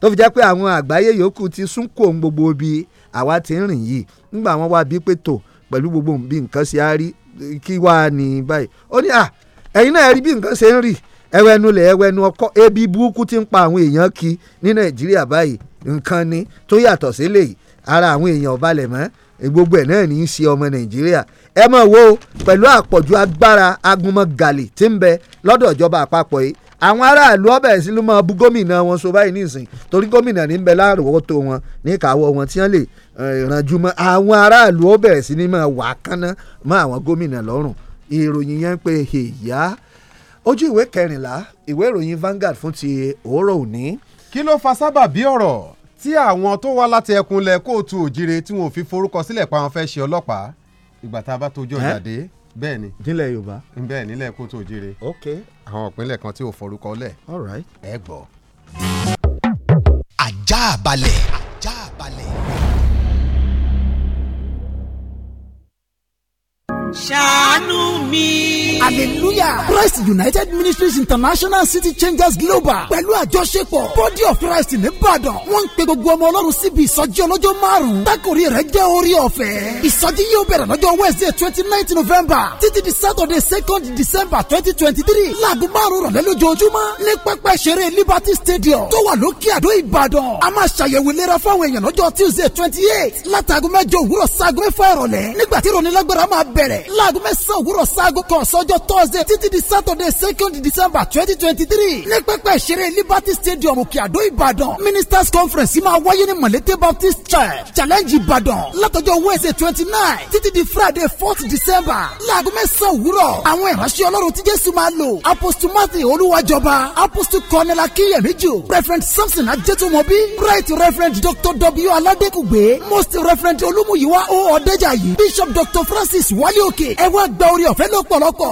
tó fi jẹ́ pé àwọn àgbáyé yòókù ti sún kò gbogbo bí àwa ti ń rìn yìí nígbà wọn wá bí pé pẹ̀lú gbogbo bí nǹkan ṣe á rí kí wá ní báyìí ó ní à ẹ̀yin náà rí bí nǹkan ṣe ń rì ẹwẹ́nu lẹ̀ ebi burúkú ti ń pa àwọn èèyàn kí ní nàìjíríà báyìí ni tó yàtọ̀ ara àwọn èèyàn mọ́ gbogbo ẹ̀ náà ní í ṣe ọmọ nàìjíríà ẹ mọ̀ wo pẹ̀lú àpọ̀jù agbára àwọn aráàlú ọbẹ̀ sí ló máa bu gómìnà wọn so báyìí nísìn torí gómìnà ní bẹ láròótó wọn ní wọn tí wọ́n lè eh, mọ́ àwọn aráàlú ọbẹ̀ sí ni máa wà kánná mọ́ àwọn gómìnà lọ́rùn ìròyìn yẹn pé èyá ojú ìwé kẹrìnlá ìwé ìròyìn vangard fún ti òórọ̀ òní. kí ló fa ọ̀rọ̀ tí àwọn tó àwọn ìpínlẹ̀ kan tí ò forúkọ lẹ̀ ẹ gbọ́. ajá balẹ̀ ajá balẹ̀. ṣàánú mi. hallelujah christ united ministries international city changers global pẹ̀lú àjọṣepọ̀ body of christ nìbàdàn wọ́n ń pe gbogbo ọmọ ọlọ́run síbi ìsọjí ọlọ́jọ́ márùn-ún tákòrí rẹ̀ jẹ́ orí ọ̀fẹ́ ìsọjí yóò bẹ̀rẹ̀ lọ́jọ́ wednesday twenty nine november títí di saturday second december twenty twenty three láago márùn-ún rọ̀lẹ́ lójoojúmọ́ ní pẹ́pẹ́ ṣeré liberty stadium tó wà lókè àdó ìbàdàn a máa ṣàyẹ̀wò ìlera fáwọn èèyàn lọ́jọ́ tuesday twenty eight látàgọ́ mẹ́jọ òwúrọ̀ sáàgọ́ mẹ́fà ìrọ̀lẹ́ nígbà tí ìrọ̀nilágbára máa bẹ̀rẹ̀ bẹ̀rẹ̀ láago mẹ́sàn-án òwúrọ̀ sáago kan sọ́jọ́ thursday títí di saturday second december twenty twenty three ní pẹ́pẹ́ ìṣeré liberty stadium òkè àdó ìbàdàn ministers conference máa wáyé ní malete baptist church challenge ìbàdàn látọjọ́ wednesday twenty nine títí di friday fourth december láago mẹ́sàn-án òwúrọ̀ àwọn ìránṣẹ́ ọlọ́run tí jésù máa lò apostle matthew olúwàjọba apostle cornel akínyẹ̀míjò reverend samson ajẹ́tùmọ̀bí right reverend dr w aládékùgbé most reverend olúmúyíwá o ọ̀dẹ́jàyí bishop dr francis wálé òkè ẹ wá gba orí ọ̀fẹ́ lọ́pọ̀lọpọ̀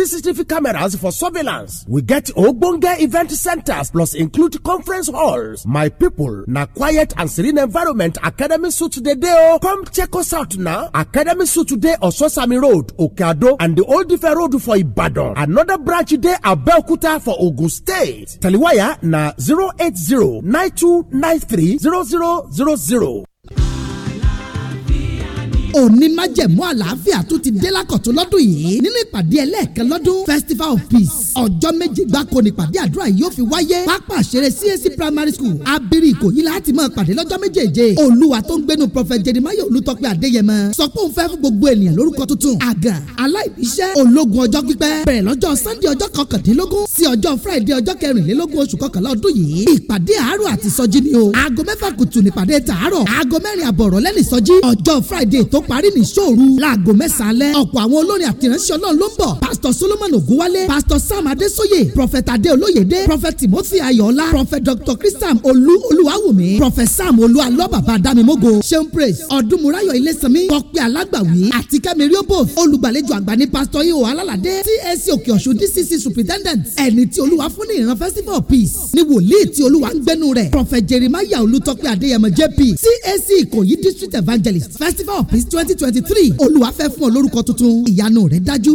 CCTV cameras for surveillance. We get Ogbonge event centers plus include conference halls. My people, na quiet and serene environment Academy Suit today dey Come check us out now. Academy Suit today Sosami Road, Okeado and the Old Ife Road for Ibadan. Another branch at Belkuta for Ogun State. Taliwaya na 080 9293 0000 òní májẹ̀mú àlàáfíà tó ti dé lákọ̀tún lọ́dún yìí nínú ìpàdé ẹlẹ́ẹ̀kan lọ́dún festival of peace ọjọ́ méje gbáko ni ìpàdé àdúrà yìí yóò fi wáyé pápá àṣẹrẹ CAC primary school abiri ìkòyí láti máa pàdé lọ́jọ́ méjèèje olúwa tó ń gbénu prophet jeremiah olùtọ́pẹ́ adéyẹmọ sọ pé òun fẹ́ fún gbogbo ènìyàn lórúkọ tuntun àgàn aláìbíṣẹ́ ológun ọjọ́ pípẹ́ bẹ̀rẹ̀ lọ́jọ́ sunday ọjọ́ kọkàndínlógún sí ọjọ́ friday ọjọ́ kẹrìnlélógún oṣù kọkànlá ọdún yìí ìpàdé àárọ̀ àti ìsọjí ni o aago mẹ́fà kùtù nípàdé tààrọ̀ aago mẹ́rin àbọ̀rọ̀ lẹ́nìí ìsọjí ọjọ́ friday tó parí ní sóòru láago mẹ́sàn-án ọ̀pọ̀ àwọn olórin àtìránṣẹ́ ọlọ́run ló ń bọ̀ pásítọ̀ solomon ogunwale pásítọ̀ sam adésóyè prophet adé olóyèdé prophet timothy ayọ̀ọ́lá prophet dr christian olú olúwàwùmí prophet sam olú alọ́bàbà adámimógo seun praise ọ̀dúnmúráyọ̀ ilésanmi tọ́pẹ́ alágbàwí àti kẹ́mi riobof olùgbàlejò àgbà ní pásítọ̀ ihò alálàdé csc òkè ọ̀ṣun dcc superintendent ẹni tí olúwa fún ní ìran festival of peace ní wòlíì tí olúwa ń gbẹ́nu rẹ̀ prophet jeremiah olùtọ́pẹ́ adéyẹmọ jp csc ìkòyí district evangelist festival of peace twenty twenty three olúwa fẹ́ fún ọ lórúkọ tuntun ìyanu rẹ̀ dájú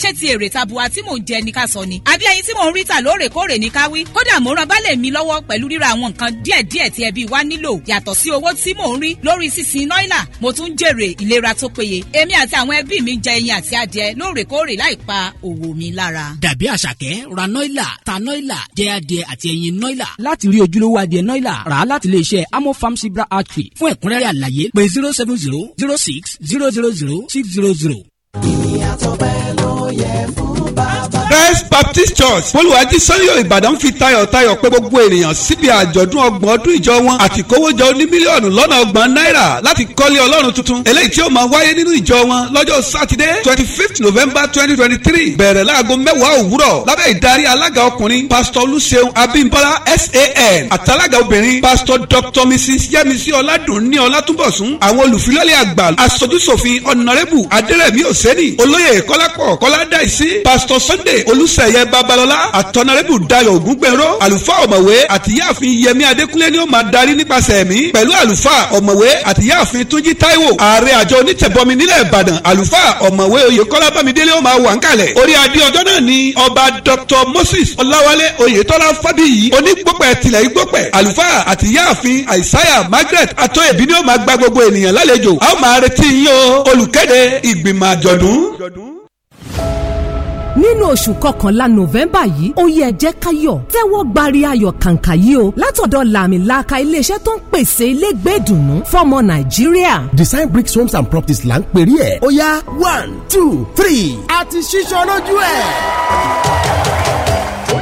ṣé ti èrè tabuwa tí mò ń jẹ ni ká sọ ni àbí ẹyin tí mò ń rí tà lóòrèkóòrè ni ká wí kódà mo ràn bálẹ̀ mi lọ́wọ́ pẹ̀lú ríra àwọn nǹkan díẹ̀díẹ̀ tí ẹbí wa nílò yàtọ̀ sí owó tí mò ń rí lórí sísin nọ́ìlà mo tún jèrè ìlera tó péye èmi àti àwọn ẹbí mi jẹ ẹyin àti adìẹ lóòrèkóòrè láì òwò mi lára. dàbí àṣàkẹ́ ra nọ́ìlà ta nọ́ìlà jẹ adìẹ àti ẹyin nọ́ìlà. láti rí ojúlówó adìẹ nọ́ìlà rà á láti ilé iṣẹ́ amo farm cibra archery fún ẹ̀kúnrẹ́rẹ́ àlàyé pé zero seven zero zero six zero zero zero six zero zero. ìyàtọ̀ bẹ́ẹ̀ lọ yẹ fún bàbá. Christ Baptist Church olùwàjì sọ́yọ̀ Ìbàdàn fi tayọ̀tayọ̀ pé gbogbo ènìyàn síbi àjọ̀dún ọgbọ̀n ọdún ìjọ wọn àti kówójọ ní mílíọ̀nù lọ́nà ọgbọ̀n náírà láti kọ́lé ọlọ́run tuntun eléyìí tí ó máa wáyé nínú ìjọ wọn lọ́jọ́ sátidé twenty fifth November twenty twenty three bẹ̀rẹ̀ láago mẹ́wàá òwúrọ̀ lábẹ́ ìdarí alága ọkùnrin Pastor Olúṣeun Abímbọ́lá SAN àtàlága obìnrin Pastor Dr Mrs Yẹ́misí Ọládùnní Ọlátúnbọ̀sún àwọn olùfilọ́lẹ̀ àgbà aṣojúṣòfin Honorable Adérẹ̀mí Òsẹ́nì olóyè Kọ́lápọ̀ Kọ́ládàísí Pastor Sunday olóyè olùsẹ̀yẹ babalọ́lá àtọ́narẹ́bù dayọ̀ ògúngbẹ̀rọ àlùfáà ọ̀mọ̀wé àti yáàfin yẹmí adékúnlé ni ó máa darí nípasẹ̀ ẹ̀mí pẹ̀lú àlùfáà ọ̀mọ̀wé àti yáàfin túnjí táíwò ààrẹ àjọ onítẹ̀bọmi nílẹ̀ ìbàdàn àlùfáà ọ̀mọ̀wé oyèkọ́lá bámidélé ó máa wà ń kalẹ̀ orí adé ọjọ́ náà ni ọba dr moses ọláwálé oyètọ́lá fábíyì onígbópẹ̀ tilẹ̀ igbópẹ̀ àlùfáà àti yáàfin àìsáyà margaret atọ́yẹ̀bí ni ó máa gba gbogbo ènìyàn lálejò a ó máa retí yín o olùkéde ìgbìmọ̀ àjọ̀dún nínú oṣù kọkànlá november yìí ó yẹ jẹ́ káyọ̀ tẹ́wọ́ gbari ayọ̀ kàǹkà yìí o látọ̀dọ̀ làmìlaka iléeṣẹ́ tó ń pèsè ilé gbẹ́dùnú fọmọ nàìjíríà. design bricks homes and properties là ń pèrè ẹ̀ ó yá one two three àti ṣíṣọ́ lójú ẹ̀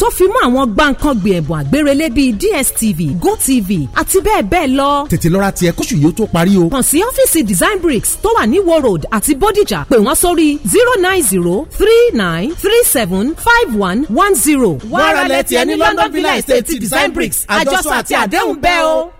tó fi mọ́ àwọn gbàǹkangbè ẹ̀bùn àgbérelé bíi DSTV GoTV àti bẹ́ẹ̀ bẹ́ẹ̀ lọ. tètè lọ́ra tiẹ̀ kóṣù yìí ó tó parí o. kàn sí ọ́fíìsì Design Bricks tó wà ní Iwo Road àti Bódìjà pè wọ́n sórí zero nine zero three nine three seven five one one zero. wàrà lẹ́tì ẹni London Villa Estate Design Bricks àjọṣọ àti àdéhùn bẹ́ẹ̀ o.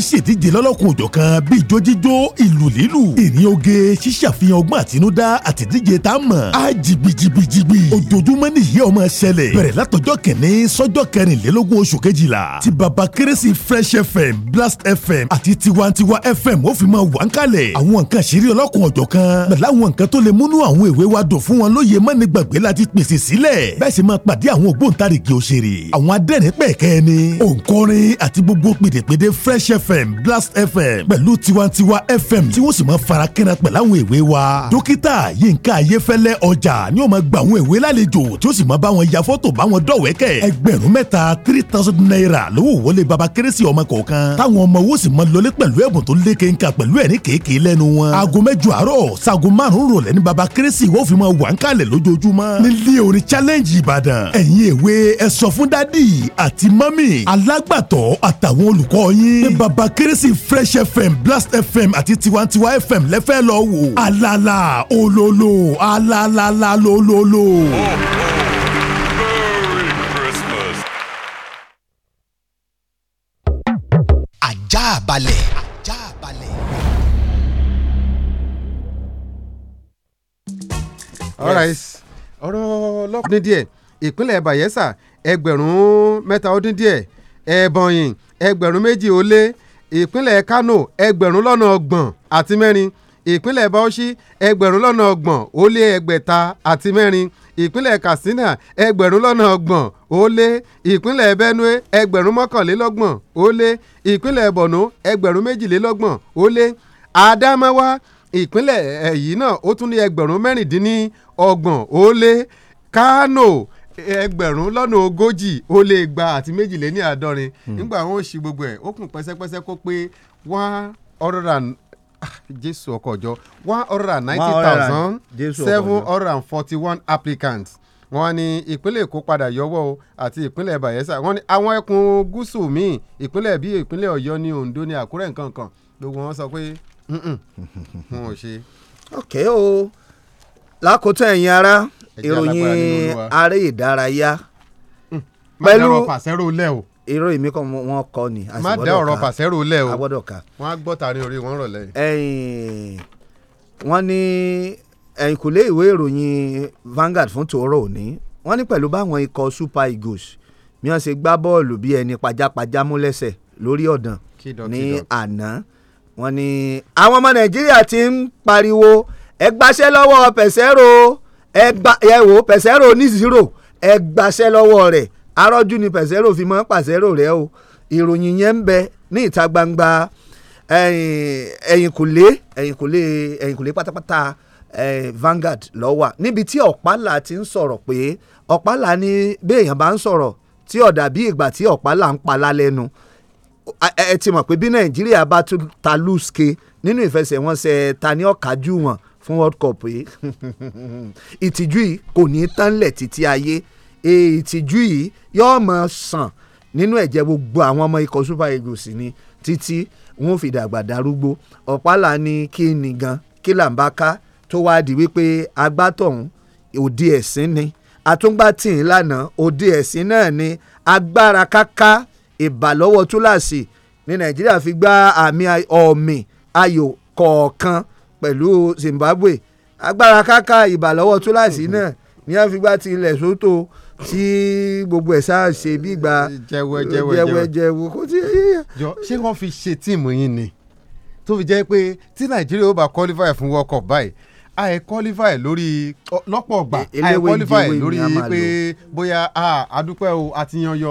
ṣe ń ṣèdíje lọ́lọ́kùn òjọ̀ kan bíi ijó jíjó ìlú lílù ìrìn oge ṣíṣàfihàn ọgbọ́n àtinúdá àtìdíje tá a mọ̀ á jìgbìjìgbìjìgbì ojoojúmọ́ nìyí ọmọ ṣẹlẹ̀ bẹ̀rẹ̀ látọjọ́ kẹ̀ní sọ́jọ́ kẹrìnlélógún oṣù kejìlá ti baba kérésì fresh fm blast fm àti tiwantiwa fm ó fi máa wà ń kalẹ̀ àwọn nǹkan ṣeré ọlọ́kùn ọ̀jọ̀ kan pẹ̀lú àwọn nǹkan tó lè múnú àwọn èwe wa dùn fún wọn lóye mọ́ni gbàgbé láti pèsè sílẹ̀ bẹ́ẹ̀ sì máa pàdé àwọn ògbóǹtarìgì òṣèré àwọn adẹ́rìn pẹ̀kẹ́ ni òǹkọrin àti gbogbo pèdèpèdè fresh fm blast fm pẹ̀lú tiwantiwa fm tí wọ́n sì máa fara kẹ́ra pẹ̀lú àwọn èwe wa. dókítà yínká ayéfẹ́lẹ́ ọjà ni ó máa gba àwọn èwe lálejò tí ó sì máa bá wọn ya fọ́tò bá wọn dọ̀wẹ́kẹ̀. ẹgbẹ̀rún mẹ́ta three thousand naira lówó wọlé baba kérésì ọmọ kọ̀ọ̀kan táwọn ọmọ owó sì máa lọlé pẹ̀lú ẹ̀bùn tó léke nǹkan pẹ̀lú ẹ̀rín kéèké lẹ́nu wọn. aago mẹ́jọ àárọ̀ baba kérésì wọ́n fi máa wà ń kalẹ̀ challenge ìbàdàn ẹ̀yin èwe ẹ sọ fún dádì àti mọ́mì alágbàtọ́ àtàwọn baba kérésì fresh fm blast fm àti tiwantiwa fm lẹ́fẹ́ lọ wò alala ololo alalala lololo. Oh, oh. ajá balẹ̀. right. ọ̀rọ̀ ọlọ́pàá ní díẹ̀ ìpínlẹ̀ Bayelsa ẹgbẹ̀rún mẹ́ta ó dín díẹ̀ ẹ̀bọ̀nyìn ẹgbẹ̀rún méjì ó lé ìpínlẹ̀ Kano ẹgbẹ̀rún lọ́nà ọgbọ̀n àti mẹ́rin ìpínlẹ̀ Bauchi ẹgbẹ̀rún lọ́nà ọgbọ̀n ó lé ẹgbẹ̀ta àti mẹ́rin ìpínlẹ̀ Katsina ẹgbẹ̀rún lọ́nà ọgbọ̀n ó lé ìpínlẹ̀ Benue ẹgbẹ̀rún mọ́kànlélọ́gbọ̀n ó lé ìpínlẹ̀ Borno ẹgbẹ̀rún méjìlélọ́gbọ̀n ó lé Adamawa ìpínlẹ̀ èyí eh, náà ó tún ní ẹgbẹ̀rún mẹ́rìndínlọ́gbọ̀n ó lé Kano ẹgbẹ̀rún lọ́nà ogójì ó lé igba àti méjìléní àádọ́rin hmm. nígbà wọn ò ṣí gbogbo ẹ̀ ó kún pẹ́sẹ́pẹ́sẹ́ kó pé one hundred and ah, jésù ọkọ̀ ọjọ́ one hundred and ninety thousand seven hundred and forty one applicants wọ́n ní ìpínlẹ̀ èkó padà yọwọ́ o àti ìpínlẹ̀ bayelsa wọ́n ní àwọn ẹkùn gúúsù míì ìpínlẹ̀ bíi ìpínlẹ̀ ọ̀yọ́ ní oǹdó ní àkúrẹ́ nǹkan kan gbogbo wọn sọ pé wọn ò ṣe. ok o lákòótọ́ ẹ̀yin ará ìròyìn aré ìdárayá hmm. pẹ̀lú ìròyìn mi kan wọ́n kọ́ ni a sì gbọ́dọ̀ má dá ọ̀rọ̀ pàṣẹ́rò lẹ̀ o a gbọ́dọ̀ ká wọ́n á gbọ́ tàrí orí wọn rọ̀ lẹ́yìn. wọ́n ní ẹ̀yìnkùlé ìwé ìròyìn Vanguard fún tòórọ́ òní wọ́n ní pẹ̀lú báwọn ikọ̀ Super Eagles bí wọ́n ṣe gbá bọ́ọ̀lù bí ẹni pajápajá mú lẹ́sẹ̀ lórí ọ̀dàn ní àná wọ́n ní àwọn ọmọ Nàìjíríà ti ń pariwo ẹ gbaṣẹ́ lọ́wọ́ pẹ̀sẹ́rò ẹ gba ẹ wò pẹ̀sẹ́rò ní zero ẹ gbaṣẹ́ lọ́wọ́ rẹ̀ arọ́jú ni pẹ̀sẹ́rò fi mọ́ pàṣẹ́rò rẹ̀ o ìròyìn yẹn ń bẹ ní ìta gbangba ẹ̀yìnkùlé ẹ̀yìnkùlé ẹ̀yìnkùlé pátápátá Vanguard ló níbi tí ọ̀pálà ti ń sọ̀rọ̀ pé ọ̀pálà ni béèyàn bá ń sọ̀rọ̀ tí ó dà bí ìgbà tí ọ̀pálà ń palá lẹ́nu ẹ ti mọ̀ pé bí Nàìjíríà bá tún ta lùsùkè nínú ìfẹsẹ̀wọnsẹ̀ ta ni ọ̀kájú wọn fún world cup yìí ìtìjú yìí kò ní tánlẹ̀ títí ayé e, ìtìjú yìí yóò máa sàn nínú ẹ̀jẹ̀ gbogbo àwọn ọmọ ikọ̀ super eagles ni títí wọn fi dàgbà darúgbó ọ̀pálá ni kí ni gan kí là ń bá ká tó wáá di wípé agbátọ̀hún òdi ẹ̀sìn ni àtúngbàtì ńlànà òdi ẹ̀sìn náà ni agbára káká ìbàlọ́wọ́ túláàsì ní nàìjíríà fi gba àmì ọ̀mì ayò kọ̀ọ̀kan pẹ̀lú Zimbabwe agbára káká ìbàlọ́wọ́ túláàsì mhm. náà ní àfigbá ti ilẹ̀ sóto tí gbogbo ẹ̀ sáà ṣe bí ìgbà jẹwẹjẹwẹ kò tí. jọ ṣé wọn fi ṣe tíìmù yín ni tó fi jẹ́ pé tí Nàìjíríà ó bá qualify fún World Cup báyìí àì qualify lórí lọ́pọ̀ ọgbà e, àì qualify lórí pé bóyá àdúpẹ́ o àti yanyọ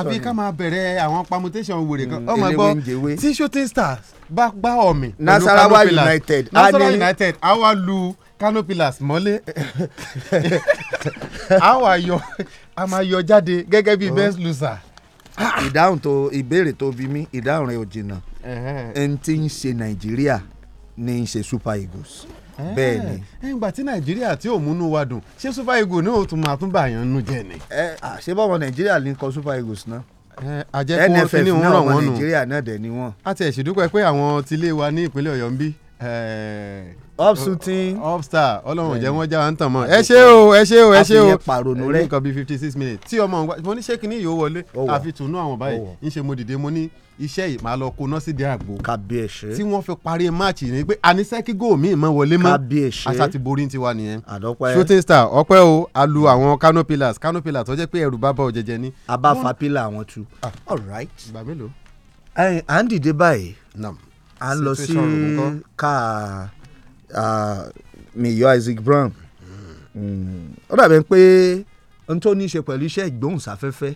àbí ká máa bẹ̀rẹ̀ àwọn permutation wèrè kan ọmọ mm, ẹgbọ́n tí shooting stars bá gbá ọ̀mì Nasarawa United Nasarawa United àwa lu canopilas mọ́lé àwa yọ a máa yọ jáde gẹ́gẹ́ bí oh. best loser ah. ìdáhùn tó ìbéèrè tó bí mi ìdáhùn rẹ ò jìnnà ẹni tí ń ṣe nàìjíríà ní í ṣe super eagles. Eh, bẹ́ẹ̀ ni. ẹgbà eh, tí nàìjíríà tí ò múnú wa dùn ṣé super eagles náà ó tún máa tún bà yàn nù jẹ ni. ẹ eh, ṣé bọ́mọ nàìjíríà ní kọ super eagles náà àjẹkùn kí ni òun ràn wọ́n nù nàìjíríà náà dẹ̀ ni wọ́n. a ti ẹ̀ ṣèdúpẹ́ pé àwọn tilé wa ní ìpínlẹ̀ ọ̀yọ́ ń bí upsutin upstar ọlọ́run jẹ́ wọ́n já wa ń tàn mọ́ ẹ ṣé o ẹ ṣé o ẹ ṣé o àfihàn rẹ nǹkan bíi fifty minutes tí ọmọ iṣẹ́ yìí máa lọ koná sí di àgbo. kábíyèsí. tí wọ́n fi parí máàcì ni pé àníṣe kí góò míì mọ́ wọlé mọ́. kábíyèsí. asati borí tiwa nìyẹn. àdọ́pẹ́. shooting star ọpẹ́ o a lu àwọn kano pillars kano pillars tó jẹ́ pé ẹrù bàbá òjẹjẹ ni. a bá fa pílà àwọn tu. Ah. all right. gbà mélòó. ẹ à ń dìde báyìí. nam à ń lọ sí ká miyo Isaac Brown. Hmm. ó dàbẹ̀ pé n tó ní í ṣe pẹ̀lú iṣẹ́ ìgbóhùnsáfẹ́fẹ́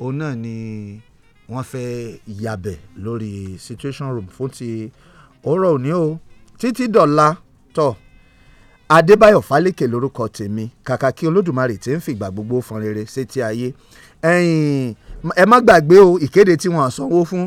òun náà ni wọ́n fẹ́ yabẹ̀ lórí situation room fún ti òórọ̀ òní o títí dọ̀la tọ̀ adébáyọ̀ fálékè lórúkọ tèmi kàkà kí olódùmarè tí ń fìgbà gbogbo fọn rere sétí ayé ẹ̀yìn ẹ má gbàgbé o ìkéde tí wọ́n sanwó fún